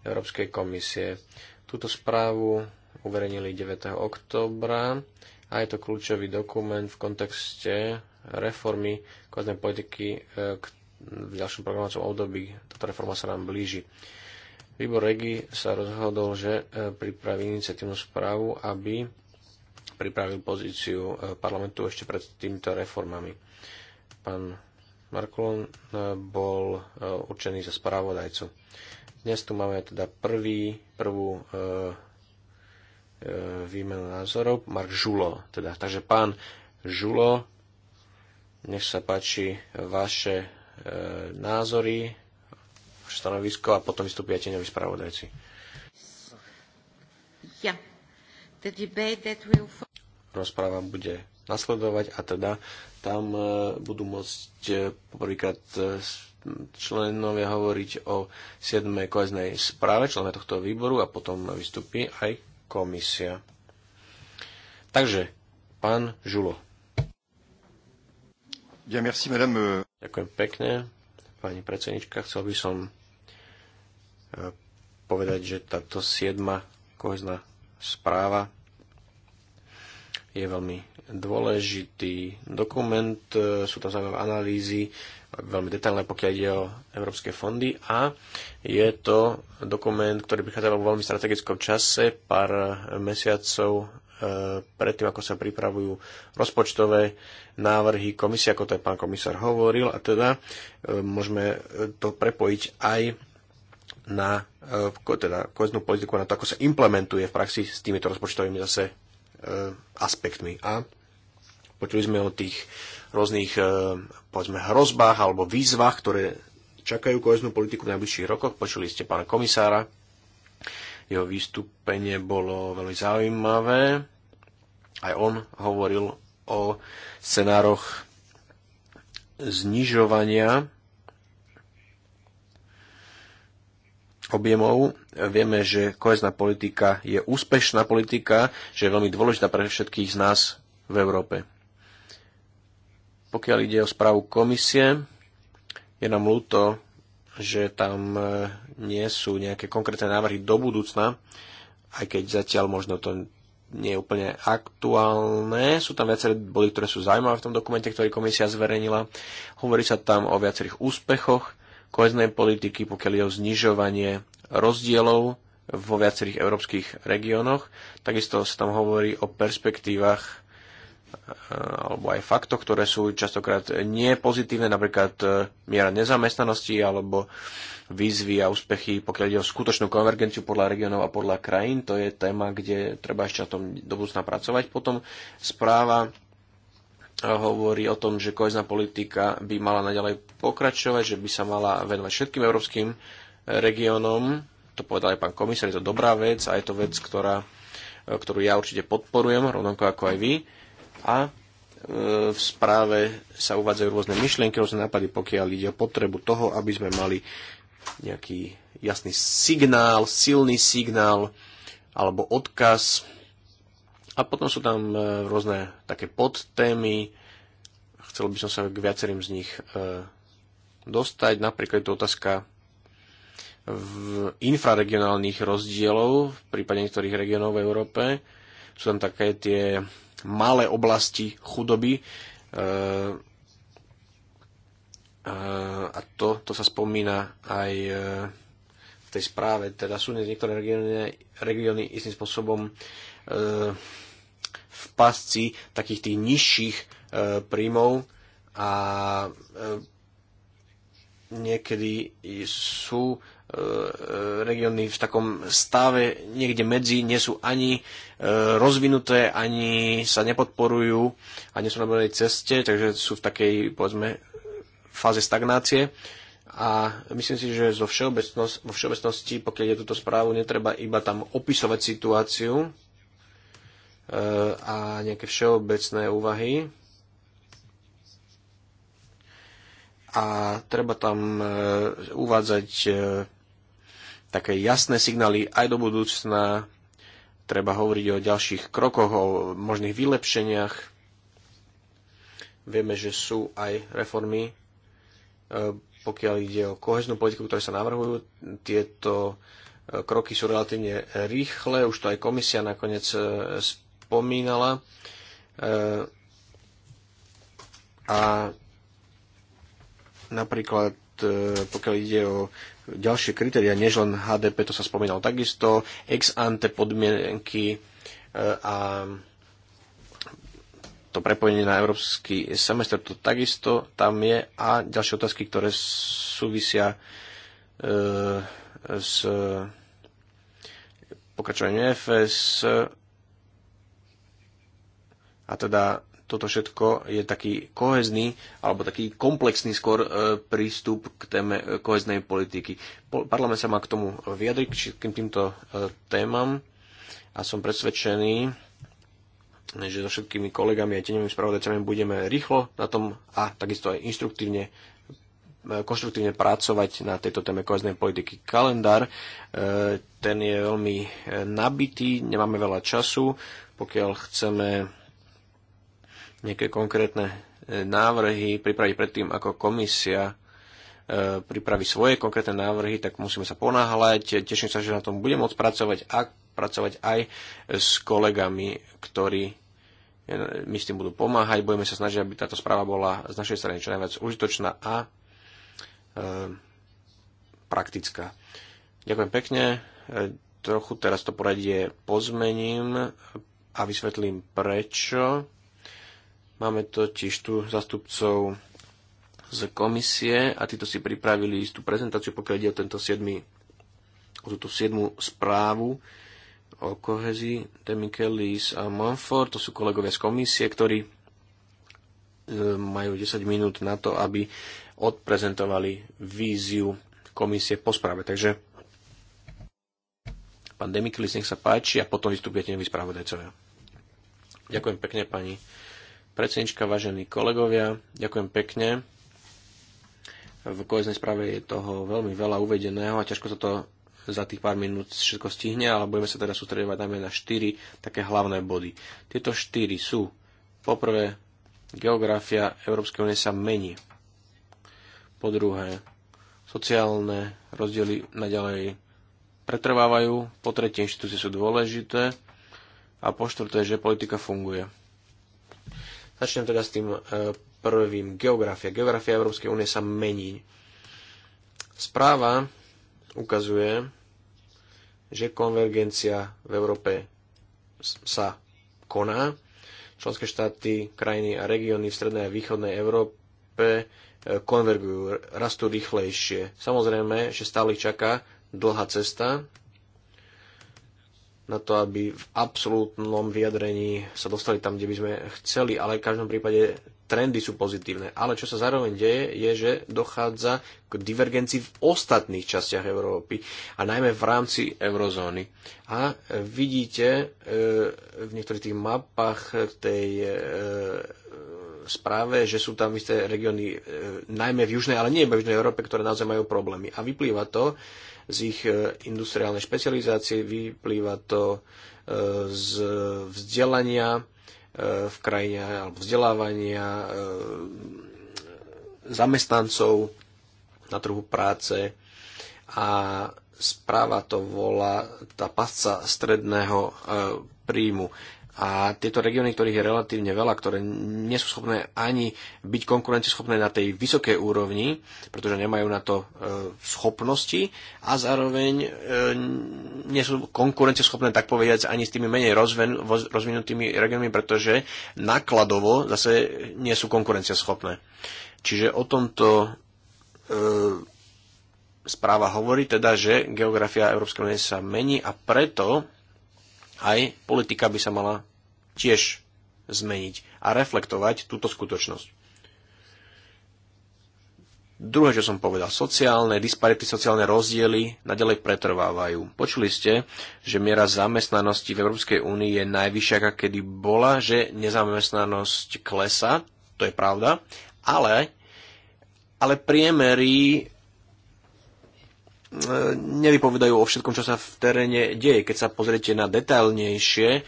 S4: Európskej komisie. Túto správu uverejnili 9. oktobra a je to kľúčový dokument v kontexte reformy koznej politiky e, k v ďalšom programovacom období. Táto reforma sa nám blíži. Výbor Regi sa rozhodol, že e, pripraví iniciatívnu správu, aby pripravil pozíciu e, parlamentu ešte pred týmito reformami. Pán Markulon eh, bol eh, určený za spravodajcu. Dnes tu máme teda prvý, prvú e, e, výmenu názorov, Mark Žulo. Teda. Takže pán Žulo, nech sa páči vaše e, názory, vaše stanovisko a potom vystúpia tieňoví spravodajci. Yeah. Rozpráva bude nasledovať a teda tam e, budú môcť e, poprvýkrát e, členovia hovoriť o 7. koheznej správe členovia tohto výboru a potom vystúpi aj komisia. Takže, pán Žulo. Ja, merci, madame. Ďakujem pekne. Pani predsednička, chcel by som povedať, že táto 7. kohezná správa je veľmi dôležitý dokument, e, sú tam zaujímavé analýzy, veľmi detailné, pokiaľ ide o európske fondy a je to dokument, ktorý prichádza vo veľmi strategickom čase, pár mesiacov e, predtým, ako sa pripravujú rozpočtové návrhy komisie, ako to aj pán komisár hovoril, a teda e, môžeme to prepojiť aj na teda koheznú politiku, na to, ako sa implementuje v praxi s týmito rozpočtovými zase E, aspektmi. A počuli sme o tých rôznych e, povedzme, hrozbách alebo výzvach, ktoré čakajú koheznú politiku v najbližších rokoch. Počuli ste pána komisára. Jeho vystúpenie bolo veľmi zaujímavé. Aj on hovoril o scenároch znižovania objemov. Vieme, že kohezná politika je úspešná politika, že je veľmi dôležitá pre všetkých z nás v Európe. Pokiaľ ide o správu komisie, je nám ľúto, že tam e, nie sú nejaké konkrétne návrhy do budúcna, aj keď zatiaľ možno to nie je úplne aktuálne. Sú tam viaceré body, ktoré sú zaujímavé v tom dokumente, ktorý komisia zverejnila. Hovorí sa tam o viacerých úspechoch koheznej politiky, pokiaľ je o znižovanie rozdielov vo viacerých európskych regiónoch. Takisto sa tam hovorí o perspektívach e, alebo aj faktoch, ktoré sú častokrát nepozitívne, napríklad e, miera nezamestnanosti alebo výzvy a úspechy, pokiaľ ide o skutočnú konvergenciu podľa regionov a podľa krajín. To je téma, kde treba ešte na tom do budúcna pracovať. Potom správa hovorí o tom, že kohezná politika by mala naďalej pokračovať, že by sa mala venovať všetkým európskym e, regiónom. To povedal aj pán komisár, je to dobrá vec a je to vec, ktorá, e, ktorú ja určite podporujem, rovnako ako aj vy. A e, v správe sa uvádzajú rôzne myšlienky, rôzne nápady, pokiaľ ide o potrebu toho, aby sme mali nejaký jasný signál, silný signál alebo odkaz a potom sú tam e, rôzne také podtémy. Chcel by som sa k viacerým z nich e, dostať. Napríklad je to otázka v infraregionálnych rozdielov, v prípade niektorých regiónov v Európe. Sú tam také tie malé oblasti chudoby. E, a to, to sa spomína aj v tej správe. Teda sú niektoré regióny, regióny istým spôsobom E, v pasci takých tých nižších e, príjmov a e, niekedy sú regióny v takom stave niekde medzi, nie sú ani rozvinuté, ani sa nepodporujú, ani sú na dobrej ceste, takže sú v takej, povedzme, fáze stagnácie. A myslím si, že zo vo všeobecnosti, pokiaľ je túto správu, netreba iba tam opisovať situáciu, Eh, a nejaké všeobecné úvahy. A treba tam eh, uvádzať eh, také jasné signály aj do budúcna. Treba hovoriť o ďalších krokoch, o možných vylepšeniach. Vieme, že sú aj reformy, pokiaľ ide o koheznú politiku, ktoré sa navrhujú. Tieto kroky sú relatívne rýchle, už to aj komisia nakoniec spomínala. E, a napríklad e, pokiaľ ide o ďalšie kritéria, než len HDP, to sa spomínalo takisto, ex ante podmienky e, a to prepojenie na európsky semester, to takisto tam je a ďalšie otázky, ktoré súvisia e, s pokračovaním FS a teda toto všetko je taký kohezný, alebo taký komplexný skôr e, prístup k téme e, koheznej politiky. Parlament sa má k tomu vyjadriť, k všetkým týmto e, témam a som presvedčený, že so všetkými kolegami a tenovými spravodajcami budeme rýchlo na tom a takisto aj inštruktívne konštruktívne pracovať na tejto téme koheznej politiky. Kalendár, ten je veľmi nabitý, nemáme veľa času, pokiaľ chceme nejaké konkrétne e, návrhy pripraviť predtým, ako komisia e, pripraví svoje konkrétne návrhy, tak musíme sa ponáhľať. Teším sa, že na tom budem môcť pracovať a pracovať aj s kolegami, ktorí e, mi s tým budú pomáhať. Budeme sa snažiť, aby táto správa bola z našej strany čo najviac užitočná a e, praktická. Ďakujem pekne. E, trochu teraz to poradie pozmením a vysvetlím prečo. Máme totiž tu zastupcov z komisie a títo si pripravili istú prezentáciu, pokiaľ ide o tento 7, o túto 7 správu o kohezi De Michelis a Monfort. to sú kolegovia z komisie, ktorí e, majú 10 minút na to, aby odprezentovali víziu komisie po správe. Takže pán Demiklis, nech sa páči a potom vystúpite vy spravodajcovia. Ďakujem pekne, pani predsednička, vážení kolegovia, ďakujem pekne. V koheznej správe je toho veľmi veľa uvedeného a ťažko sa to za tých pár minút všetko stihne, ale budeme sa teda sústredovať najmä na štyri také hlavné body. Tieto štyri sú poprvé geografia Európskej únie sa mení. Po druhé, sociálne rozdiely naďalej pretrvávajú. Po tretie, inštitúcie sú dôležité. A po štvrté, že politika funguje. Začnem teda s tým e, prvým. Geografia. Geografia Európskej únie sa mení. Správa ukazuje, že konvergencia v Európe sa koná. Členské štáty, krajiny a regióny v strednej a východnej Európe e, konvergujú, rastú rýchlejšie. Samozrejme, že stále čaká dlhá cesta, na to, aby v absolútnom vyjadrení sa dostali tam, kde by sme chceli, ale v každom prípade trendy sú pozitívne. Ale čo sa zároveň deje, je, že dochádza k divergencii v ostatných častiach Európy a najmä v rámci eurozóny. A vidíte e, v niektorých tých mapách tej e, správe, že sú tam isté regióny, e, najmä v južnej, ale nie iba v južnej Európe, ktoré naozaj majú problémy. A vyplýva to, z ich e, industriálnej špecializácie, vyplýva to e, z vzdelania e, v krajine alebo vzdelávania zamestnancov na trhu práce a správa to volá tá pasca stredného príjmu. A tieto regióny, ktorých je relatívne veľa, ktoré nie sú schopné ani byť konkurencieschopné na tej vysokej úrovni, pretože nemajú na to e, schopnosti a zároveň e, nie sú konkurencieschopné, tak povediať, ani s tými menej rozven, rozvinutými regiónmi, pretože nákladovo zase nie sú konkurencieschopné. Čiže o tomto e, správa hovorí, teda, že geografia Európskej únie sa mení a preto aj politika by sa mala tiež zmeniť a reflektovať túto skutočnosť. Druhé, čo som povedal, sociálne disparity, sociálne rozdiely naďalej pretrvávajú. Počuli ste, že miera zamestnanosti v Európskej únii je najvyššia, aká kedy bola, že nezamestnanosť klesa, to je pravda, ale, ale priemery E, nevypovedajú o všetkom, čo sa v teréne deje. Keď sa pozriete na detailnejšie e,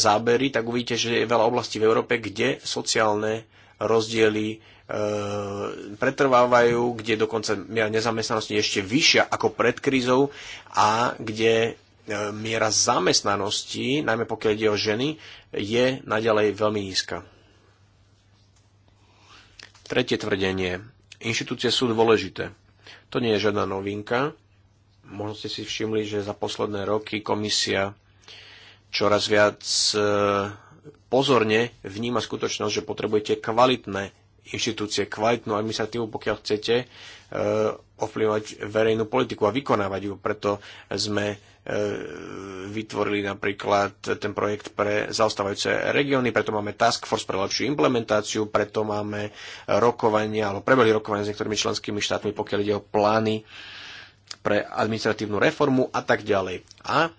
S4: zábery, tak uvidíte, že je veľa oblastí v Európe, kde sociálne rozdiely e, pretrvávajú, kde dokonca miera nezamestnanosti je ešte vyššia ako pred krízou a kde miera zamestnanosti, najmä pokiaľ ide o ženy, je naďalej veľmi nízka. Tretie tvrdenie. Inštitúcie sú dôležité to nie je žiadna novinka. Možno ste si všimli, že za posledné roky komisia čoraz viac e, pozorne vníma skutočnosť, že potrebujete kvalitné inštitúcie, kvalitnú administratívu, pokiaľ chcete e, ovplyvať verejnú politiku a vykonávať ju. Preto sme E, vytvorili napríklad ten projekt pre zaostávajúce regióny, preto máme Task Force pre lepšiu implementáciu, preto máme rokovania, alebo prebehli rokovania s niektorými členskými štátmi, pokiaľ ide o plány pre administratívnu reformu a tak ďalej. A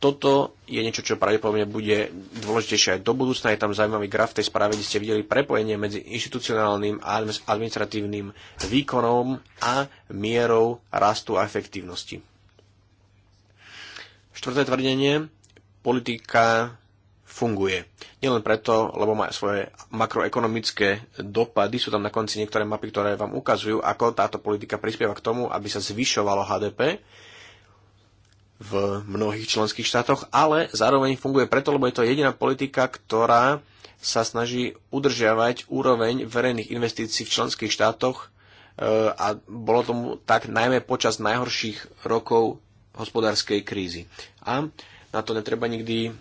S4: toto je niečo, čo pravdepodobne bude dôležitejšie aj do budúcna. Je tam zaujímavý graf v tej správe, kde ste videli prepojenie medzi inštitucionálnym a administratívnym výkonom a mierou rastu a efektívnosti. Štvrté tvrdenie, politika funguje. Nielen preto, lebo má svoje makroekonomické dopady, sú tam na konci niektoré mapy, ktoré vám ukazujú, ako táto politika prispieva k tomu, aby sa zvyšovalo HDP v mnohých členských štátoch, ale zároveň funguje preto, lebo je to jediná politika, ktorá sa snaží udržiavať úroveň verejných investícií v členských štátoch e, a bolo tomu tak najmä počas najhorších rokov hospodárskej krízy. A na to netreba nikdy e,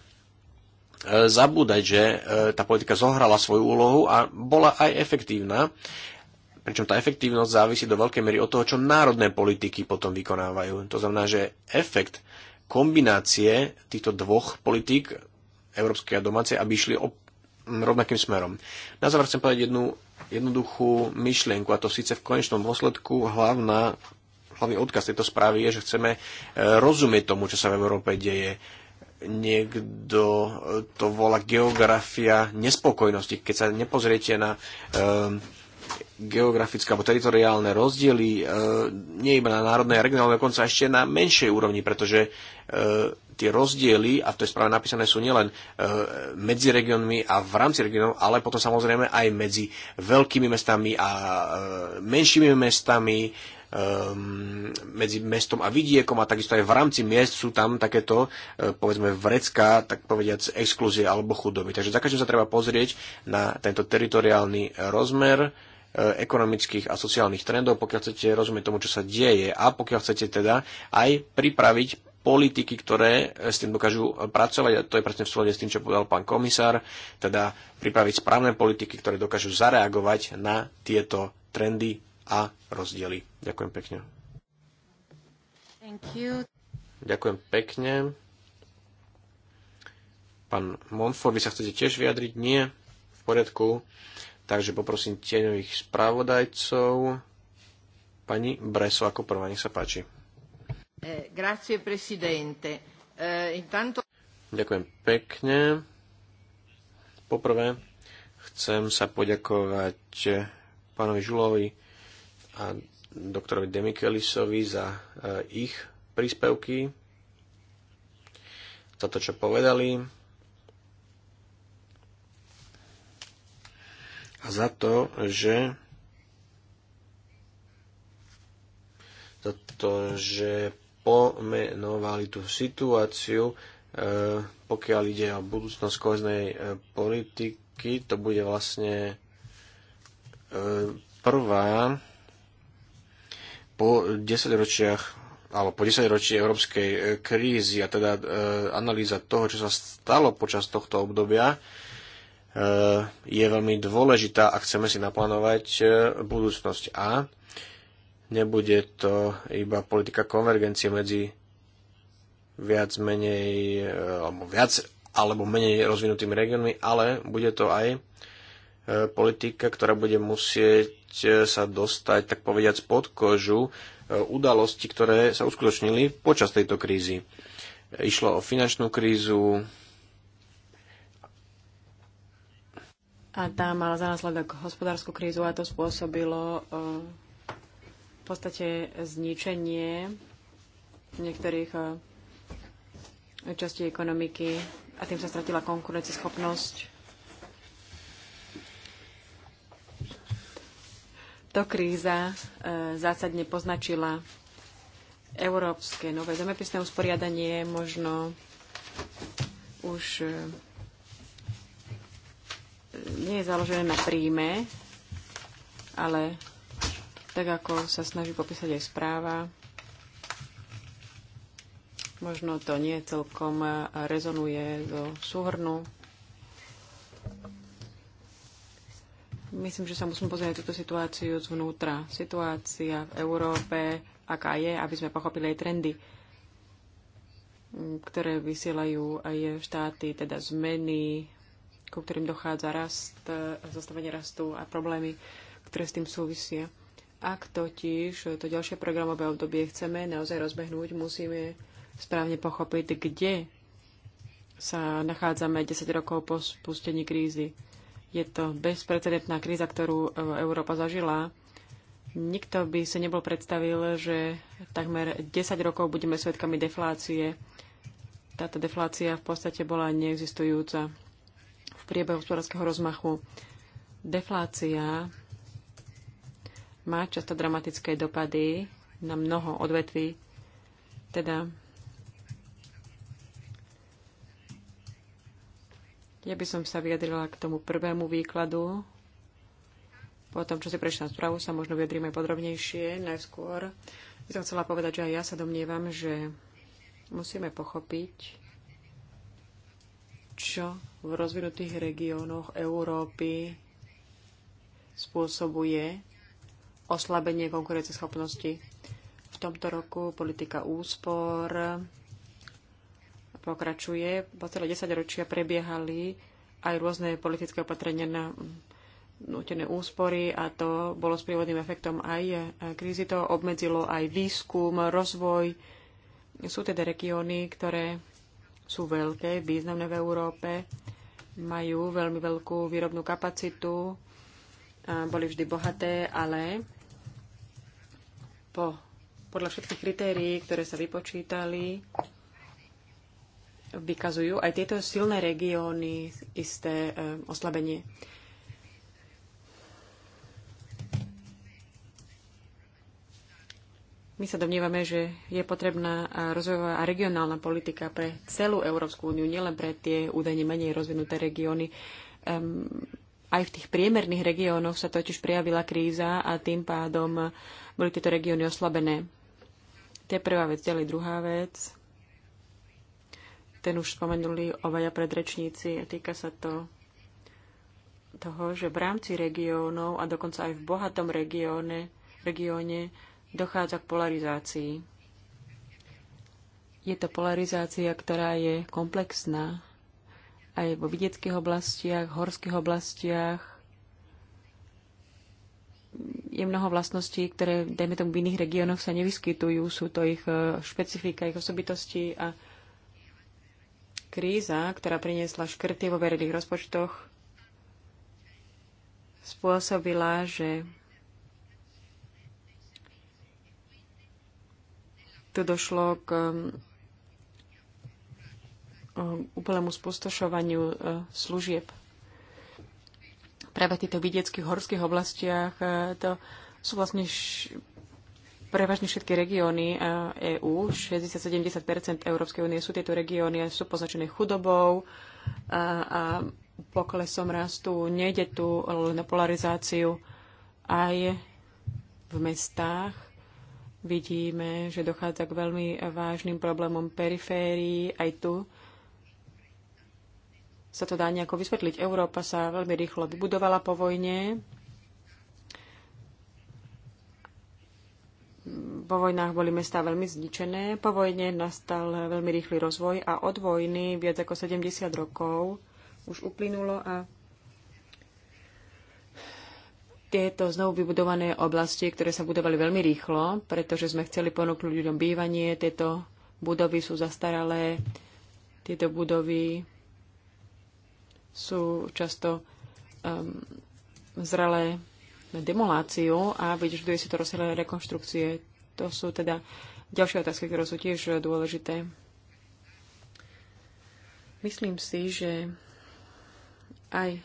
S4: zabúdať, že e, tá politika zohrala svoju úlohu a bola aj efektívna, pričom tá efektívnosť závisí do veľkej miery od toho, čo národné politiky potom vykonávajú. To znamená, že efekt kombinácie týchto dvoch politík, európskej a domácej, aby išli o rovnakým smerom. Na záver chcem povedať jednu jednoduchú myšlienku, a to síce v konečnom dôsledku hlavná hlavný odkaz tejto správy je, že chceme e, rozumieť tomu, čo sa v Európe deje. Niekto e, to volá geografia nespokojnosti. Keď sa nepozriete na e, geografické alebo teritoriálne rozdiely nie iba na národnej a regionálnej, dokonca ešte na menšej úrovni, pretože tie rozdiely, a v tej správe napísané sú nielen e, medzi regiónmi a v rámci regiónov, ale potom samozrejme aj medzi veľkými mestami a e, menšími mestami, Ehm, medzi mestom a vidiekom a takisto aj v rámci miest sú tam takéto, e, povedzme, vrecka, tak povediac, exkluzie alebo chudoby. Takže za každým sa treba pozrieť na tento teritoriálny rozmer e, ekonomických a sociálnych trendov, pokiaľ chcete rozumieť tomu, čo sa deje a pokiaľ chcete teda aj pripraviť politiky, ktoré e, s tým dokážu pracovať, a to je presne v súlade s tým, čo povedal pán komisár, teda pripraviť správne politiky, ktoré dokážu zareagovať na tieto trendy a rozdiely. Ďakujem pekne.
S2: Thank you.
S4: Ďakujem pekne. Pán Monfort, vy sa chcete tiež vyjadriť? Nie? V poriadku. Takže poprosím tieňových spravodajcov. Pani Breso ako prvá, nech sa páči.
S2: Eh, grazie, presidente. Eh, intanto...
S4: Ďakujem pekne. Poprvé chcem sa poďakovať eh, pánovi Žulovi a doktorovi Demikelisovi za e, ich príspevky, za to, čo povedali a za to, že za to, že pomenovali tú situáciu, e, pokiaľ ide o budúcnosť koheznej e, politiky, to bude vlastne prvá po 10 ročiach alebo po 10 ročí európskej e, krízy a teda e, analýza toho, čo sa stalo počas tohto obdobia, e, je veľmi dôležitá, a chceme si naplánovať e, budúcnosť. A nebude to iba politika konvergencie medzi viac menej, e, alebo viac alebo menej rozvinutými regiónmi, ale bude to aj E, politika, ktorá bude musieť e, sa dostať, tak povediať, pod kožu e, udalosti, ktoré sa uskutočnili počas tejto krízy. Išlo o finančnú krízu.
S3: A tá mala za následok hospodárskú krízu a to spôsobilo v podstate zničenie niektorých častí ekonomiky a tým sa stratila konkurencieschopnosť Táto kríza e, zásadne poznačila európske nové zemepisné usporiadanie, možno už e, nie je založené na príjme, ale tak ako sa snaží popísať aj správa, možno to nie celkom e, rezonuje zo súhrnu Myslím, že sa musíme pozrieť túto situáciu zvnútra. Situácia v Európe, aká je, aby sme pochopili aj trendy, mm, ktoré vysielajú aj štáty, teda zmeny, ku ktorým dochádza rast, zastavenie rastu a problémy, ktoré s tým súvisia. Ak totiž to ďalšie programové obdobie chceme naozaj rozbehnúť, musíme správne pochopiť, kde sa nachádzame 10 rokov po spustení krízy. Je to bezprecedentná kríza, ktorú e, Európa zažila. Nikto by si nebol predstavil, že takmer 10 rokov budeme svetkami deflácie. Táto deflácia v podstate bola neexistujúca v priebehu hospodárskeho rozmachu. Deflácia má často dramatické dopady na mnoho odvetví. Teda Ja by som sa vyjadrila k tomu prvému výkladu. Po tom, čo si prečítam správu, sa možno vyjadríme podrobnejšie. Najskôr by som chcela povedať, že aj ja sa domnievam, že musíme pochopiť, čo v rozvinutých regiónoch Európy spôsobuje oslabenie konkurenceschopnosti. V tomto roku politika úspor, pokračuje. Po celé 10 ročia prebiehali aj rôzne politické opatrenia na nutené úspory a to bolo s prívodným efektom aj krízy. To obmedzilo aj výskum, rozvoj. Sú teda regióny, ktoré sú veľké, významné v Európe, majú veľmi veľkú výrobnú kapacitu, boli vždy bohaté, ale po, podľa všetkých kritérií, ktoré sa vypočítali, vykazujú aj tieto silné regióny isté eh, oslabenie. My sa domnievame, že je potrebná eh, rozvojová a regionálna politika pre celú Európsku úniu, nielen pre tie údajne menej rozvinuté regióny. Um, aj v tých priemerných regiónoch sa totiž prijavila kríza a tým pádom eh, boli tieto regióny oslabené. To je prvá vec. Ďalej druhá vec. Ten už spomenuli obaja predrečníci a týka sa to toho, že v rámci regiónov a dokonca aj v bohatom regióne, regióne dochádza k polarizácii. Je to polarizácia, ktorá je komplexná aj vo vidieckých oblastiach, horských oblastiach. Je mnoho vlastností, ktoré, dajme tomu, v iných regiónoch sa nevyskytujú. Sú to ich eh, špecifika, ich osobitosti a Kríza, ktorá priniesla škrty vo verejných rozpočtoch, spôsobila, že tu došlo k um, um, úplnému spustošovaniu uh, služieb. Práve v týchto vidieckých horských oblastiach uh, to sú vlastne prevažne všetky regióny EÚ, 60-70 e Európskej únie sú tieto regióny, sú poznačené chudobou a, e, a poklesom rastu. Nejde tu len na polarizáciu. Aj v mestách vidíme, že dochádza k veľmi vážnym problémom periférií. Aj tu sa to dá nejako vysvetliť. Európa sa veľmi rýchlo vybudovala po vojne po vojnách boli mestá veľmi zničené, po vojne nastal veľmi rýchly rozvoj a od vojny viac ako 70 rokov už uplynulo a tieto znovu vybudované oblasti, ktoré sa budovali veľmi rýchlo, pretože sme chceli ponúknuť ľuďom bývanie, tieto budovy sú zastaralé, tieto budovy sú často um, zralé demoláciu a vyžaduje si to rozsiahle rekonštrukcie. To sú teda ďalšie otázky, ktoré sú tiež dôležité. Myslím si, že aj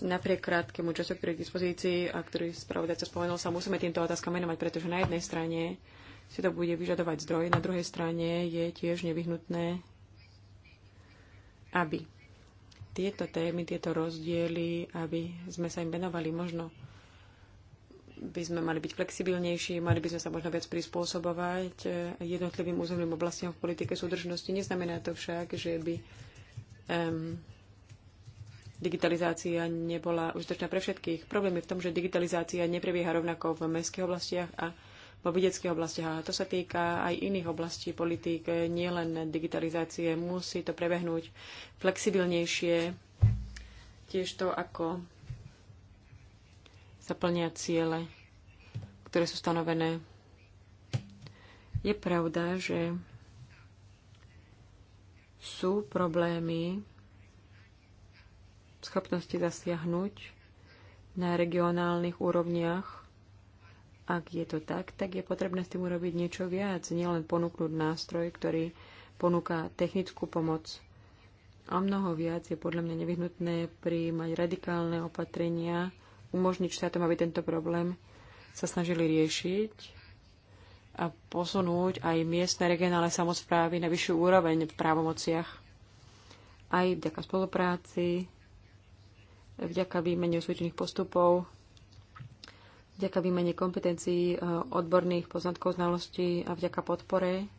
S3: napriek krátkemu času, ktorý je k dispozícii a ktorý spravodajca spomenul, sa musíme týmto otázkam venovať, pretože na jednej strane si to bude vyžadovať zdroj, na druhej strane je tiež nevyhnutné, aby tieto témy, tieto rozdiely, aby sme sa im venovali. Možno by sme mali byť flexibilnejší, mali by sme sa možno viac prispôsobovať eh, jednotlivým územným oblastiam v politike súdržnosti. Neznamená to však, že by um, digitalizácia nebola užitočná pre všetkých. Problém je v tom, že digitalizácia neprebieha rovnako v mestských oblastiach a vo vedeckých oblastiach. A to sa týka aj iných oblastí politík, eh, nielen digitalizácie. Musí to prebehnúť flexibilnejšie. Tiež to, ako sa plnia ciele, ktoré sú stanovené. Je pravda, že sú problémy schopnosti zasiahnuť na regionálnych úrovniach ak je to tak, tak je potrebné s tým urobiť niečo viac, nielen ponúknuť nástroj, ktorý ponúka technickú pomoc. A mnoho viac je podľa mňa nevyhnutné prijímať radikálne opatrenia, umožniť štátom, aby tento problém sa snažili riešiť a posunúť aj miestne regionálne samozprávy na vyššiu úroveň v právomociach. Aj vďaka spolupráci, vďaka výmene osvedčených postupov Vďaka výmene kompetencií, e, odborných poznatkov, znalostí a vďaka podpore,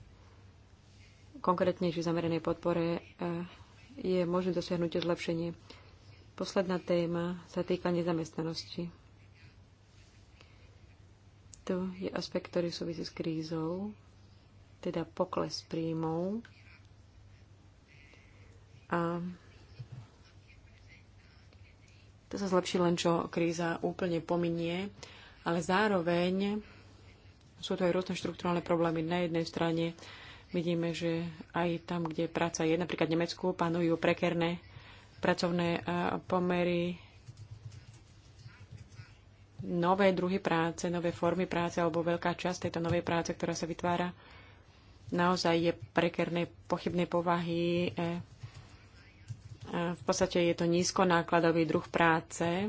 S3: konkrétnejšie zameranej podpore, e, je možné dosiahnuť zlepšenie. Posledná téma sa týka nezamestnanosti. Tu je aspekt, ktorý súvisí s krízou, teda pokles príjmov a to sa zlepší len, čo kríza úplne pominie ale zároveň sú to aj rôzne štruktúrálne problémy. Na jednej strane vidíme, že aj tam, kde práca je, napríklad v Nemecku, panujú prekerné pracovné eh, pomery, nové druhy práce, nové formy práce alebo veľká časť tejto novej práce, ktorá sa vytvára, naozaj je prekerné pochybné povahy. Eh, eh, v podstate je to nízkonákladový druh práce,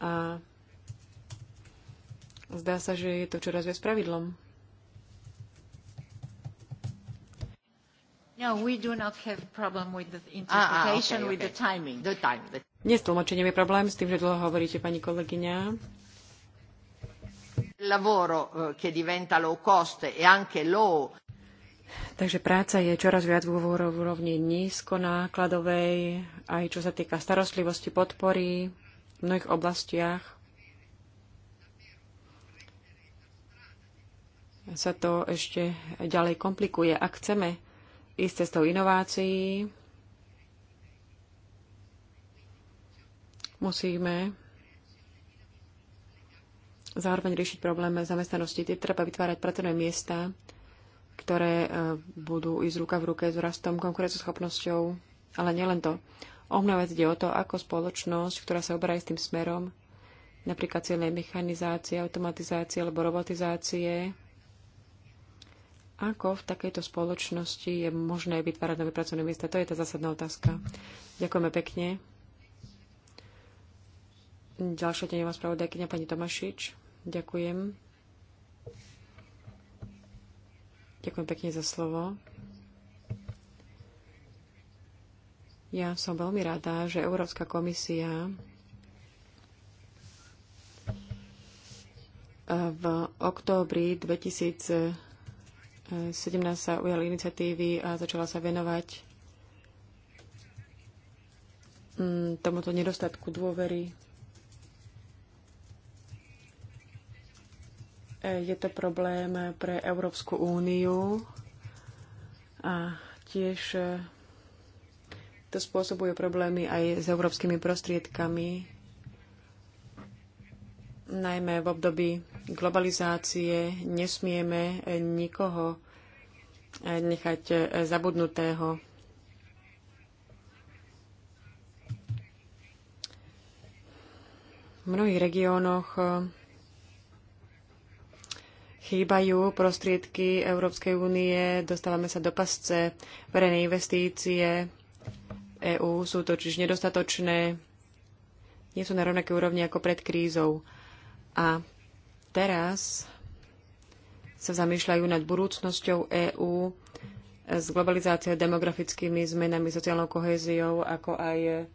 S3: A zdá sa, že je to čoraz viac pravidlom.
S2: No, we do not have problem with the ah, ah, interpretation, with the timing.
S3: Dnes tlmočením je problém s tým, že dlho hovoríte, pani kolegyňa.
S2: Lavoro eh, che diventa low cost e anche low.
S3: Takže práca je čoraz viac v úrovni nízko nákladovej, aj čo sa týka starostlivosti, podpory v mnohých oblastiach sa to ešte ďalej komplikuje. Ak chceme ísť cestou inovácií, musíme zároveň riešiť problém zamestnanosti. Tie treba vytvárať pracovné miesta, ktoré e, budú ísť ruka v ruke s rastom konkurenceschopnosťou, ale nielen to. O mnoho ide o to, ako spoločnosť, ktorá sa obrá s tým smerom, napríklad cieľnej mechanizácie, automatizácie alebo robotizácie, ako v takejto spoločnosti je možné vytvárať nové pracovné miesta? To je tá zásadná otázka. Ďakujeme pekne. Ďalšia tenová spravodajkynia pani Tomašič. Ďakujem. Ďakujem pekne za slovo. Ja som veľmi rada, že Európska komisia e, v októbri 2017 sa ujala iniciatívy a začala sa venovať mm, tomuto nedostatku dôvery. E, je to problém pre Európsku úniu a tiež e, to spôsobuje problémy aj s európskymi prostriedkami, najmä v období globalizácie nesmieme nikoho nechať zabudnutého. V mnohých regiónoch chýbajú prostriedky Európskej únie, dostávame sa do pasce, verejné investície EÚ sú totiž nedostatočné, nie sú na rovnaké úrovni ako pred krízou. A teraz sa zamýšľajú nad budúcnosťou EÚ s globalizáciou, demografickými zmenami, sociálnou kohéziou, ako aj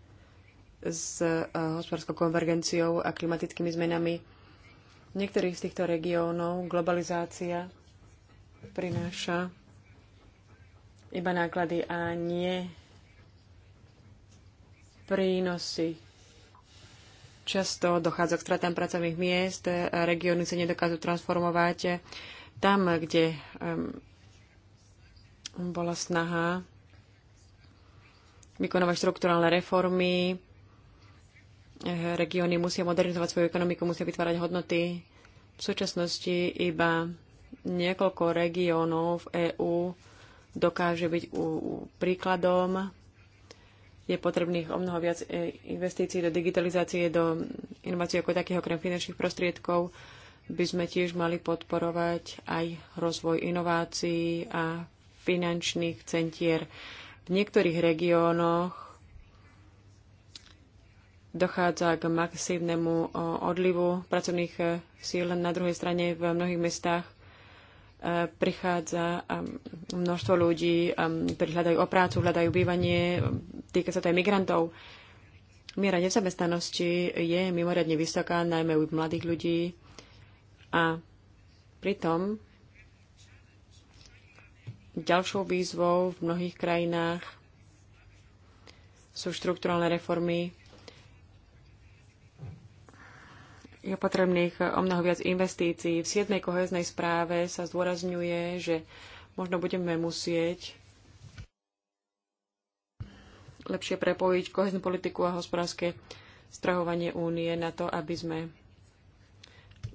S3: s eh, hospodárskou konvergenciou a klimatickými zmenami. V niektorých z týchto regiónov globalizácia prináša iba náklady a nie prínosy. Často dochádza k stratám pracovných miest, regióny sa nedokážu transformovať. Tam, kde bola snaha vykonávať štruktúrálne reformy, eh, regióny musia modernizovať svoju ekonomiku, musia vytvárať hodnoty. V súčasnosti iba niekoľko regiónov v EÚ dokáže byť u, u, príkladom je potrebných o mnoho viac e, investícií do digitalizácie, do inovácií ako takých okrem finančných prostriedkov by sme tiež mali podporovať aj rozvoj inovácií a finančných centier. V niektorých regiónoch dochádza k masívnemu odlivu pracovných e, síl, na druhej strane v mnohých mestách prichádza um, množstvo ľudí, um, ktorí hľadajú o prácu, hľadajú bývanie, um, týka sa to aj migrantov. Miera nezamestnanosti je mimoriadne vysoká, najmä u mladých ľudí. A pritom ďalšou výzvou v mnohých krajinách sú štruktúralne reformy, je potrebných eh, o mnoho viac investícií. V 7. koheznej správe sa zdôrazňuje, že možno budeme musieť lepšie prepojiť koheznú politiku a hospodárske strahovanie únie na to, aby sme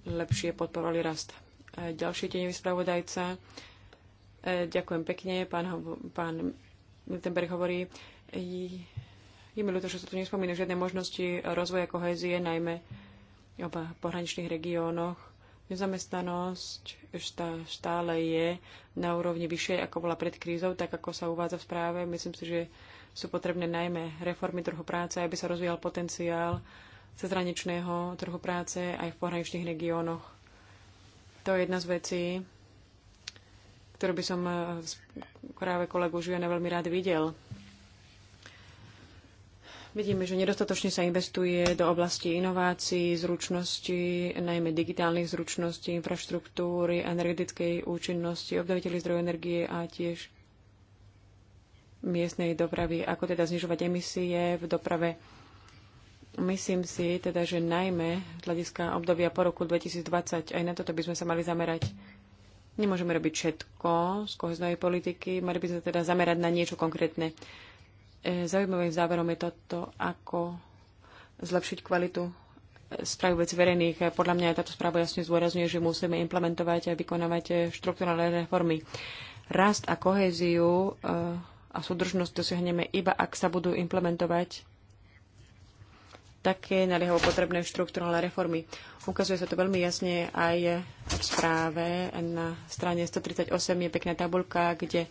S3: lepšie podporovali rast. ďalší tenevý spravodajca. Eh, ďakujem pekne. Pán, pán Miltenberg hovorí, je mi ľúto, že sa tu nespomínajú žiadne možnosti rozvoja kohézie, najmä v pohraničných regiónoch. Nezamestnanosť stále je na úrovni vyššej, ako bola pred krízou, tak ako sa uvádza v správe. Myslím si, že sú potrebné najmä reformy trhu práce, aby sa rozvíjal potenciál cezhraničného trhu práce aj v pohraničných regiónoch. To je jedna z vecí, ktorú by som práve kolegu Žujana veľmi rád videl Vidíme, že nedostatočne sa investuje do oblasti inovácií, zručnosti, najmä digitálnych zručností, infraštruktúry, energetickej účinnosti, obdaviteľi zdrojov energie a tiež miestnej dopravy, ako teda znižovať emisie v doprave. Myslím si teda, že najmä z hľadiska obdobia po roku 2020 aj na toto by sme sa mali zamerať. Nemôžeme robiť všetko z koheznovej politiky, mali by sme teda zamerať na niečo konkrétne. E, zaujímavým záverom je toto, ako zlepšiť kvalitu e, správ vec verejných. E, podľa mňa táto správa jasne zdôrazňuje, že musíme implementovať a vykonávať štruktúrne reformy. Rast a kohéziu a súdržnosť dosiahneme iba, ak sa budú implementovať také naliehavo potrebné štruktúrne reformy. Ukazuje sa to veľmi jasne aj v správe. Na strane 138 je pekná tabulka, kde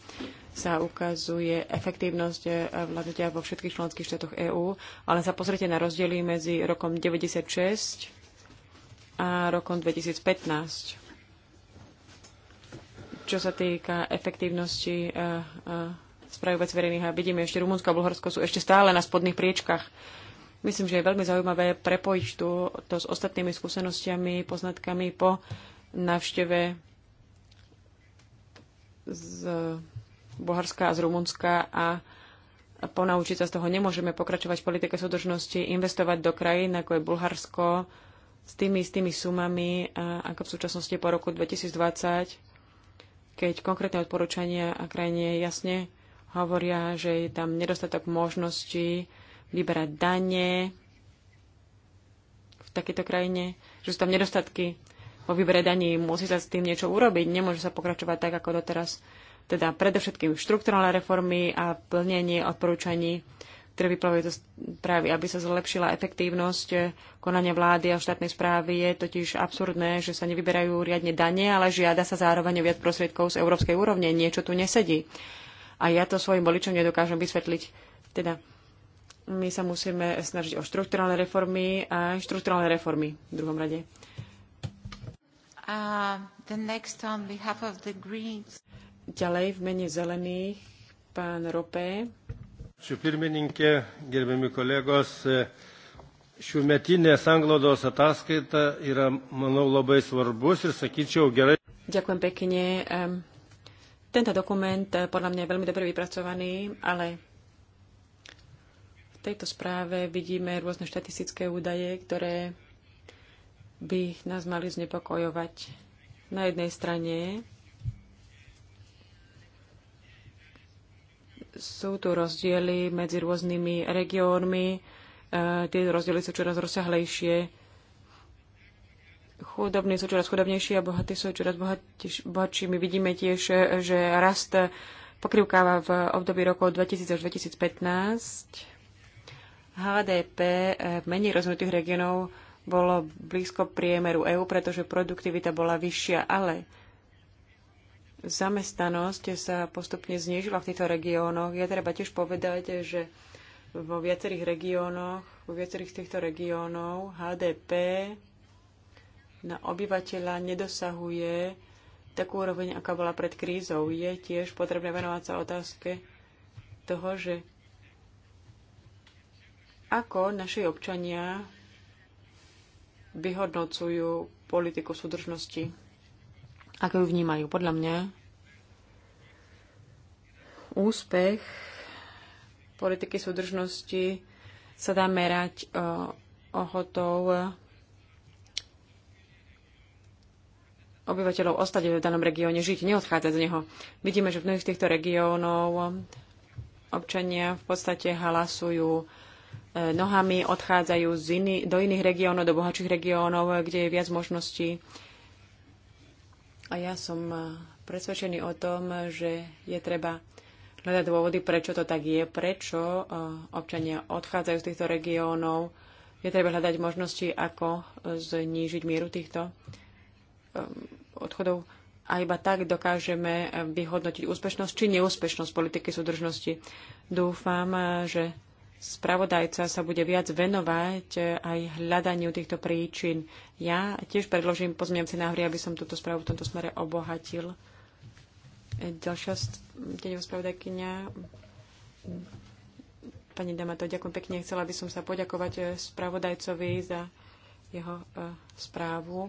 S3: sa ukazuje efektívnosť eh, vládnutia vo všetkých členských štátoch EÚ, ale sa pozrite na rozdiely medzi rokom 96 a rokom 2015. Čo sa týka efektívnosti eh, eh, správ vec verejných a vidíme ešte Rumunsko a Bulharsko sú ešte stále na spodných priečkách. Myslím, že je veľmi zaujímavé prepojiť tu to s ostatnými skúsenostiami, poznatkami po návšteve z Bulharska a z Rumunska a ponaučiť sa z toho. Nemôžeme pokračovať v politike súdržnosti, investovať do krajín, ako je Bulharsko, s tými, istými sumami, ako v súčasnosti po roku 2020, keď konkrétne odporúčania a krajine jasne hovoria, že je tam nedostatok možností vyberať dane v takejto krajine, že sú tam nedostatky vo výbere daní. Musí sa s tým niečo urobiť, nemôže sa pokračovať tak, ako doteraz. Teda predovšetkým štrukturálne reformy a plnenie odporúčaní, ktoré vyplavujú to správy, aby sa zlepšila efektívnosť konania vlády a štátnej správy. Je totiž absurdné, že sa nevyberajú riadne dane, ale žiada sa zároveň viac prostriedkov z európskej úrovne. Niečo tu nesedí. A ja to svojim voličom nedokážem vysvetliť. Teda my sa musíme snažiť o štrukturálne reformy a štrukturálne reformy v druhom rade.
S2: Uh, the next on behalf of the Greens. Ďalej v mene zelených pán Ropé.
S1: Šiu pirmininkė,
S4: gerbiami kolegos, šiųmetinė sanglodos ataskaita yra, manau, labai svarbus ir, sakyčiau, gerai.
S3: Ďakujem pekne. Tento dokument eh, podľa mňa je veľmi dobre vypracovaný, ale v tejto správe vidíme rôzne štatistické údaje, ktoré by nás mali znepokojovať. Na jednej strane sú tu rozdiely medzi rôznymi regiónmi. E, tie rozdiely sú čoraz rozsahlejšie. Chudobní sú čoraz chudobnejší a bohatí sú čoraz bohatší. My vidíme tiež, že rast pokrivkáva v období rokov 2000 až 2015. HDP e, v menej rozvinutých regiónov bolo blízko priemeru EÚ, pretože produktivita bola vyššia, ale zamestnanosť sa postupne znížila v týchto regiónoch. Je treba tiež povedať, že vo viacerých regiónoch, vo viacerých z týchto regiónov HDP na obyvateľa nedosahuje takú úroveň, aká bola pred krízou. Je tiež potrebné venovať sa otázke toho, že ako naši občania vyhodnocujú politiku súdržnosti ako ju vnímajú. Podľa mňa úspech politiky súdržnosti sa dá merať e, ohotou obyvateľov ostať v danom regióne žiť, neodchádzať z neho. Vidíme, že v mnohých týchto regiónov občania v podstate halasujú e, nohami, odchádzajú z iný, do iných regiónov, do bohatších regiónov, e, kde je viac možností a ja som eh, presvedčený o tom, že je treba hľadať dôvody, prečo to tak je, prečo eh, občania odchádzajú z týchto regiónov. Je treba hľadať možnosti, ako eh, znížiť mieru týchto odchodov. A iba tak dokážeme vyhodnotiť úspešnosť či neúspešnosť politiky súdržnosti. Dúfam, že spravodajca sa bude viac venovať eh, aj hľadaniu týchto príčin. Ja tiež predložím pozmiemce návrhy, aby som túto správu v tomto smere obohatil. Eh, ďalšia tieňová spravodajkynia Pani Damato, ďakujem pekne. Chcela by som sa poďakovať eh, spravodajcovi za jeho správu.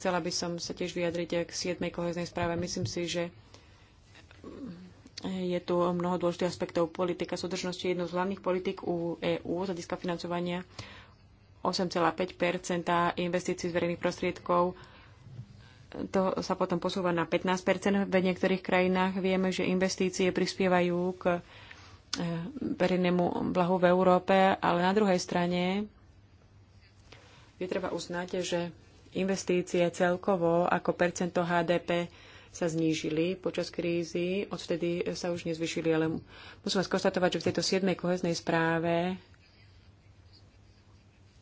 S3: Chcela by som sa tiež vyjadriť k 7. koheznej správe. Myslím si, že mm, je tu mnoho dôležitých aspektov. Politika súdržnosti je jednou z hlavných politik u EÚ z hľadiska financovania 8,5 investícií z verejných prostriedkov. To sa potom posúva na 15 V niektorých krajinách vieme, že investície prispievajú k e, verejnému blahu v Európe, ale na druhej strane je treba uznať, že investície celkovo ako percento HDP sa znížili počas krízy, odvtedy sa už nezvyšili, ale musím konstatovať, že v tejto 7. koheznej správe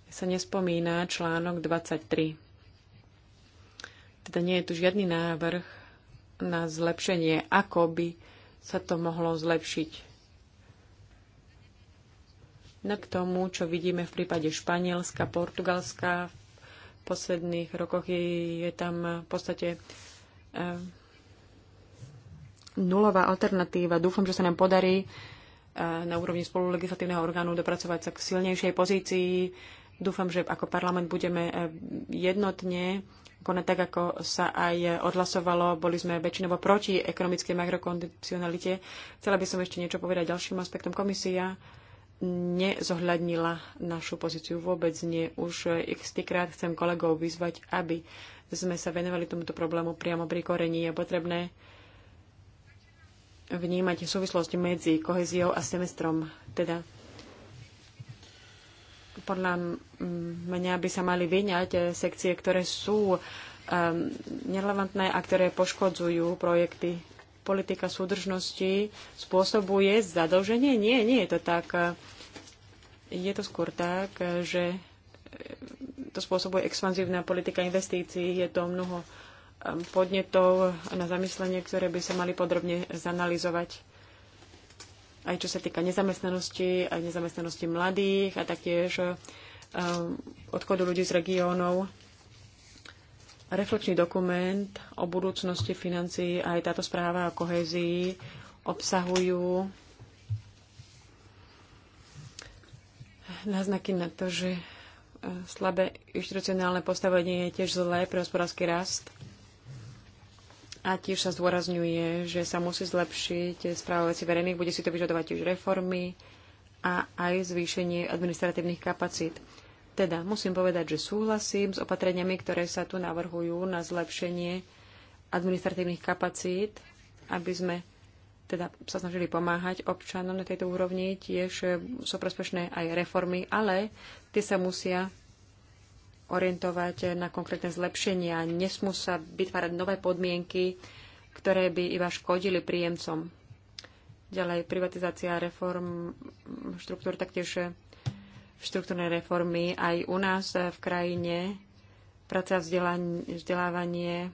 S3: sa nespomína článok 23. Teda nie je tu žiadny návrh na zlepšenie, ako by sa to mohlo zlepšiť. No k tomu, čo vidíme v prípade Španielska, Portugalska, v posledných rokoch je, je tam v podstate eh, nulová alternatíva. Dúfam, že sa nám podarí e, na úrovni spolulegislatívneho orgánu dopracovať sa k silnejšej pozícii. Dúfam, že ako parlament budeme e, jednotne konať tak, ako sa aj odhlasovalo. Boli sme väčšinovo proti ekonomickej makrokondicionalite. Chcela by som ešte niečo povedať ďalším aspektom. Komisia nezohľadnila našu pozíciu vôbec nie. Už x krát chcem kolegov vyzvať, aby sme sa venovali tomuto problému priamo pri korení. Je potrebné vnímať súvislosť medzi koheziou a semestrom. Teda podľa mňa by sa mali vyňať eh, sekcie, ktoré sú um, nerelevantné a ktoré poškodzujú projekty. Politika súdržnosti spôsobuje zadlženie? Nie, nie je to tak. Eh, je to skôr tak, eh, že to spôsobuje expanzívna politika investícií. Je to mnoho podnetov na zamyslenie, ktoré by sa mali podrobne zanalizovať aj čo sa týka nezamestnanosti, aj nezamestnanosti mladých a taktiež e, odchodu ľudí z regiónov. Reflekčný dokument o budúcnosti financií aj táto správa o kohezii obsahujú náznaky na to, že e, slabé inštitucionálne postavenie je tiež zlé pre hospodársky rast a tiež sa zdôrazňuje, že sa musí zlepšiť správa veci verejných, bude si to vyžadovať tiež reformy a aj zvýšenie administratívnych kapacít. Teda musím povedať, že súhlasím s opatreniami, ktoré sa tu navrhujú na zlepšenie administratívnych kapacít, aby sme teda sa snažili pomáhať občanom na tejto úrovni, tiež sú prospešné aj reformy, ale tie sa musia orientovať na konkrétne zlepšenia. Nesmú sa vytvárať nové podmienky, ktoré by iba škodili príjemcom. Ďalej privatizácia reform štruktúr, taktiež štruktúrne reformy aj u nás v krajine, práca, vzdelávanie,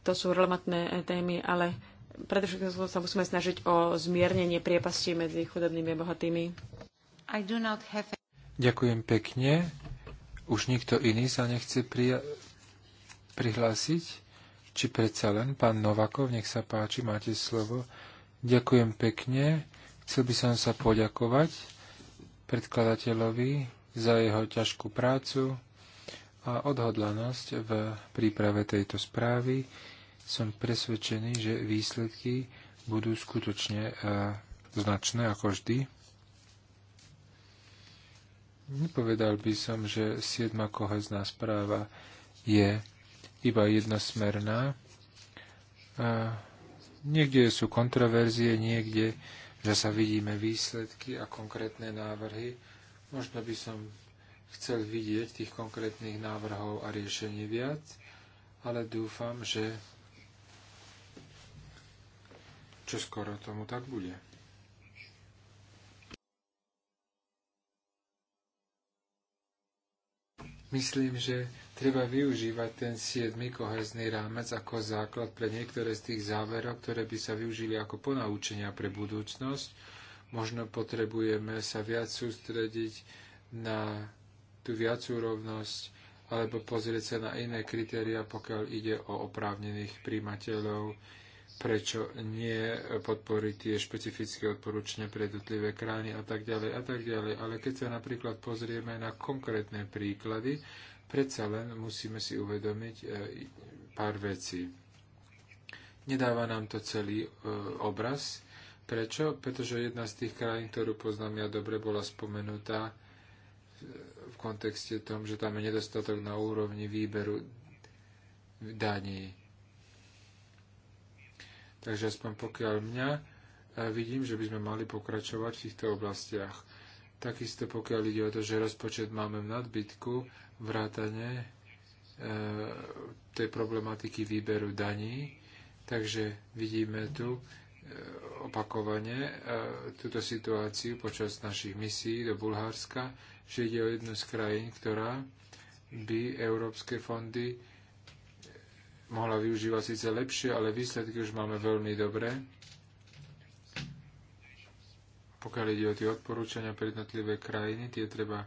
S3: to sú relevantné témy, ale predovšetkým sa musíme snažiť o zmiernenie priepasti medzi chudobnými a bohatými.
S2: Have...
S1: Ďakujem pekne. Už nikto iný sa nechce prija- prihlásiť? Či predsa len pán Novakov, nech sa páči, máte slovo. Ďakujem pekne. Chcel by som sa poďakovať predkladateľovi za jeho ťažkú prácu a odhodlanosť v príprave tejto správy. Som presvedčený, že výsledky budú skutočne e, značné, ako vždy. Nepovedal by som, že siedma kohezná správa je iba jednosmerná. A niekde sú kontroverzie, niekde že sa vidíme výsledky a konkrétne návrhy. Možno by som chcel vidieť tých konkrétnych návrhov a riešení viac, ale dúfam, že čo skoro tomu tak bude. Myslím, že treba využívať ten siedmy kohezný rámec ako základ pre niektoré z tých záverov, ktoré by sa využili ako ponaučenia pre budúcnosť. Možno potrebujeme sa viac sústrediť na tú viacú rovnosť, alebo pozrieť sa na iné kritéria, pokiaľ ide o oprávnených príjmateľov prečo nie podporiť tie špecifické odporúčania pre jednotlivé krajiny a tak ďalej a tak ďalej. Ale keď sa napríklad pozrieme na konkrétne príklady, predsa len musíme si uvedomiť e, pár vecí. Nedáva nám to celý e, obraz. Prečo? Pretože jedna z tých krajín, ktorú poznám ja dobre, bola spomenutá e, v kontexte tom, že tam je nedostatok na úrovni výberu daní Takže aspoň pokiaľ mňa e, vidím, že by sme mali pokračovať v týchto oblastiach. Takisto pokiaľ ide o to, že rozpočet máme v nadbytku, vrátane e, tej problematiky výberu daní. Takže vidíme tu e, opakovane e, túto situáciu počas našich misií do Bulharska, že ide o jednu z krajín, ktorá by európske fondy mohla využívať síce lepšie, ale výsledky už máme veľmi dobré. Pokiaľ ide o tie odporúčania pre jednotlivé krajiny, tie treba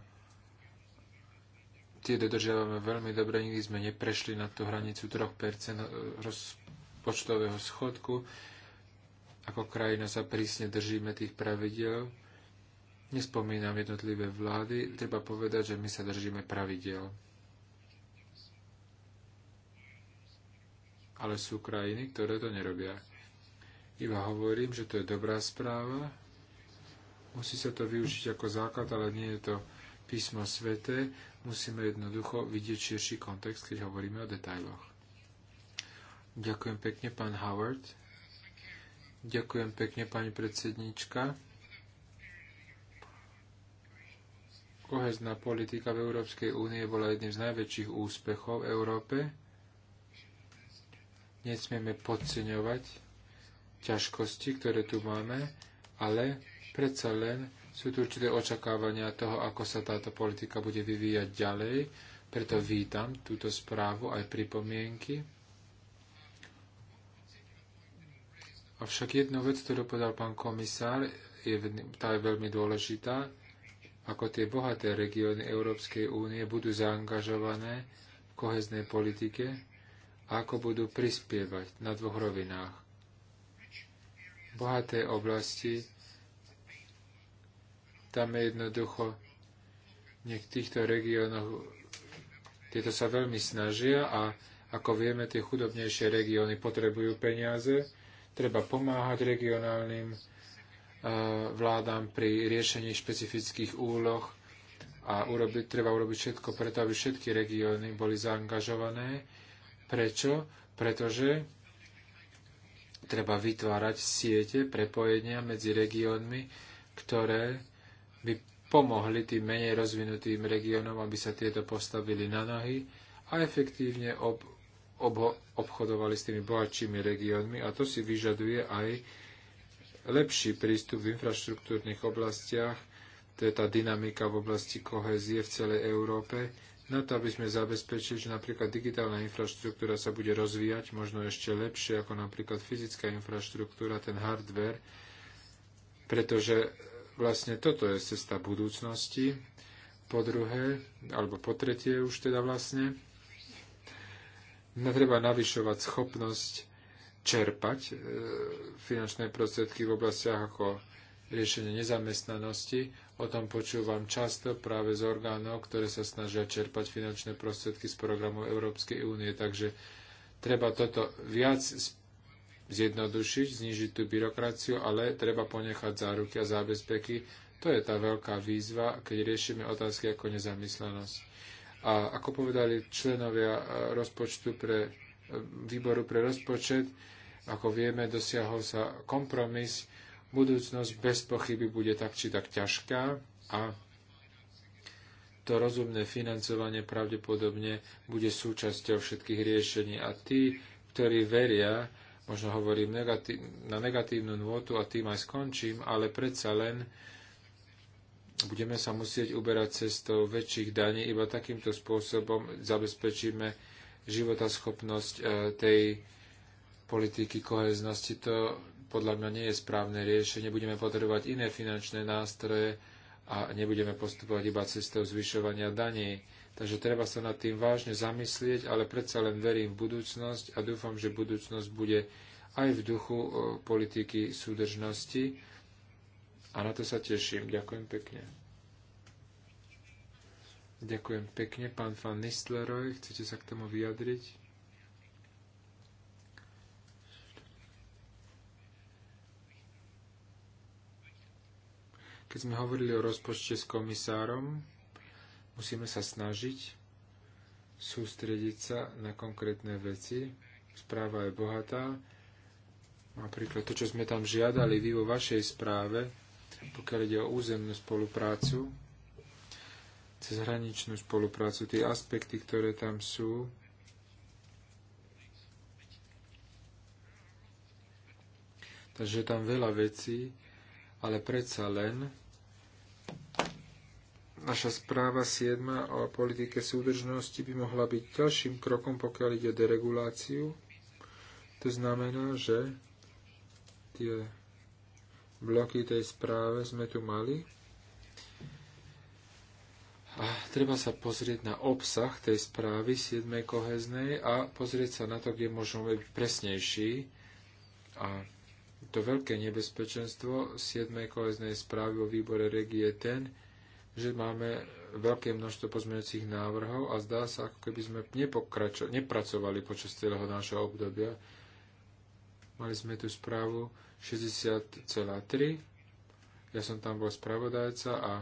S1: tie dodržiavame veľmi dobre, nikdy sme neprešli na tú hranicu 3% eh, rozpočtového schodku. Ako krajina sa prísne držíme tých pravidel. Nespomínam jednotlivé vlády, treba povedať, že my sa držíme pravidel. ale sú krajiny, ktoré to nerobia. Iba hovorím, že to je dobrá správa, musí sa to využiť ako základ, ale nie je to písmo sveté, musíme jednoducho vidieť širší kontext, keď hovoríme o detailoch. Ďakujem pekne, pán Howard. Ďakujem pekne, pani predsednička. Kohezná politika v Európskej únie bola jedným z najväčších úspechov v Európe nesmieme podceňovať ťažkosti, ktoré tu máme, ale predsa len sú tu určité očakávania toho, ako sa táto politika bude vyvíjať ďalej, preto vítam túto správu aj pripomienky. Avšak jednu vec, ktorú povedal pán komisár, je, tá je veľmi dôležitá, ako tie bohaté regióny Európskej únie budú zaangažované v koheznej politike, ako budú prispievať na dvoch rovinách. Bohaté oblasti, tam je jednoducho v týchto regiónoch, tieto sa veľmi snažia a ako vieme, tie chudobnejšie regióny potrebujú peniaze. Treba pomáhať regionálnym e, vládam pri riešení špecifických úloh a urobiť, treba urobiť všetko preto, aby všetky regióny boli zaangažované Prečo? Pretože treba vytvárať siete prepojenia medzi regiónmi, ktoré by pomohli tým menej rozvinutým regiónom, aby sa tieto postavili na nohy a efektívne ob, ob, obchodovali s tými bohatšími regiónmi. A to si vyžaduje aj lepší prístup v infraštruktúrnych oblastiach, to je tá dynamika v oblasti kohezie v celej Európe, na to, aby sme zabezpečili, že napríklad digitálna infraštruktúra sa bude rozvíjať možno ešte lepšie ako napríklad fyzická infraštruktúra, ten hardware, pretože vlastne toto je cesta budúcnosti. Po druhé, alebo po tretie už teda vlastne, treba navyšovať schopnosť čerpať e, finančné prostriedky v oblastiach ako riešenie nezamestnanosti. O tom počúvam často práve z orgánov, ktoré sa snažia čerpať finančné prostriedky z programov Európskej únie. Takže treba toto viac zjednodušiť, znižiť tú byrokraciu, ale treba ponechať záruky a zábezpeky. To je tá veľká výzva, keď riešime otázky ako nezamyslenosť. A ako povedali členovia e, rozpočtu pre e, výboru pre rozpočet, ako vieme, dosiahol sa kompromis Budúcnosť bez pochyby bude tak či tak ťažká a to rozumné financovanie pravdepodobne bude súčasťou všetkých riešení a tí, ktorí veria, možno hovorím negatív, na negatívnu nôtu a tým aj skončím, ale predsa len budeme sa musieť uberať cestou väčších daní, iba takýmto spôsobom zabezpečíme životaschopnosť eh, tej politiky koheznosti. To podľa mňa nie je správne riešenie. Budeme potrebovať iné finančné nástroje a nebudeme postupovať iba cestou zvyšovania daní. Takže treba sa nad tým vážne zamyslieť, ale predsa len verím v budúcnosť a dúfam, že budúcnosť bude aj v duchu e, politiky súdržnosti. A na to sa teším. Ďakujem pekne. Ďakujem pekne, pán Van Nistleroy. Chcete sa k tomu vyjadriť? Keď sme hovorili o rozpočte s komisárom, musíme sa snažiť sústrediť sa na konkrétne veci. Správa je bohatá. Napríklad to, čo sme tam žiadali vy vo vašej správe, pokiaľ ide o územnú spoluprácu, cezhraničnú spoluprácu, tie aspekty, ktoré tam sú, Takže je tam veľa vecí, ale predsa len Naša správa 7 o politike súdržnosti by mohla byť ďalším krokom, pokiaľ ide o dereguláciu. To znamená, že tie bloky tej správe sme tu mali. A treba sa pozrieť na obsah tej správy 7. koheznej a pozrieť sa na to, kde môžeme byť presnejší. A to veľké nebezpečenstvo 7. koheznej správy o výbore regie je ten, že máme veľké množstvo pozmeňujúcich návrhov a zdá sa, ako keby sme nepracovali počas celého nášho obdobia. Mali sme tu správu 60,3. Ja som tam bol spravodajca a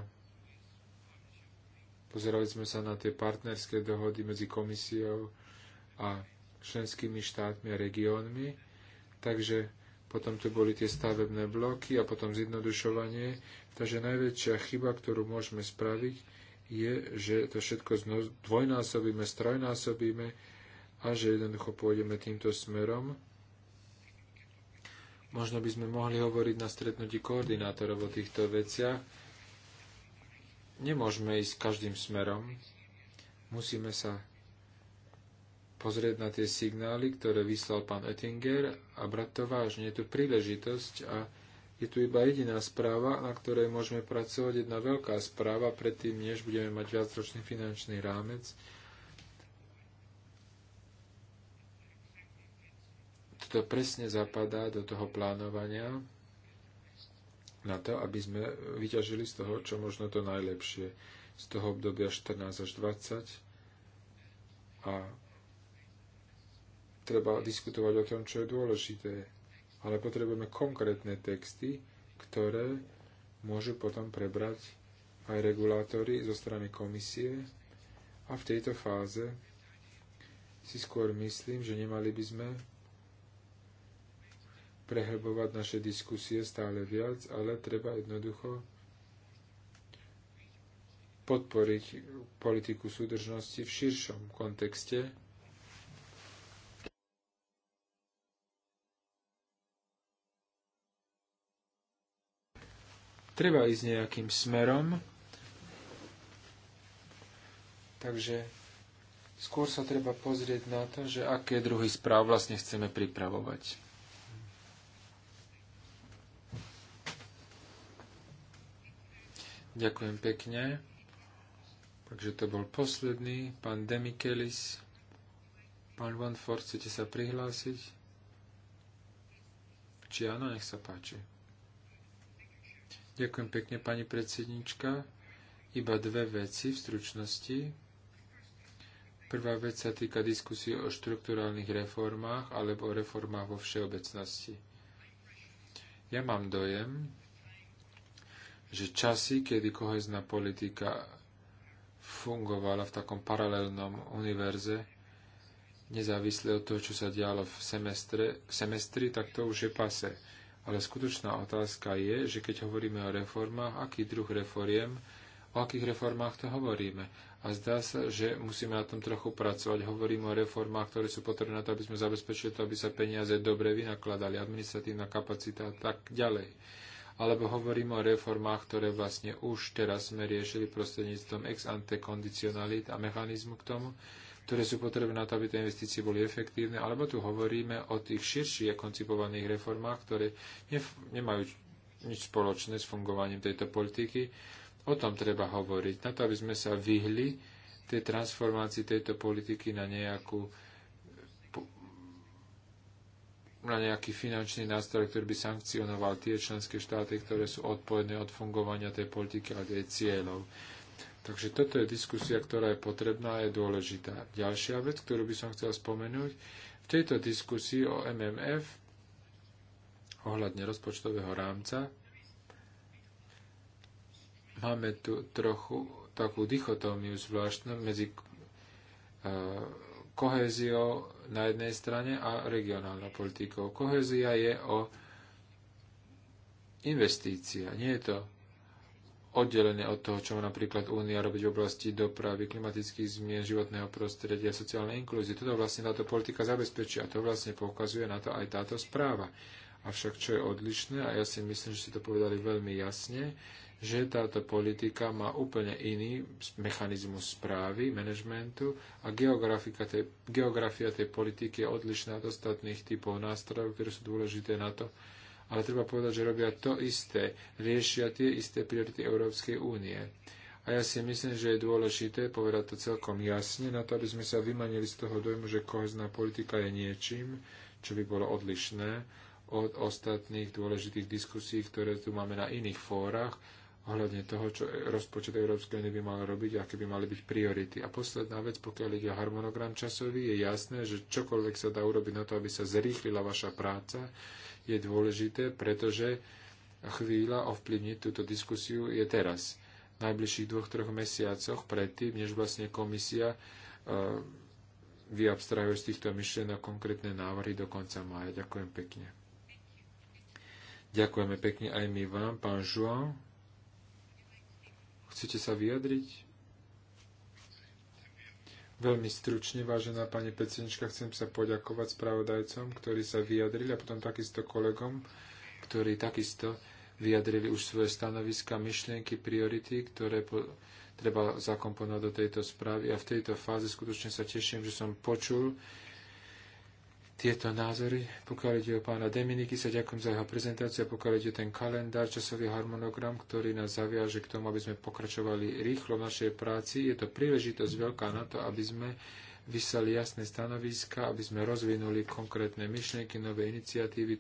S1: pozerali sme sa na tie partnerské dohody medzi komisiou a členskými štátmi a regiónmi. Takže potom tu boli tie stavebné bloky a potom zjednodušovanie. Takže najväčšia chyba, ktorú môžeme spraviť, je, že to všetko dvojnásobíme, strojnásobíme a že jednoducho pôjdeme týmto smerom. Možno by sme mohli hovoriť na stretnutí koordinátorov o týchto veciach. Nemôžeme ísť každým smerom. Musíme sa pozrieť na tie signály, ktoré vyslal pán Oettinger a brať to vážne. Je tu príležitosť a je tu iba jediná správa, na ktorej môžeme pracovať, jedna veľká správa predtým, než budeme mať viacročný finančný rámec. Toto presne zapadá do toho plánovania na to, aby sme vyťažili z toho, čo možno to najlepšie z toho obdobia 14 až 20 a treba diskutovať o tom, čo je dôležité. Ale potrebujeme konkrétne texty, ktoré môžu potom prebrať aj regulátory zo strany komisie. A v tejto fáze si skôr myslím, že nemali by sme prehlbovať naše diskusie stále viac, ale treba jednoducho podporiť politiku súdržnosti v širšom kontexte Treba ísť nejakým smerom, takže skôr sa treba pozrieť na to, že aké druhy správ vlastne chceme pripravovať. Ďakujem pekne. Takže to bol posledný. Pán Demikelis. Pán Vanford, chcete sa prihlásiť? Či áno, nech sa páči. Ďakujem pekne, pani predsednička. Iba dve veci v stručnosti. Prvá vec sa týka diskusie o štrukturálnych reformách alebo o reformách vo všeobecnosti. Ja mám dojem, že časy, kedy kohezná politika fungovala v takom paralelnom univerze, nezávisle od toho, čo sa dialo v semestre, semestri, tak to už je pase. Ale skutočná otázka je, že keď hovoríme o reformách, aký druh reforiem, o akých reformách to hovoríme. A zdá sa, že musíme na tom trochu pracovať. Hovoríme o reformách, ktoré sú potrebné na to, aby sme zabezpečili to, aby sa peniaze dobre vynakladali, administratívna kapacita a tak ďalej alebo hovorím o reformách, ktoré vlastne už teraz sme riešili prostredníctvom ex ante kondicionalit a mechanizmu k tomu, ktoré sú potrebné na to, aby tie investície boli efektívne, alebo tu hovoríme o tých širších a koncipovaných reformách, ktoré nemajú nič spoločné s fungovaním tejto politiky. O tom treba hovoriť, na to, aby sme sa vyhli tej transformácii tejto politiky na nejakú na nejaký finančný nástroj, ktorý by sankcionoval tie členské štáty, ktoré sú odpojené od fungovania tej politiky a jej cieľov. Takže toto je diskusia, ktorá je potrebná a je dôležitá. Ďalšia vec, ktorú by som chcel spomenúť, v tejto diskusii o MMF ohľadne rozpočtového rámca máme tu trochu takú dichotómiu zvláštnu medzi uh, kohéziou na jednej strane a regionálnou politikou. Kohézia je o investícia. Nie je to oddelené od toho, čo má napríklad Únia robiť v oblasti dopravy, klimatických zmien, životného prostredia, sociálnej inklúzie. Toto vlastne táto politika zabezpečí a to vlastne poukazuje na to aj táto správa. Avšak čo je odlišné, a ja si myslím, že ste to povedali veľmi jasne, že táto politika má úplne iný mechanizmus správy, manažmentu a tej, geografia tej politiky je odlišná od ostatných typov nástrojov, ktoré sú dôležité na to. Ale treba povedať, že robia to isté, riešia tie isté priority Európskej únie. A ja si myslím, že je dôležité povedať to celkom jasne, na to, aby sme sa vymanili z toho dojmu, že kohezná politika je niečím, čo by bolo odlišné od ostatných dôležitých diskusí, ktoré tu máme na iných fórach, ohľadne toho, čo e- rozpočet Európskej únie by mal robiť, aké by mali byť priority. A posledná vec, pokiaľ ide o harmonogram časový, je jasné, že čokoľvek sa dá urobiť na to, aby sa zrýchlila vaša práca, je dôležité, pretože chvíľa ovplyvniť túto diskusiu je teraz. V najbližších dvoch, troch mesiacoch predtým, než vlastne komisia e, vyabstrahuje z týchto myšlienok konkrétne návrhy do konca mája. Ďakujem pekne. Ďakujeme pekne aj my vám, pán Žuan. Chcete sa vyjadriť? Veľmi stručne, vážená pani predsednička, chcem sa poďakovať spravodajcom, ktorí sa vyjadrili a potom takisto kolegom, ktorí takisto vyjadrili už svoje stanoviska, myšlienky, priority, ktoré po, treba zakomponovať do tejto správy. A v tejto fáze skutočne sa teším, že som počul tieto názory. Pokiaľ ide o pána Dominiky, sa ďakujem za jeho prezentáciu, pokiaľ ide o ten kalendár, časový harmonogram, ktorý nás zaviaže k tomu, aby sme pokračovali rýchlo v našej práci. Je to príležitosť veľká na to, aby sme vyslali jasné stanoviska, aby sme rozvinuli konkrétne myšlienky, nové iniciatívy,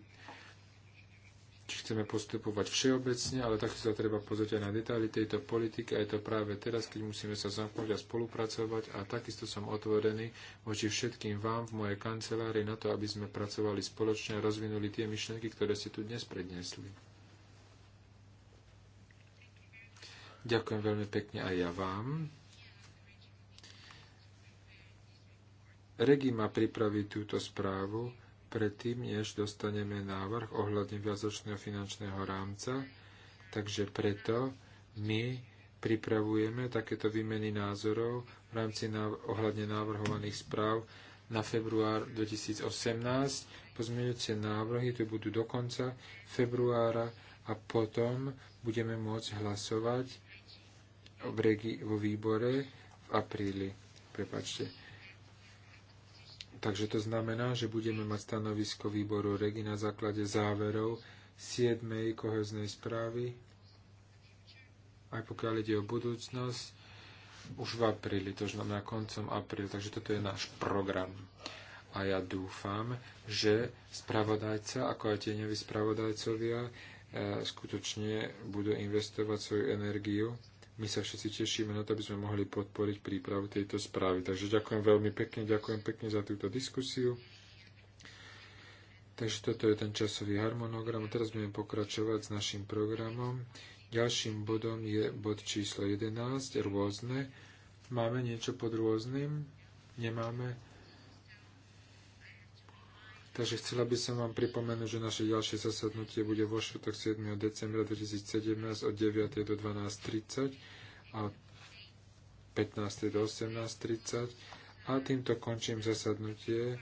S1: či chceme postupovať všeobecne, ale takisto treba pozrieť aj na detaily tejto politiky a je to práve teraz, keď musíme sa zamknúť a spolupracovať a takisto som otvorený voči všetkým vám v mojej kancelárii na to, aby sme pracovali spoločne a rozvinuli tie myšlenky, ktoré ste tu dnes predniesli. Ďakujem veľmi pekne aj ja vám. Regi má pripraviť túto správu predtým, než dostaneme návrh ohľadne viazočného finančného rámca. Takže preto my pripravujeme takéto výmeny názorov v rámci náv- ohľadne návrhovaných správ na február 2018. Pozmeňujúce návrhy tu budú do konca februára a potom budeme môcť hlasovať v regi- vo výbore v apríli. Prepačte. Takže to znamená, že budeme mať stanovisko výboru REGI na základe záverov 7. koheznej správy, aj pokiaľ ide o budúcnosť, už v apríli, to znamená koncom apríla, takže toto je náš program. A ja dúfam, že spravodajca, ako aj tieňoví spravodajcovia, eh, skutočne budú investovať svoju energiu my sa všetci tešíme na to, aby sme mohli podporiť prípravu tejto správy. Takže ďakujem veľmi pekne, ďakujem pekne za túto diskusiu. Takže toto je ten časový harmonogram. Teraz budeme pokračovať s našim programom. Ďalším bodom je bod číslo 11, rôzne. Máme niečo pod rôznym? Nemáme? Takže chcela by som vám pripomenúť, že naše ďalšie zasadnutie bude vo štvrtok 7. decembra 2017 od 9. do 12.30 a 15. do 18.30. A týmto končím zasadnutie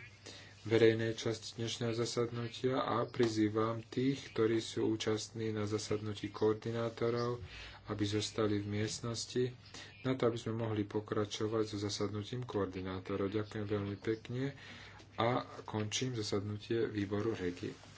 S1: verejnej časti dnešného zasadnutia a prizývam tých, ktorí sú účastní na zasadnutí koordinátorov, aby zostali v miestnosti, na to, aby sme mohli pokračovať so zasadnutím koordinátorov. Ďakujem veľmi pekne a končím zasadnutie výboru REGI.